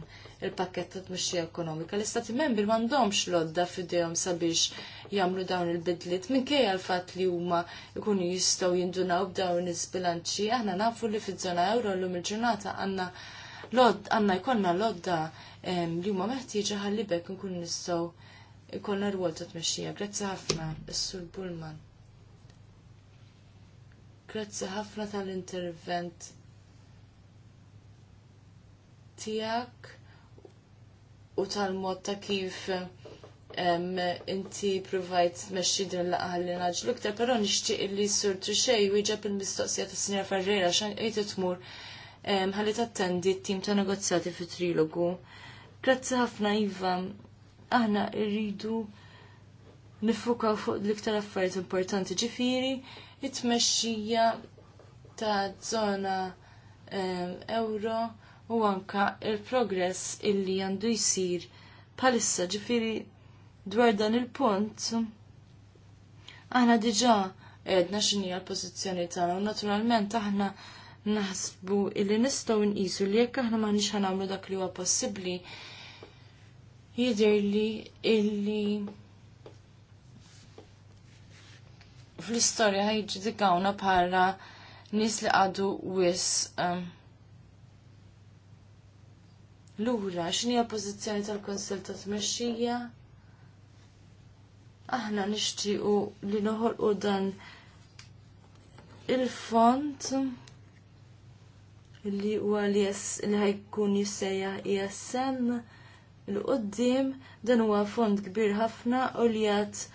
il-pakket ta' tmexxija ekonomika. L-Istati membri m'għandhomx lodda f'idejhom sabiex jagħmlu dawn il-bidliet minkejja għal fatt li huma jkunu jistgħu jindunaw b'dawn iż-bilanċi. Aħna nafu li fiż-żona euro llum il-ġurnata għandna lod għandna jkollna lodda li huma meħtieġa ħalli bekk nkun nistgħu jkollna rwol ta' tmexxija. Grazzi ħafna, is-Sur Bullman. Grazzi ħafna tal-intervent tijak u tal-mod ta' kif inti provajt meċċi din li naġlu ktar, pero nixtieq li surtu xej u iġab il-mistoqsija ta' sinjar Ferreira xan ejt tmur ħalli tattendi t-tim ta' negozjati fi trilogu. Grazzi ħafna Iva, aħna irridu nifukaw fuq l-iktar affarijiet importanti ġifiri it-tmexxija ta' zona ehm, euro u anka il-progress illi għandu jisir bħalissa ġifiri dwar dan il-punt aħna diġa edna xini l-pożizzjoni tagħna u naturalment aħna naħsbu illi nistgħu nqisu li jekk aħna m'għandniex ħanamlu dak li huwa possibbli jidher li illi fl-istorja ħajġi dikawna bħala nis li għadu wis um, lura, x'inhi l-pożizzjoni tal-Konsil ta' Tmexxija? Aħna nixtiequ li u dan il-font li huwa li ħajkun jiseja jessem l-qoddim dan huwa fond kbir ħafna u li għat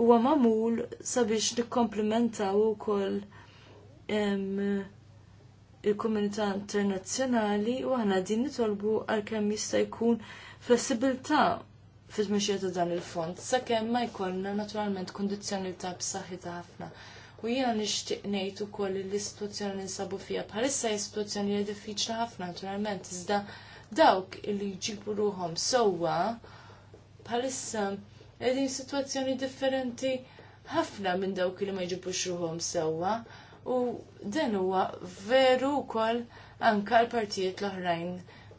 huwa mamul sabiex nikkomplementaw ukoll il-komunità internazzjonali u aħna din nitolbu għal kem jista' jkun flessibilità fit-mixjiet ta' dan il-fond, sakemm ma jkollna naturalment kondizjoni ta' b'saħħitha ħafna. U jiena nixtieq ngħid ukoll li l-istituzzjoni li nisabu fiha bħalissa hija situazzjoni li diffiċli ħafna naturalment iżda dawk li jġibu ruhom sewwa bħalissa qegħdin situazzjoni differenti ħafna minn dawk li ma jġibu xruħom sewwa u dan huwa veru wkoll anke l-partijiet l-oħrajn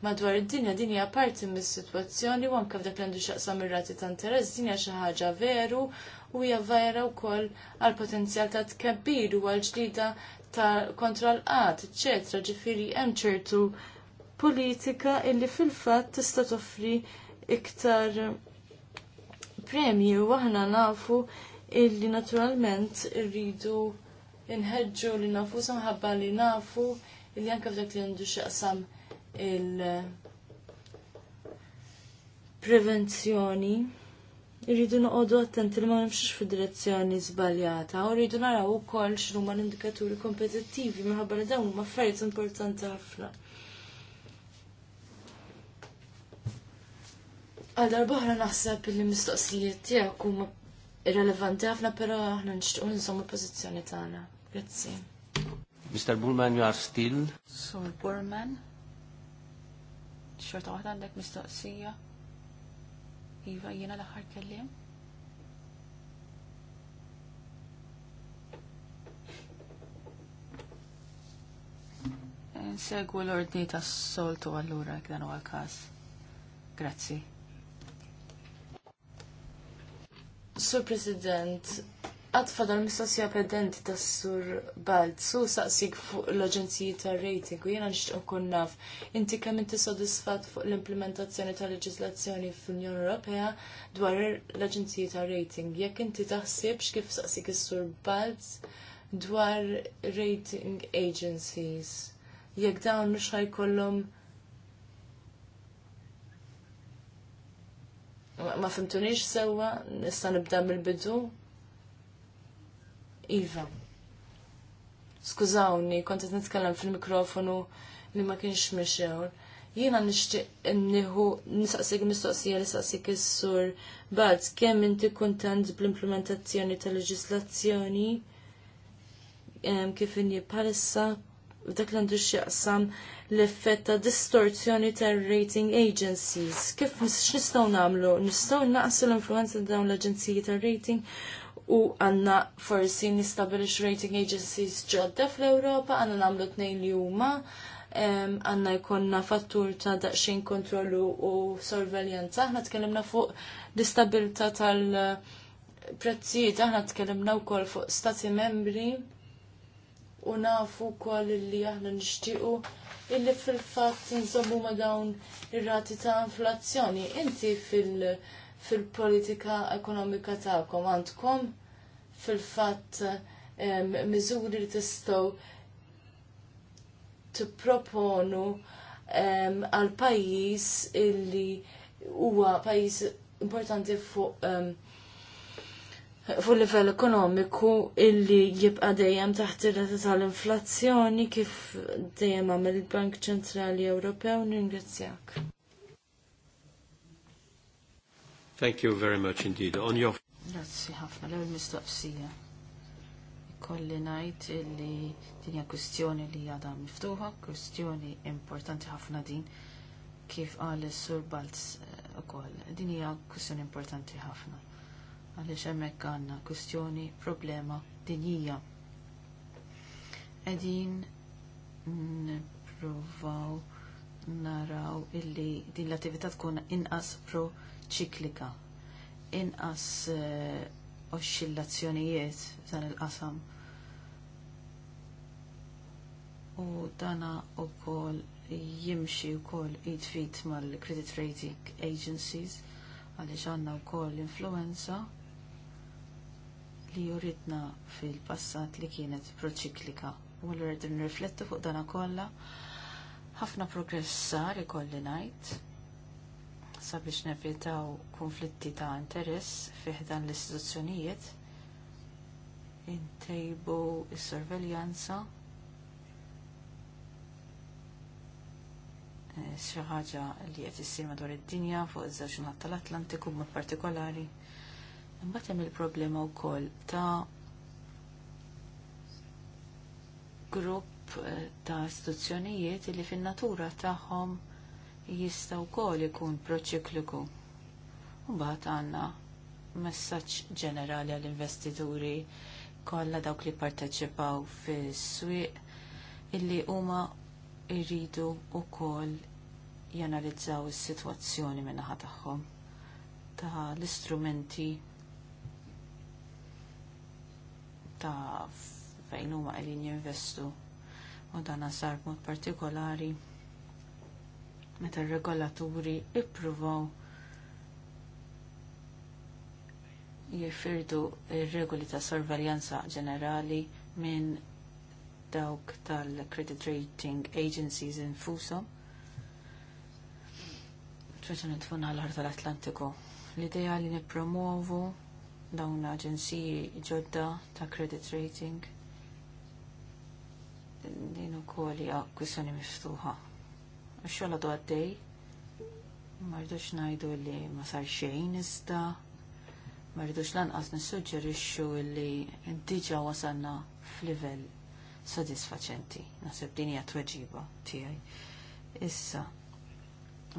madwar id-dinja din hija parti mis-sitwazzjoni u anke f'dak l għandu xaqsa mirrati ta' interess din hija xi ħaġa veru u hija vera wkoll għall potenzjal ta' tkabbir u għal ġdida ta' kontra l-qat, ġifieri hemm ċertu politika illi fil-fatt tista' toffri iktar il-premji u aħna nafu illi naturalment rridu inħedġu li nafu samħabba li nafu illi anka f'dak li għandu xaqsam il-prevenzjoni. Irridu noqogħdu attenti li ma nimxiex fid-direzzjoni żbaljata u rridu naraw ukoll x'huma l-indikaturi kompetittivi minħabba li dawn huma affarijiet importanti ħafna. Għal darbaħra naħseb li mistoqsijiet tiegħek huma irrelevanti ħafna però aħna nċtuqun nżommu pozizjoni pożizzjoni tagħna. Grazzi. Mr. Bullman, you are still? So, Bullman? Xorta waħda għandek mistoqsija? Iva, jiena l-aħħar kellim? Segu l-ordni tas-soltu għallura jekk dan huwa l-każ. Grazzi. Sur President, għatfa dal-mistoqsija pendenti tas sur Bald, su saqsik fuq l-Aġenziji ta' rating u jena nixtieq nkun naf, inti kemm inti sodisfat fuq l-implementazzjoni ta' leġislazzjoni fl-Unjoni Ewropea dwar l-Aġenziji ta' rating. Jekk inti taħsibx kif saqsik is-sur Bald dwar rating agencies, jekk dawn mhux ħajkollhom ma fimtunix sewwa, nista' nibda mill-bidu. Iva. Skużawni, kont qed nitkellem fil-mikrofonu li ma kienx mixew. Jiena nixtieq nieħu nistaqsik mistoqsija li saqsik is-sur Bad, kemm inti kuntent bl-implementazzjoni tal-leġislazzjoni kif inhi bħalissa dak li għandu x'jaqsam l-effett ta' distorzjoni tar rating agencies. Kif nistaw nagħmlu? Nistgħu naqsu l-influenza ta' dawn l agenziji tar rating u għanna forsi nistabilix rating agencies ġodda fl-Ewropa, għanna nagħmlu tnejn li huma għanna jkonna fattur ta' daqxin kontrollu u sorveljanza. Aħna tkellimna fuq l-istabilta tal-prezzijiet, aħna tkellimna wkoll fuq stati membri u nafu wkoll li aħna nixtiequ illi fil-fatt nżommu ma' dawn ir-rati ta' inflazzjoni. Inti fil-politika ekonomika tagħkom għandkom fil-fatt miżuri li tistgħu tipproponu għal pajjiż illi huwa pajjiż importanti fuq fu livell ekonomiku illi jibqa' dejjem taħt ir-rata tal-inflazzjoni kif dejjem għamel il-Bank Ċentrali Ewropew ningrazzjak. Thank you very much indeed. On your Grazzi ħafna l-ewwel mistoqsija. Kolli ngħid illi din hija kwistjoni li għadha miftuħa, kwistjoni importanti ħafna din kif qal is-Sur Balz eh, ukoll. Din hija kwistjoni importanti ħafna għaliex hemmhekk għandna kwistjoni problema dinjija. n nippruvaw naraw illi din l-attività tkun inqas proċiklika, inqas eh, oscillazzjonijiet f'dan il-qasam. U dana u kol jimxi u kol id-fit mal-credit rating agencies għalix għanna u kol influenza li juridna fil-passat li kienet proċiklika u l-rrid nirriflettu fuq dana kollha ħafna progress sar ikolli ngħid sabiex nevitaw konflitti ta' interess fiħdan l-istituzzjonijiet intejbu s-sorveljanza eh, xi ħaġa li qed issir madwar id-dinja fuq iż-żewġ tal-Atlantiku b'mod partikolari Imbagħad hemm il-problema wkoll ta' grupp eh, ta' istituzzjonijiet li fin-natura tagħhom jistgħu wkoll ikun proċikliku. Mbagħad għandna messaġġ ġenerali għall-investituri kollha dawk li parteċipaw fis-swieq illi huma jridu wkoll janalizzaw is-sitwazzjoni min-naħa tagħhom ta' l-istrumenti ta' fejn huma qegħdin jinvestu u dan sar mod partikolari meta r-regolaturi ippruvaw jifirdu ir-regoli ta' sorveljanza ġenerali minn dawk tal-credit rating agencies infushom nitfuna l naħar tal-Atlantiku. L-idea li nippromovu dawn l-aġenziji ġodda ta' credit rating din u kol hija kwissjoni miftuħa. Għax-xogħol għadu għaddej, ma rridux ngħidu li ma sar xejn iżda, ma rridux lanqas nissuġġerixxu li diġà wasalna f'livell sodisfaċenti. Naħseb din hija tweġiba tiegħi. Issa,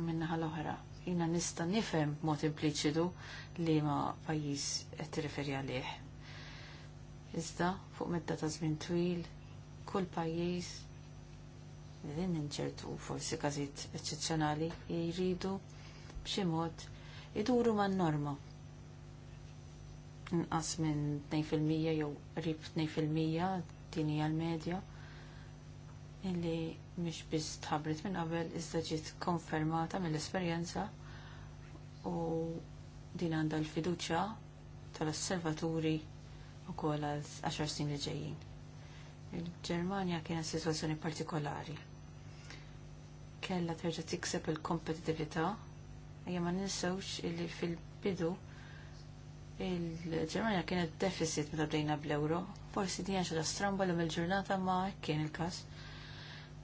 minna l-oħra, jina nista nifhem b'mod impliċidu li ma pajjiż qed tirriferi għalih. Iżda fuq medda ta' żmien twil kull pajjiż din inċertu forsi każijiet eċċezzjonali jridu b'xi mod iduru man-norma inqas minn 2% jew rib 2% din hija l-medja illi mhix biss tħabbret minn qabel iżda ġiet konfermata mill-esperjenza u din għandha l-fiduċja tal-osservaturi u kol għal 10 snin li ġejjin. Il-Ġermanja kienet situazzjoni partikolari. Kella terġa' tikseb il-kompetitività ejja ma ninsewx illi fil-bidu il-Ġermanja kienet deficit meta bdejna bl-euro. Forsi din xi stramba l il-ġurnata ma kien il-każ.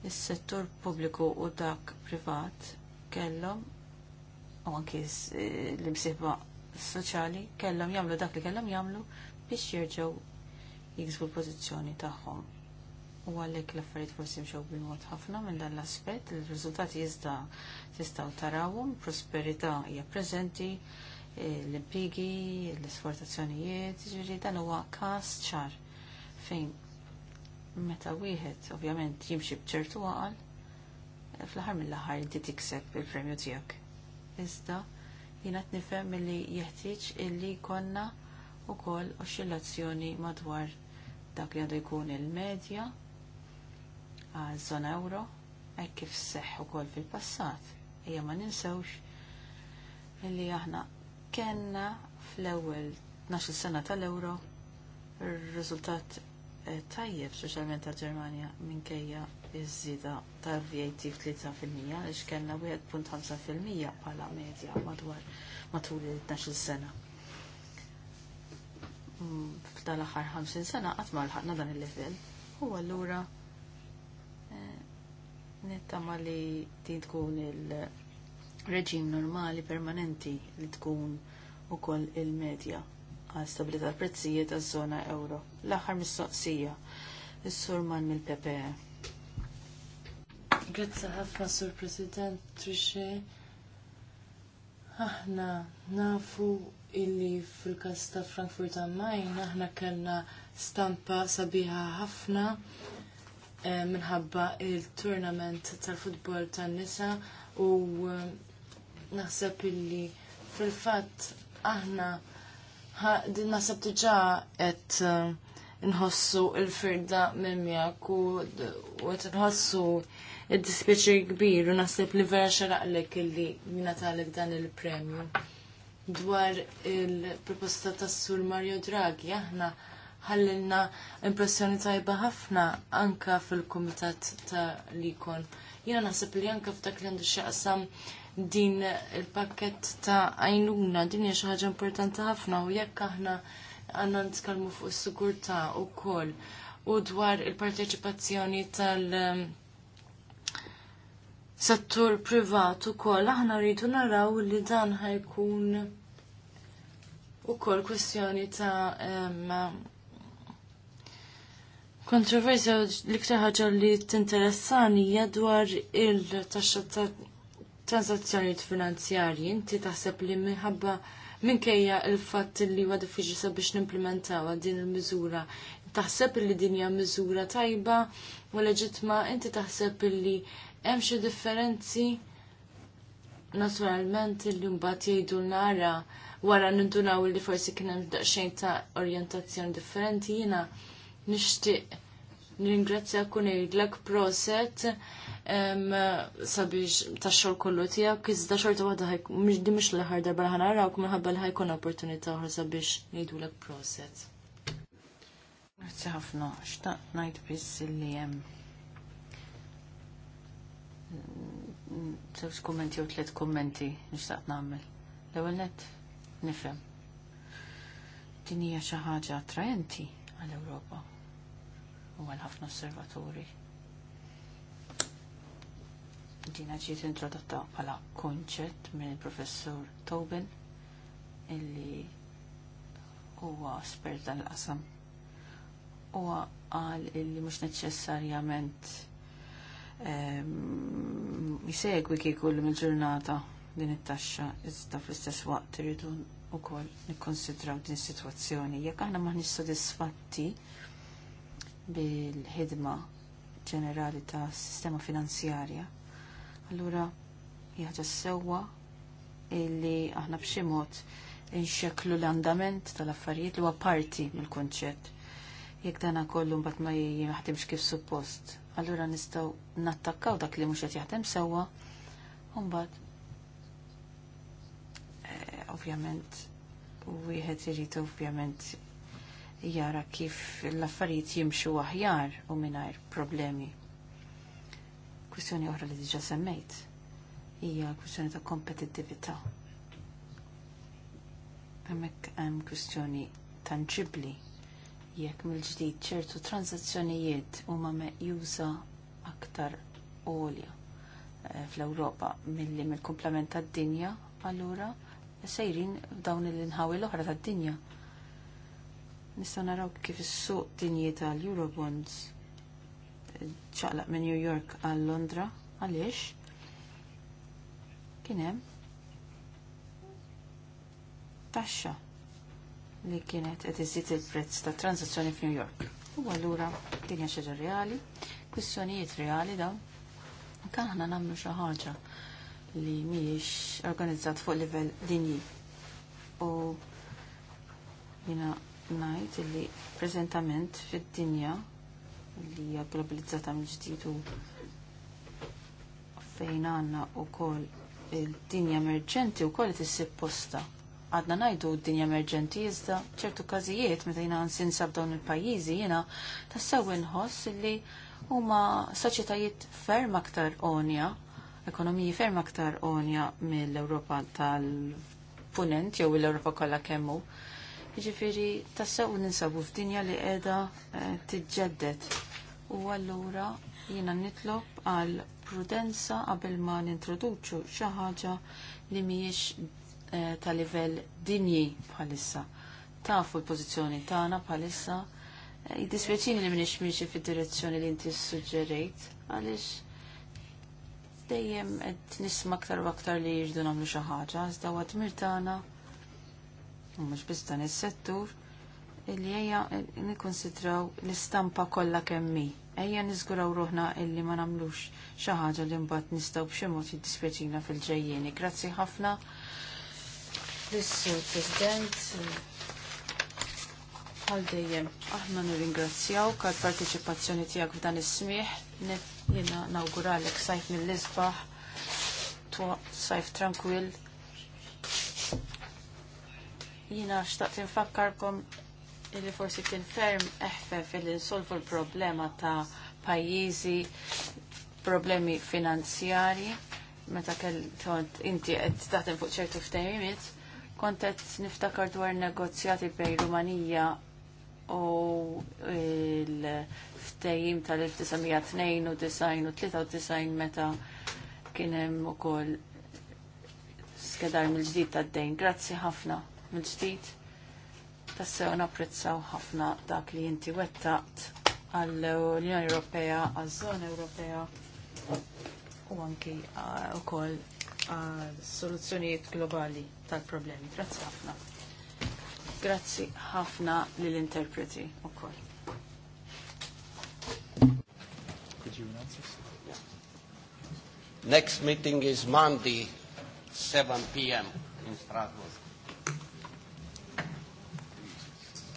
Is-settur pubbliku u dak privat kellhom u anki e, l-imsiba soċjali kellhom jagħmlu dak li kellhom jagħmlu biex jerġgħu jiksbu l-pożizzjoni tagħhom. U għalhekk l-affarijiet forsi mxew bil-mod ħafna minn dan l-aspett, il-riżultati iżda tistgħu tarawhom, prosperità hija preżenti, e, l-impigi, l-esportazzjonijiet, ġifieri dan huwa każ ċar fejn meta wieħed ovvjament jimxi bċertu għal, fl aħħar mill aħħar inti tikseb il-premju tiegħek iżda jiena qed nifhem milli jeħtieġ illi jkollna wkoll oxxillazzjoni madwar dak li għandu jkun il-medja għaż żona euro hekk kif seħħ ukoll fil-passat. Ejja ma ninsewx illi aħna kellna fl-ewwel 12 sena tal-euro r-riżultat eh, tajjeb speċjalment tal-Ġermanja minkejja iż-żida ta' vat 3% għax kellna 1.5% bħala medja madwar matul il-12 sena. F'dan mm, l-aħħar 50 sena qatt ma lħaqna dan il-livell. U allura eh, nittama li din tkun il-reġim normali permanenti li tkun ukoll il-medja għal stabilità prezzijiet għaż-żona euro. L-aħħar mistoqsija, is-surman mill-PPE. Grazzi ħafna, Sur President Trixie. Aħna nafu illi fil-kas ta' Frankfurt am Main aħna kellna stampa sabiħa ħafna eh, minħabba il-tournament tal-futbol tan-nisa u eh, naħseb illi fil-fatt aħna naħseb diġà qed eh, nħossu il-firda minn miegħek u qed nħossu id-dispieċir kbir u naħseb li vera xaraqlek illi jingħatalek dan il-premju. Dwar il-proposta tas-Sur Mario Draghi aħna ħallilna impressjoni tajba ħafna anka fil-kumitat ta' likon. Jiena naħseb li anka f'dak li għandu xaqsam din il-pakket ta' għajnuna, din hija xi ħaġa importanti ħafna u jekk aħna għanna nitkellmu fuq is-sigurtà wkoll u dwar il-parteċipazzjoni tal- settur privat ukoll aħna rridu naraw li dan ħajkun ukoll kwestjoni ta' kontroversja l-iktar ħaġa li t-interessani jadwar dwar il-taxxa ta' transazzjonijiet finanzjarji, inti taħseb li minħabba minkejja il-fatt li huwa diffiċli sabiex nimplementaw din il-miżura. Taħseb li din hija miżura tajba u leġitma inti taħseb li hemm xi differenzi naturalment li mbagħad jgħidu nara wara nindunaw li forsi kien hemm daqsxejn ta' orjentazzjoni differenti jiena nixtieq nirringrazzja kun jgħidlek proset sabiex ta' xogħol kollu tiegħek, iżda xorta waħda ħajk, di mux l-ħar darba ħanara, u minħabba li ħajkun opportunita uħra sabiex nejdu l-ek proset. Grazie ħafna, xtaqt najt biss li jem Zewġ kommenti u tliet kummenti nixtaq nagħmel. L-ewwel net nifhem. Din hija xi ħaġa attraenti għall Ewropa u għal ħafna osservaturi. Din ġiet introdotta bħala konċett mill professur Tobin illi huwa spert dan qasam Huwa qal illi mhux neċessarjament Ehm, jisegwi kieku l il-ġurnata din it-taxxa iżda fl-istess waqt irridu wkoll nikkonsidraw din is-sitwazzjoni. Jekk aħna maħniex sodisfatti bil-ħidma ġenerali ta' sistema finanzjarja, allura jaħġa sewwa illi aħna b'xi mod inxeklu l-andament tal-affarijiet li huwa parti mill-kunċett. Jekk dana kollu mbagħad ma jaħdimx kif suppost, allura nistaw nattakkaw dak li mhux qed jaħdem sewwa. Mbagħad e, eh, ovvjament wieħed irid ovvjament jara kif l-affarijiet jimxu aħjar u mingħajr problemi. Kwistjoni oħra li diġà semmejt hija kwistjoni ta' kompetittività. Hemmhekk hemm kwistjoni tanġibli jekk mill-ġdid ċertu transazzjonijiet huma meqjusa aktar għolja eh, fl-Ewropa milli mill-kumplament tad-dinja, allura sejrin f'dawn l-inħawi l-oħra tad-dinja. Nistgħu naraw kif is-suq dinji tal-Eurobonds eh, ċaqlaq minn New York għal Londra, għaliex? Kien hemm taxxa li kienet qed iżid il-prezz ta' transazzjoni f'New York. U allura din hija xi reali, kwistjonijiet reali dawn. Kan aħna nagħmlu xi ħaġa li mhijiex organizzat fuq livell dinji. U jiena ngħid li preżentament fid-dinja li hija globalizzata mill-ġdid u fejn għandna wkoll il dinja emerġenti wkoll tissib posta għadna najdu d-dinja emerġenti iżda ċertu każijiet meta jina nsinsab dawn il-pajjiżi jiena tassew inħoss li huma soċjetajiet ferm aktar onja, ekonomiji ferm aktar onja mill-Ewropa tal-Punent jew l-Ewropa kollha kemmu. Ġifiri, tassaw ninsabu f'dinja li qiegħda eh, ġeddet U allura jiena nitlob għal prudenza qabel ma nintroduċu xi ħaġa li mhijiex Eh, ta' livell dinji bħalissa. Tafu l-pozizjoni tagħna bħalissa. Eh, jiddispjaċini li minix miexi fid-direzzjoni li inti suġġerejt għaliex dejjem għed nisma' aktar u aktar li jirdu nagħmlu xi ħaġa, iżda huwa dmir tagħna mhux biss dan is-settur illi ejja l-istampa kollha kemm hi. Ejja niżguraw ruħna illi ma nagħmlux xi ħaġa li mbagħad nistgħu bximot mod fil-ġejjieni. Grazzi ħafna Grazzi President. Għal dejjem, aħna nirringrazzjawk għal partiċipazzjoni tiegħek f'dan is-smieħ. Jiena nawguralek sajf mill-isbaħ, sajf tranquil. Jiena xtaqt infakkarkom illi forsi kien ferm eħfef illi nsolvu l-problema ta' pajjiżi problemi finanzjari meta kell inti qed taħdem fuq ċertu ftehimiet kontet niftakar dwar negozjati bej Rumanija u il-ftejim tal-1992 u 93 meta kienem u koll skedar mill-ġdid ta' d-dejn. Grazzi ħafna mill-ġdid. Tassew napprezzaw ħafna dak li inti wettaqt għall-Unjoni Ewropea, għaż-Żona Ewropea u anki u uh, koll soluzzjonijiet globali tal-problemi. Grazzi ħafna. Grazzi ħafna lill-interpreti wkoll. Next meeting is Monday, 7 p.m. in Strasbourg.